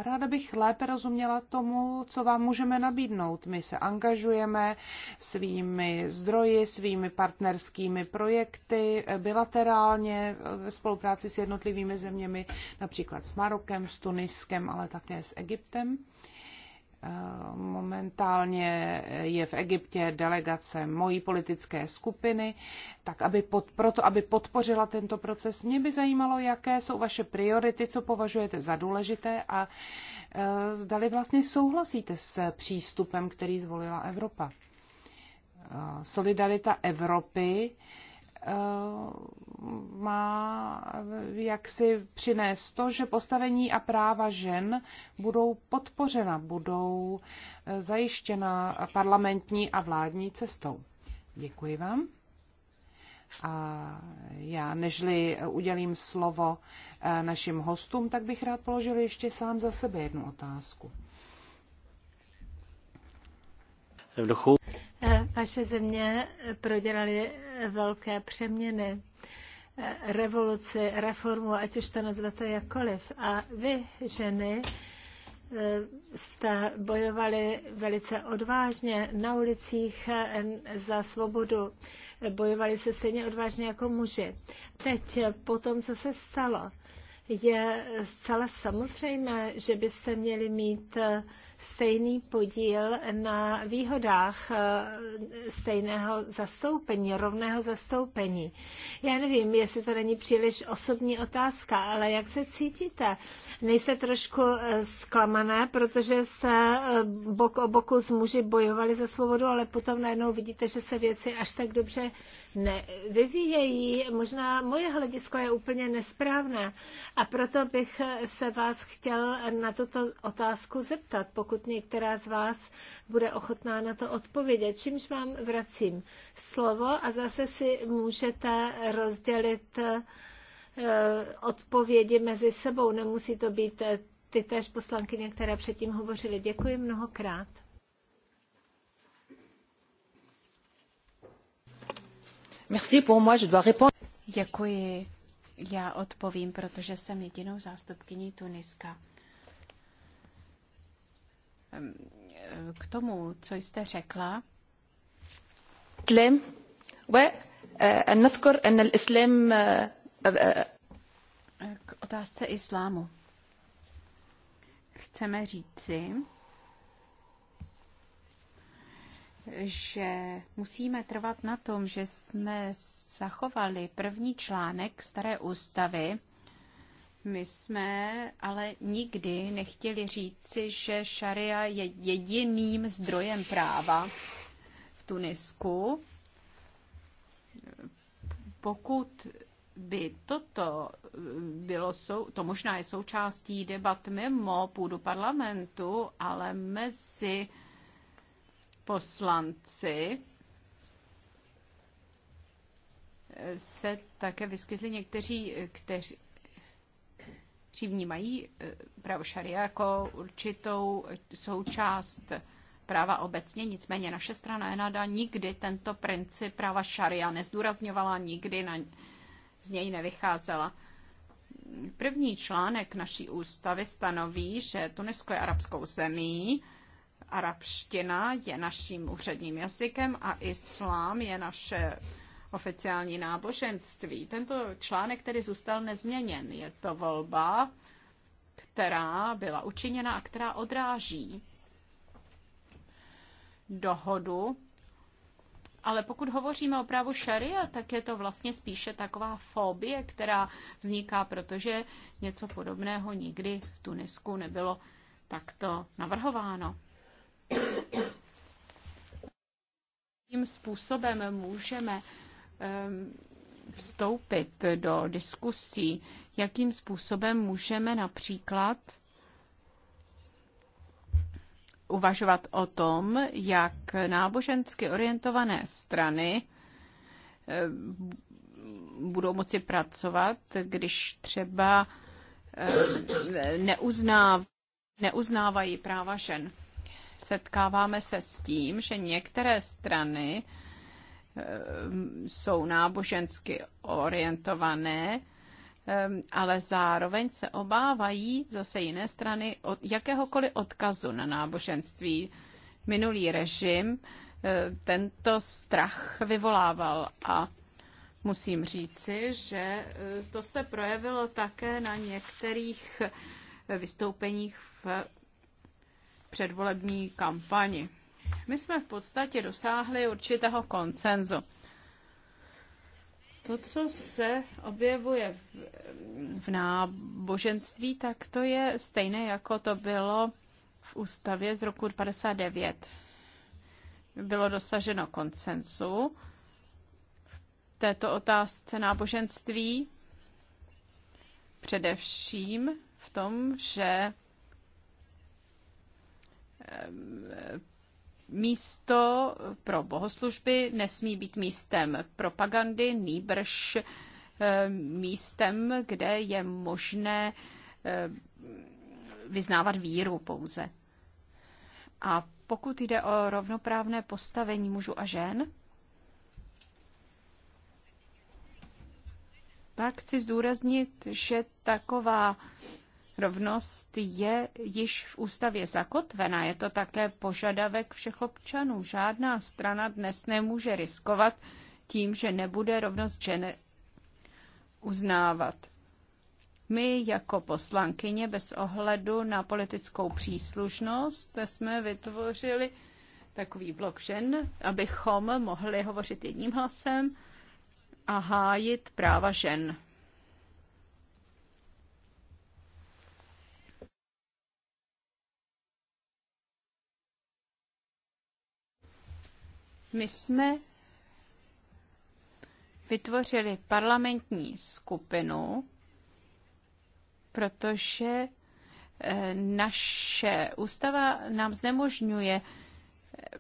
Ráda bych lépe rozuměla tomu, co vám můžeme nabídnout. My se angažujeme svými zdroji, svými partnerskými projekty, bilaterálně ve spolupráci s jednotlivými zeměmi, například s Marokem, s Tuniskem, ale také s Egyptem. Momentálně je v Egyptě delegace mojí politické skupiny, tak aby pod, proto, aby podpořila tento proces. Mě by zajímalo, jaké jsou vaše priority, co považujete za důležité a e, zdali vlastně souhlasíte s přístupem, který zvolila Evropa. E, solidarita Evropy Eh, má eh, jak si přinést to, že postavení a práva žen budou podpořena, budou eh, zajištěna parlamentní a vládní cestou. Děkuji vám. A já, nežli udělím slovo našim hostům, tak bych rád položil ještě sám za sebe jednu otázku. Vaše země prodělali velké přeměny, eh, revoluci, reformu, ať už to nazvete jakkoliv. A vy, ženy, eh, jste bojovali velice odvážně na ulicích eh, za svobodu. Bojovali se stejně odvážně jako muži. Teď po tom, co se stalo, je zcela samozřejmé, že byste měli mít eh, stejný podíl na výhodách eh, stejného zastoupení, rovného zastoupení. Já nevím, jestli to není příliš osobní otázka, ale jak se cítíte? Nejste trošku eh, zklamané, protože jste bok o boku s muži bojovali za svobodu, ale potom najednou vidíte, že se věci až tak dobře nevyvíjejí. Možná moje hledisko je úplně nesprávné a proto bych se vás chtěl na tuto otázku zeptat, pokud některá z vás bude ochotná na to odpovědět, čímž vám vracím slovo a zase si můžete rozdělit eh, odpovědi mezi sebou. Nemusí to být eh, ty též poslankyně, které předtím hovořily. Děkuji mnohokrát. Děkuji. Já odpovím, protože jsem jedinou zástupkyní Tuniska. Ehm, k tomu, co jste řekla. Euh, euh, euh, k otázce islámu. Chceme říci, že musíme trvat na tom, že jsme zachovali první článek staré ústavy. My jsme ale nikdy nechtěli říci, že šaria je jediným zdrojem práva v Tunisku. Pokud by toto bylo, to možná je součástí debat mimo půdu parlamentu, ale mezi poslanci se také vyskytli někteří, kteří, kteří vnímají eh, právo šaria jako určitou součást práva obecně, nicméně naše strana Enada nikdy tento princip práva šaria nezdůrazňovala, nikdy na, z něj nevycházela. První článek naší ústavy stanoví, že Tunisko je arabskou zemí, Arabština je naším úředním jazykem a islám je naše oficiální náboženství. Tento článek tedy zůstal nezměněn. Je to volba, která byla učiněna a která odráží dohodu. Ale pokud hovoříme o právu šaria, tak je to vlastně spíše taková fobie, která vzniká, protože něco podobného nikdy v Tunisku nebylo takto navrhováno. Jakým způsobem můžeme vstoupit do diskusí, jakým způsobem můžeme například uvažovat o tom, jak nábožensky orientované strany budou moci pracovat, když třeba neuznávají práva žen setkáváme se s tím, že některé strany eh, jsou nábožensky orientované, eh, ale zároveň se obávají zase jiné strany od jakéhokoliv odkazu na náboženství. Minulý režim eh, tento strach vyvolával a musím říci, že to se projevilo také na některých vystoupeních v předvolební kampani. My jsme v podstatě dosáhli určitého koncenzu. To, co se objevuje v, v náboženství, tak to je stejné, jako to bylo v ústavě z roku 59. Bylo dosaženo koncensu v této otázce náboženství, především v tom, že místo pro bohoslužby nesmí být místem propagandy, nýbrž místem, kde je možné vyznávat víru pouze. A pokud jde o rovnoprávné postavení mužů a žen, tak chci zdůraznit, že taková Rovnost je již v ústavě zakotvená, je to také požadavek všech občanů. Žádná strana dnes nemůže riskovat tím, že nebude rovnost ženy uznávat. My jako poslankyně bez ohledu na politickou příslušnost jsme vytvořili takový blok žen, abychom mohli hovořit jedním hlasem a hájit práva žen. My jsme vytvořili parlamentní skupinu, protože eh, naše ústava nám znemožňuje eh,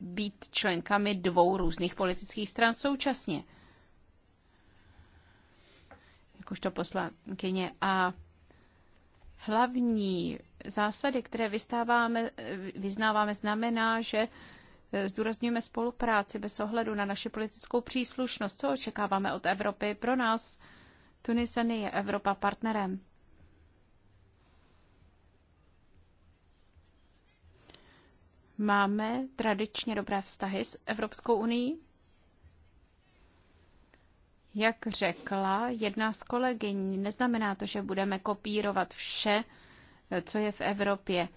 být členkami dvou různých politických stran současně. Jakožto poslankyně. A hlavní zásady, které eh, vyznáváme, znamená, že Eh, zdůrazňujeme spolupráci bez ohledu na naši politickou příslušnost. Co očekáváme od Evropy? Pro nás Tunisany je Evropa partnerem. Máme tradičně dobré vztahy s Evropskou unii, jak řekla jedna z kolegyň, neznamená to, že budeme kopírovat vše, eh, co je v Evropě,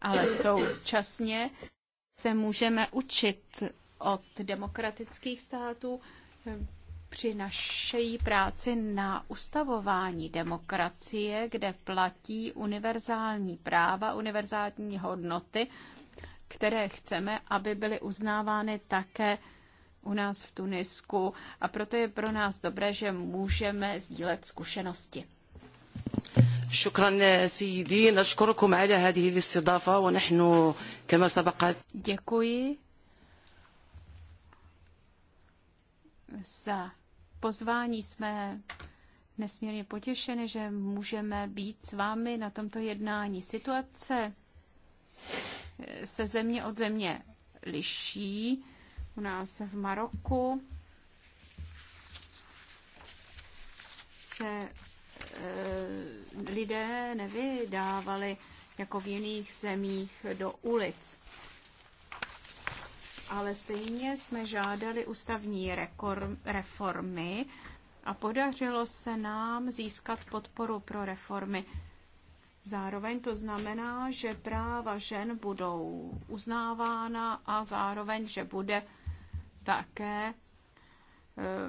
ale současně se můžeme učit od demokratických států při naší práci na ustavování demokracie, kde platí univerzální práva, univerzální hodnoty, které chceme, aby byly uznávány také u nás v Tunisku. A proto je pro nás dobré, že můžeme sdílet zkušenosti. شكرا سيدي نشكركم على هذه الاستضافة ونحن كما Děkuji za pozvání. Jsme nesmírně potěšeni, že můžeme být s vámi na tomto jednání. Situace eh, se země od země liší. U nás v Maroku se Eh, lidé nevydávali jako v jiných zemích do ulic. Ale stejně jsme žádali ústavní reformy a podařilo se nám získat podporu pro reformy. Zároveň to znamená, že práva žen budou uznávána a zároveň, že bude také Eh,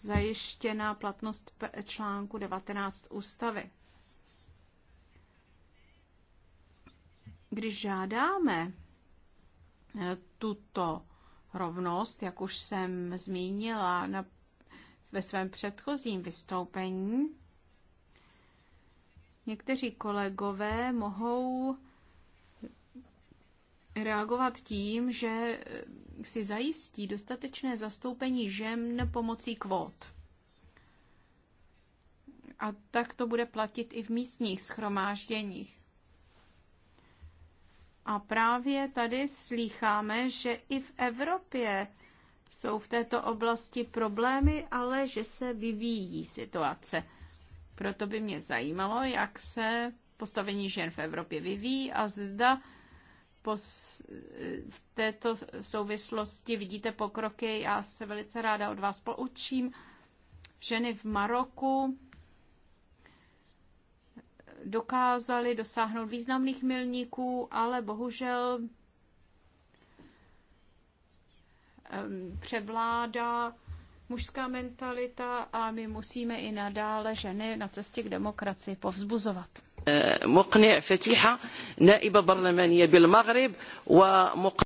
zajištěna platnost článku 19 ústavy. Když žádáme eh, tuto rovnost, jak už jsem zmínila na, ve svém předchozím vystoupení, někteří kolegové mohou reagovat tím, že eh, si zajistí dostatečné zastoupení žen pomocí kvót. A tak to bude platit i v místních schromážděních. A právě tady slýcháme, že i v Evropě jsou v této oblasti problémy, ale že se vyvíjí situace. Proto by mě zajímalo, jak se postavení žen v Evropě vyvíjí a zda v této souvislosti vidíte pokroky. Já se velice ráda od vás poučím. Ženy v Maroku dokázaly dosáhnout významných milníků, ale bohužel převládá mužská mentalita a my musíme i nadále ženy na cestě k demokracii povzbuzovat. مقنع فتيحة نائبة برلمانية بالمغرب ومق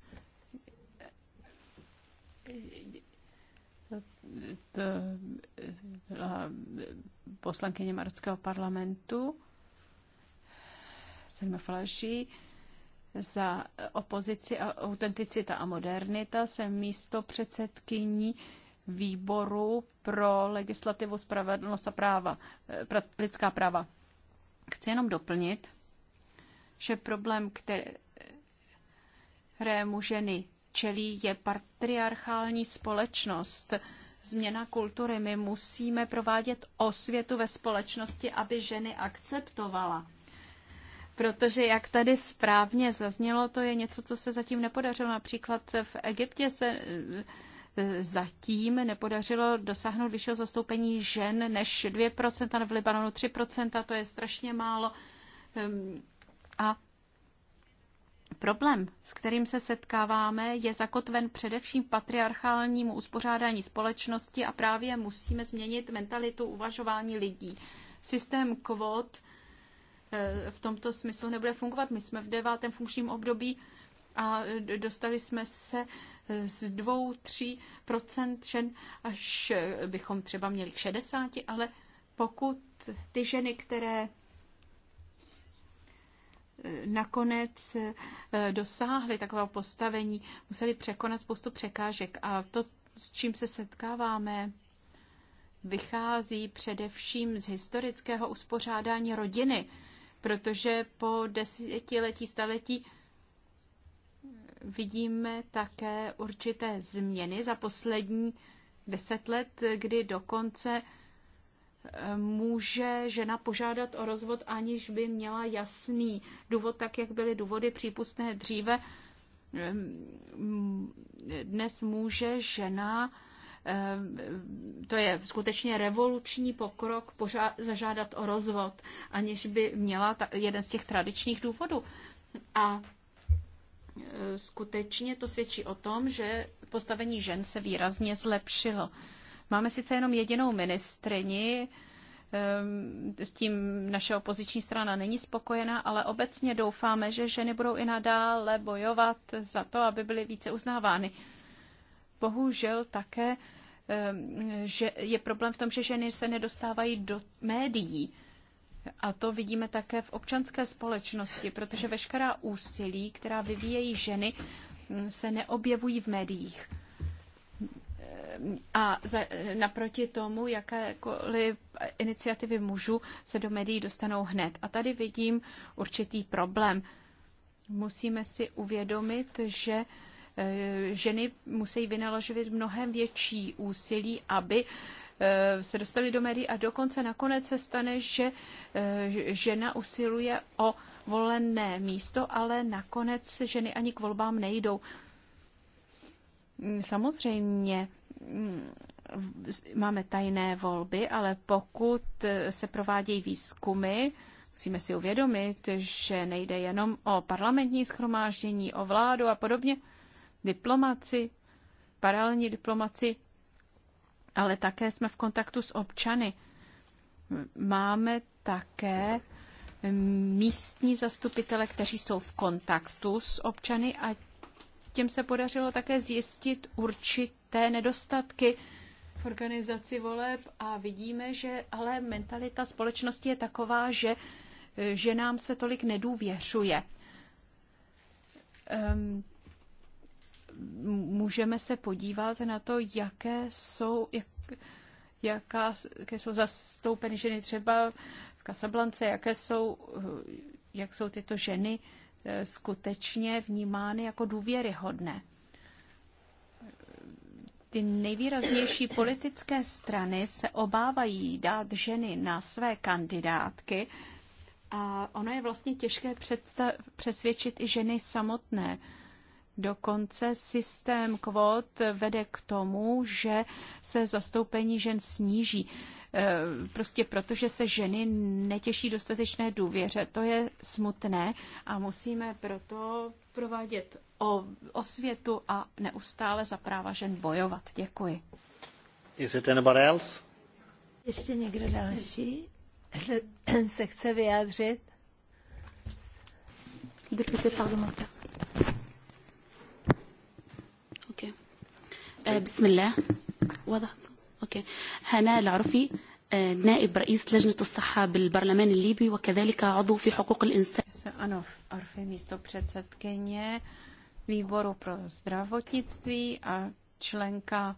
poslankyně Marockého parlamentu Selma Falaši za opozici a autenticita a modernita jsem místo předsedkyní výboru pro legislativu spravedlnost a práva, eh, lidská práva. Chci jenom doplnit, že problém, kterému ženy čelí, je patriarchální společnost. Změna kultury. My musíme provádět osvětu ve společnosti, aby ženy akceptovala. Protože, jak tady správně zaznělo, to je něco, co se zatím nepodařilo. Například v Egyptě se zatím nepodařilo dosáhnout vyššího zastoupení žen než 2%, nebo v Libanonu 3%, to je strašně málo. Ehm, a Problém, s kterým se setkáváme, je zakotven především patriarchálnímu uspořádání společnosti a právě musíme změnit mentalitu uvažování lidí. Systém kvot eh, v tomto smyslu nebude fungovat. My jsme v devátém funkčním období a dostali jsme se z dvou tří procent žen, až bychom třeba měli k 60, ale pokud ty ženy, které eh, nakonec eh, dosáhly takového postavení, museli překonat spoustu překážek a to, s čím se setkáváme, vychází především z historického uspořádání rodiny, protože po desetiletí, staletí vidíme také určité změny za poslední deset let, kdy dokonce eh, může žena požádat o rozvod, aniž by měla jasný důvod, tak jak byly důvody přípustné dříve. Ehm, dnes může žena, ehm, to je skutečně revoluční pokrok, zažádat o rozvod, aniž by měla jeden z těch tradičních důvodů. A skutečně to svědčí o tom, že postavení žen se výrazně zlepšilo. Máme sice jenom jedinou ministrini, s tím naše opoziční strana není spokojená, ale obecně doufáme, že ženy budou i nadále bojovat za to, aby byly více uznávány. Bohužel také že je problém v tom, že ženy se nedostávají do médií. A to vidíme také v občanské společnosti, protože veškerá úsilí, která vyvíjejí ženy, mm, se neobjevují v médiích. Ehm, a za, e, naproti tomu, jakékoliv iniciativy mužů se do médií dostanou hned. A tady vidím určitý problém. Musíme si uvědomit, že e, ženy musí vynaložit mnohem větší úsilí, aby Eh, se dostali do médií a dokonce nakonec se stane, že eh, žena usiluje o volené místo, ale nakonec ženy ani k volbám nejdou. Mm, samozřejmě mm, máme tajné volby, ale pokud eh, se provádějí výzkumy, musíme si uvědomit, že nejde jenom o parlamentní schromáždění, o vládu a podobně, diplomaci, paralelní diplomaci, ale také jsme v kontaktu s občany. Máme také místní zastupitele, kteří jsou v kontaktu s občany a těm se podařilo také zjistit určité nedostatky v organizaci voleb a vidíme, že ale mentalita společnosti je taková, že, že nám se tolik nedůvěřuje. Um, můžeme se podívat na to, jaké jsou, jak, jaká, jaké jsou zastoupeny ženy třeba v Kasablance, jaké jsou, jak jsou tyto ženy eh, skutečně vnímány jako důvěryhodné. Ty nejvýraznější politické strany se obávají dát ženy na své kandidátky a ono je vlastně těžké přesvědčit i ženy samotné Dokonce systém kvót vede k tomu, že se zastoupení žen sníží. E, prostě proto, že se ženy netěší dostatečné důvěře. To je smutné a musíme proto provádět o osvětu a neustále za práva žen bojovat. Děkuji. Is it anybody else? Ještě někdo další se, chce vyjádřit? Deputé parlamentaire. بسم الله واضح اوكي هناء العرفي نائب رئيس لجنة الصحة بالبرلمان الليبي وكذلك عضو في حقوق الإنسان أنا عرفي místo předsedkyně výboru pro zdravotnictví a členka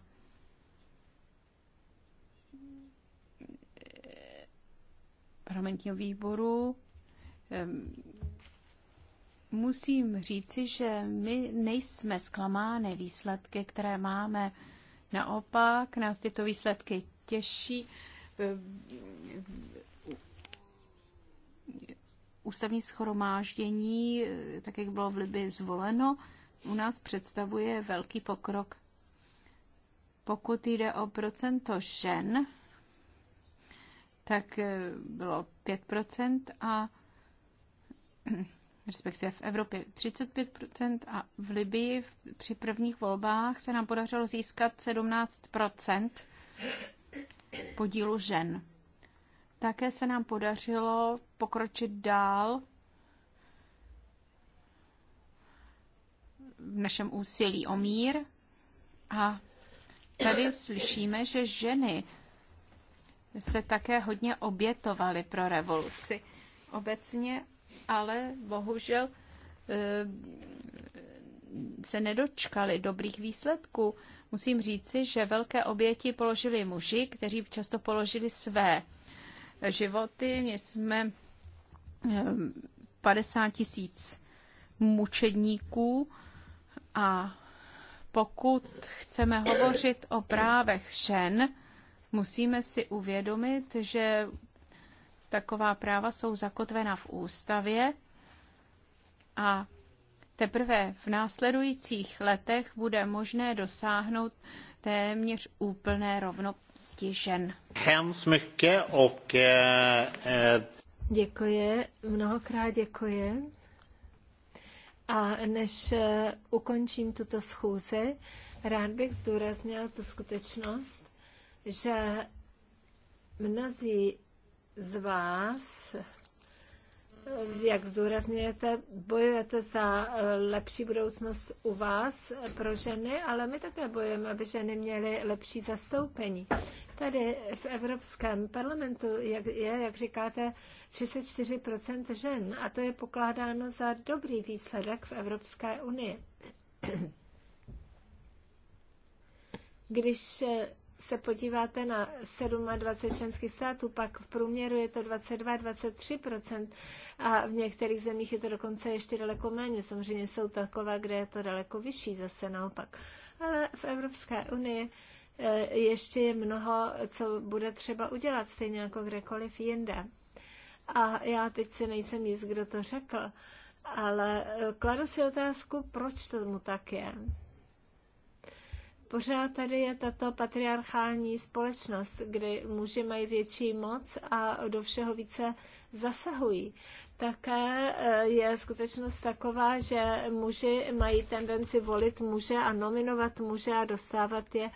parlamentního výboru musím říci, že my nejsme zklamány výsledky, které máme. Naopak nás tyto výsledky těší. Ústavní schromáždění, tak jak bylo v Libii zvoleno, u nás představuje velký pokrok. Pokud jde o procento žen, tak bylo 5% a respektive v Evropě 35% a v Libii při prvních volbách se nám podařilo získat 17% podílu žen. Také se nám podařilo pokročit dál v našem úsilí o mír a tady slyšíme, že ženy se také hodně obětovaly pro revoluci. Obecně ale bohužel eh, se nedočkali dobrých výsledků. Musím říci, že velké oběti položili muži, kteří často položili své životy. My jsme 50 eh, tisíc mučedníků a pokud chceme hovořit o právech žen, musíme si uvědomit, že Taková práva jsou zakotvena v ústavě a teprve v následujících letech bude možné dosáhnout téměř úplné rovnosti žen. Eh, děkuji, mnohokrát děkuji. A než eh, ukončím tuto schůzi, rád bych zdůraznil tu skutečnost, že mnozí z vás, jak zdůrazňujete, bojujete za eh, lepší budoucnost u vás eh, pro ženy, ale my také bojujeme, aby ženy měly lepší zastoupení. Tady v Evropském parlamentu je, jak říkáte, 34% žen a to je pokládáno za dobrý výsledek v Evropské unii. Když eh, se podíváte na 27 členských států, pak v průměru je to 22-23 a v některých zemích je to dokonce ještě daleko méně. Samozřejmě jsou taková kde je to daleko vyšší zase naopak. Ale v Evropské unii eh, ještě je mnoho, co bude třeba udělat, stejně jako kdekoliv jinde. A já teď si nejsem jist, kdo to řekl, ale eh, kladu si otázku, proč tomu tak je. Pořád tady je tato patriarchální společnost, kdy muži mají větší moc a do všeho více zasahují. Také eh, je skutečnost taková, že muži mají tendenci volit muže a nominovat muže a dostávat je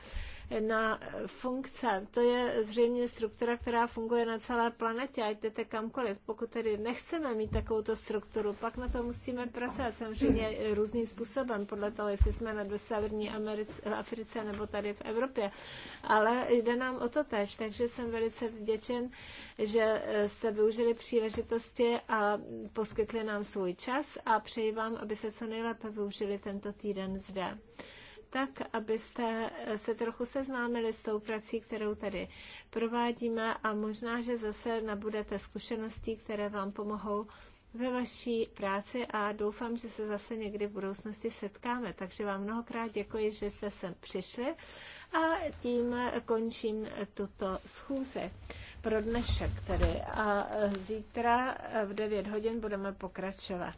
na funkce. To je zřejmě struktura, která funguje na celé planetě, ať jdete kamkoliv. Pokud tedy nechceme mít takovouto strukturu, pak na to musíme pracovat samozřejmě různým způsobem, podle toho, jestli jsme na Severní Americe, Africe nebo tady v Evropě. Ale jde nám o to tež, takže jsem velice vděčen, že eh, jste využili příležitosti a poskytli nám svůj čas a přeji vám, aby se co nejlépe využili tento týden zde tak, abyste se trochu seznámili s tou prací, kterou tady provádíme a možná, že zase nabudete zkušeností, které vám pomohou ve vaší práci a doufám, že se zase někdy v budoucnosti setkáme. Takže vám mnohokrát děkuji, že jste sem přišli a tím končím tuto schůzi pro dnešek tedy. A zítra v 9 hodin budeme pokračovat.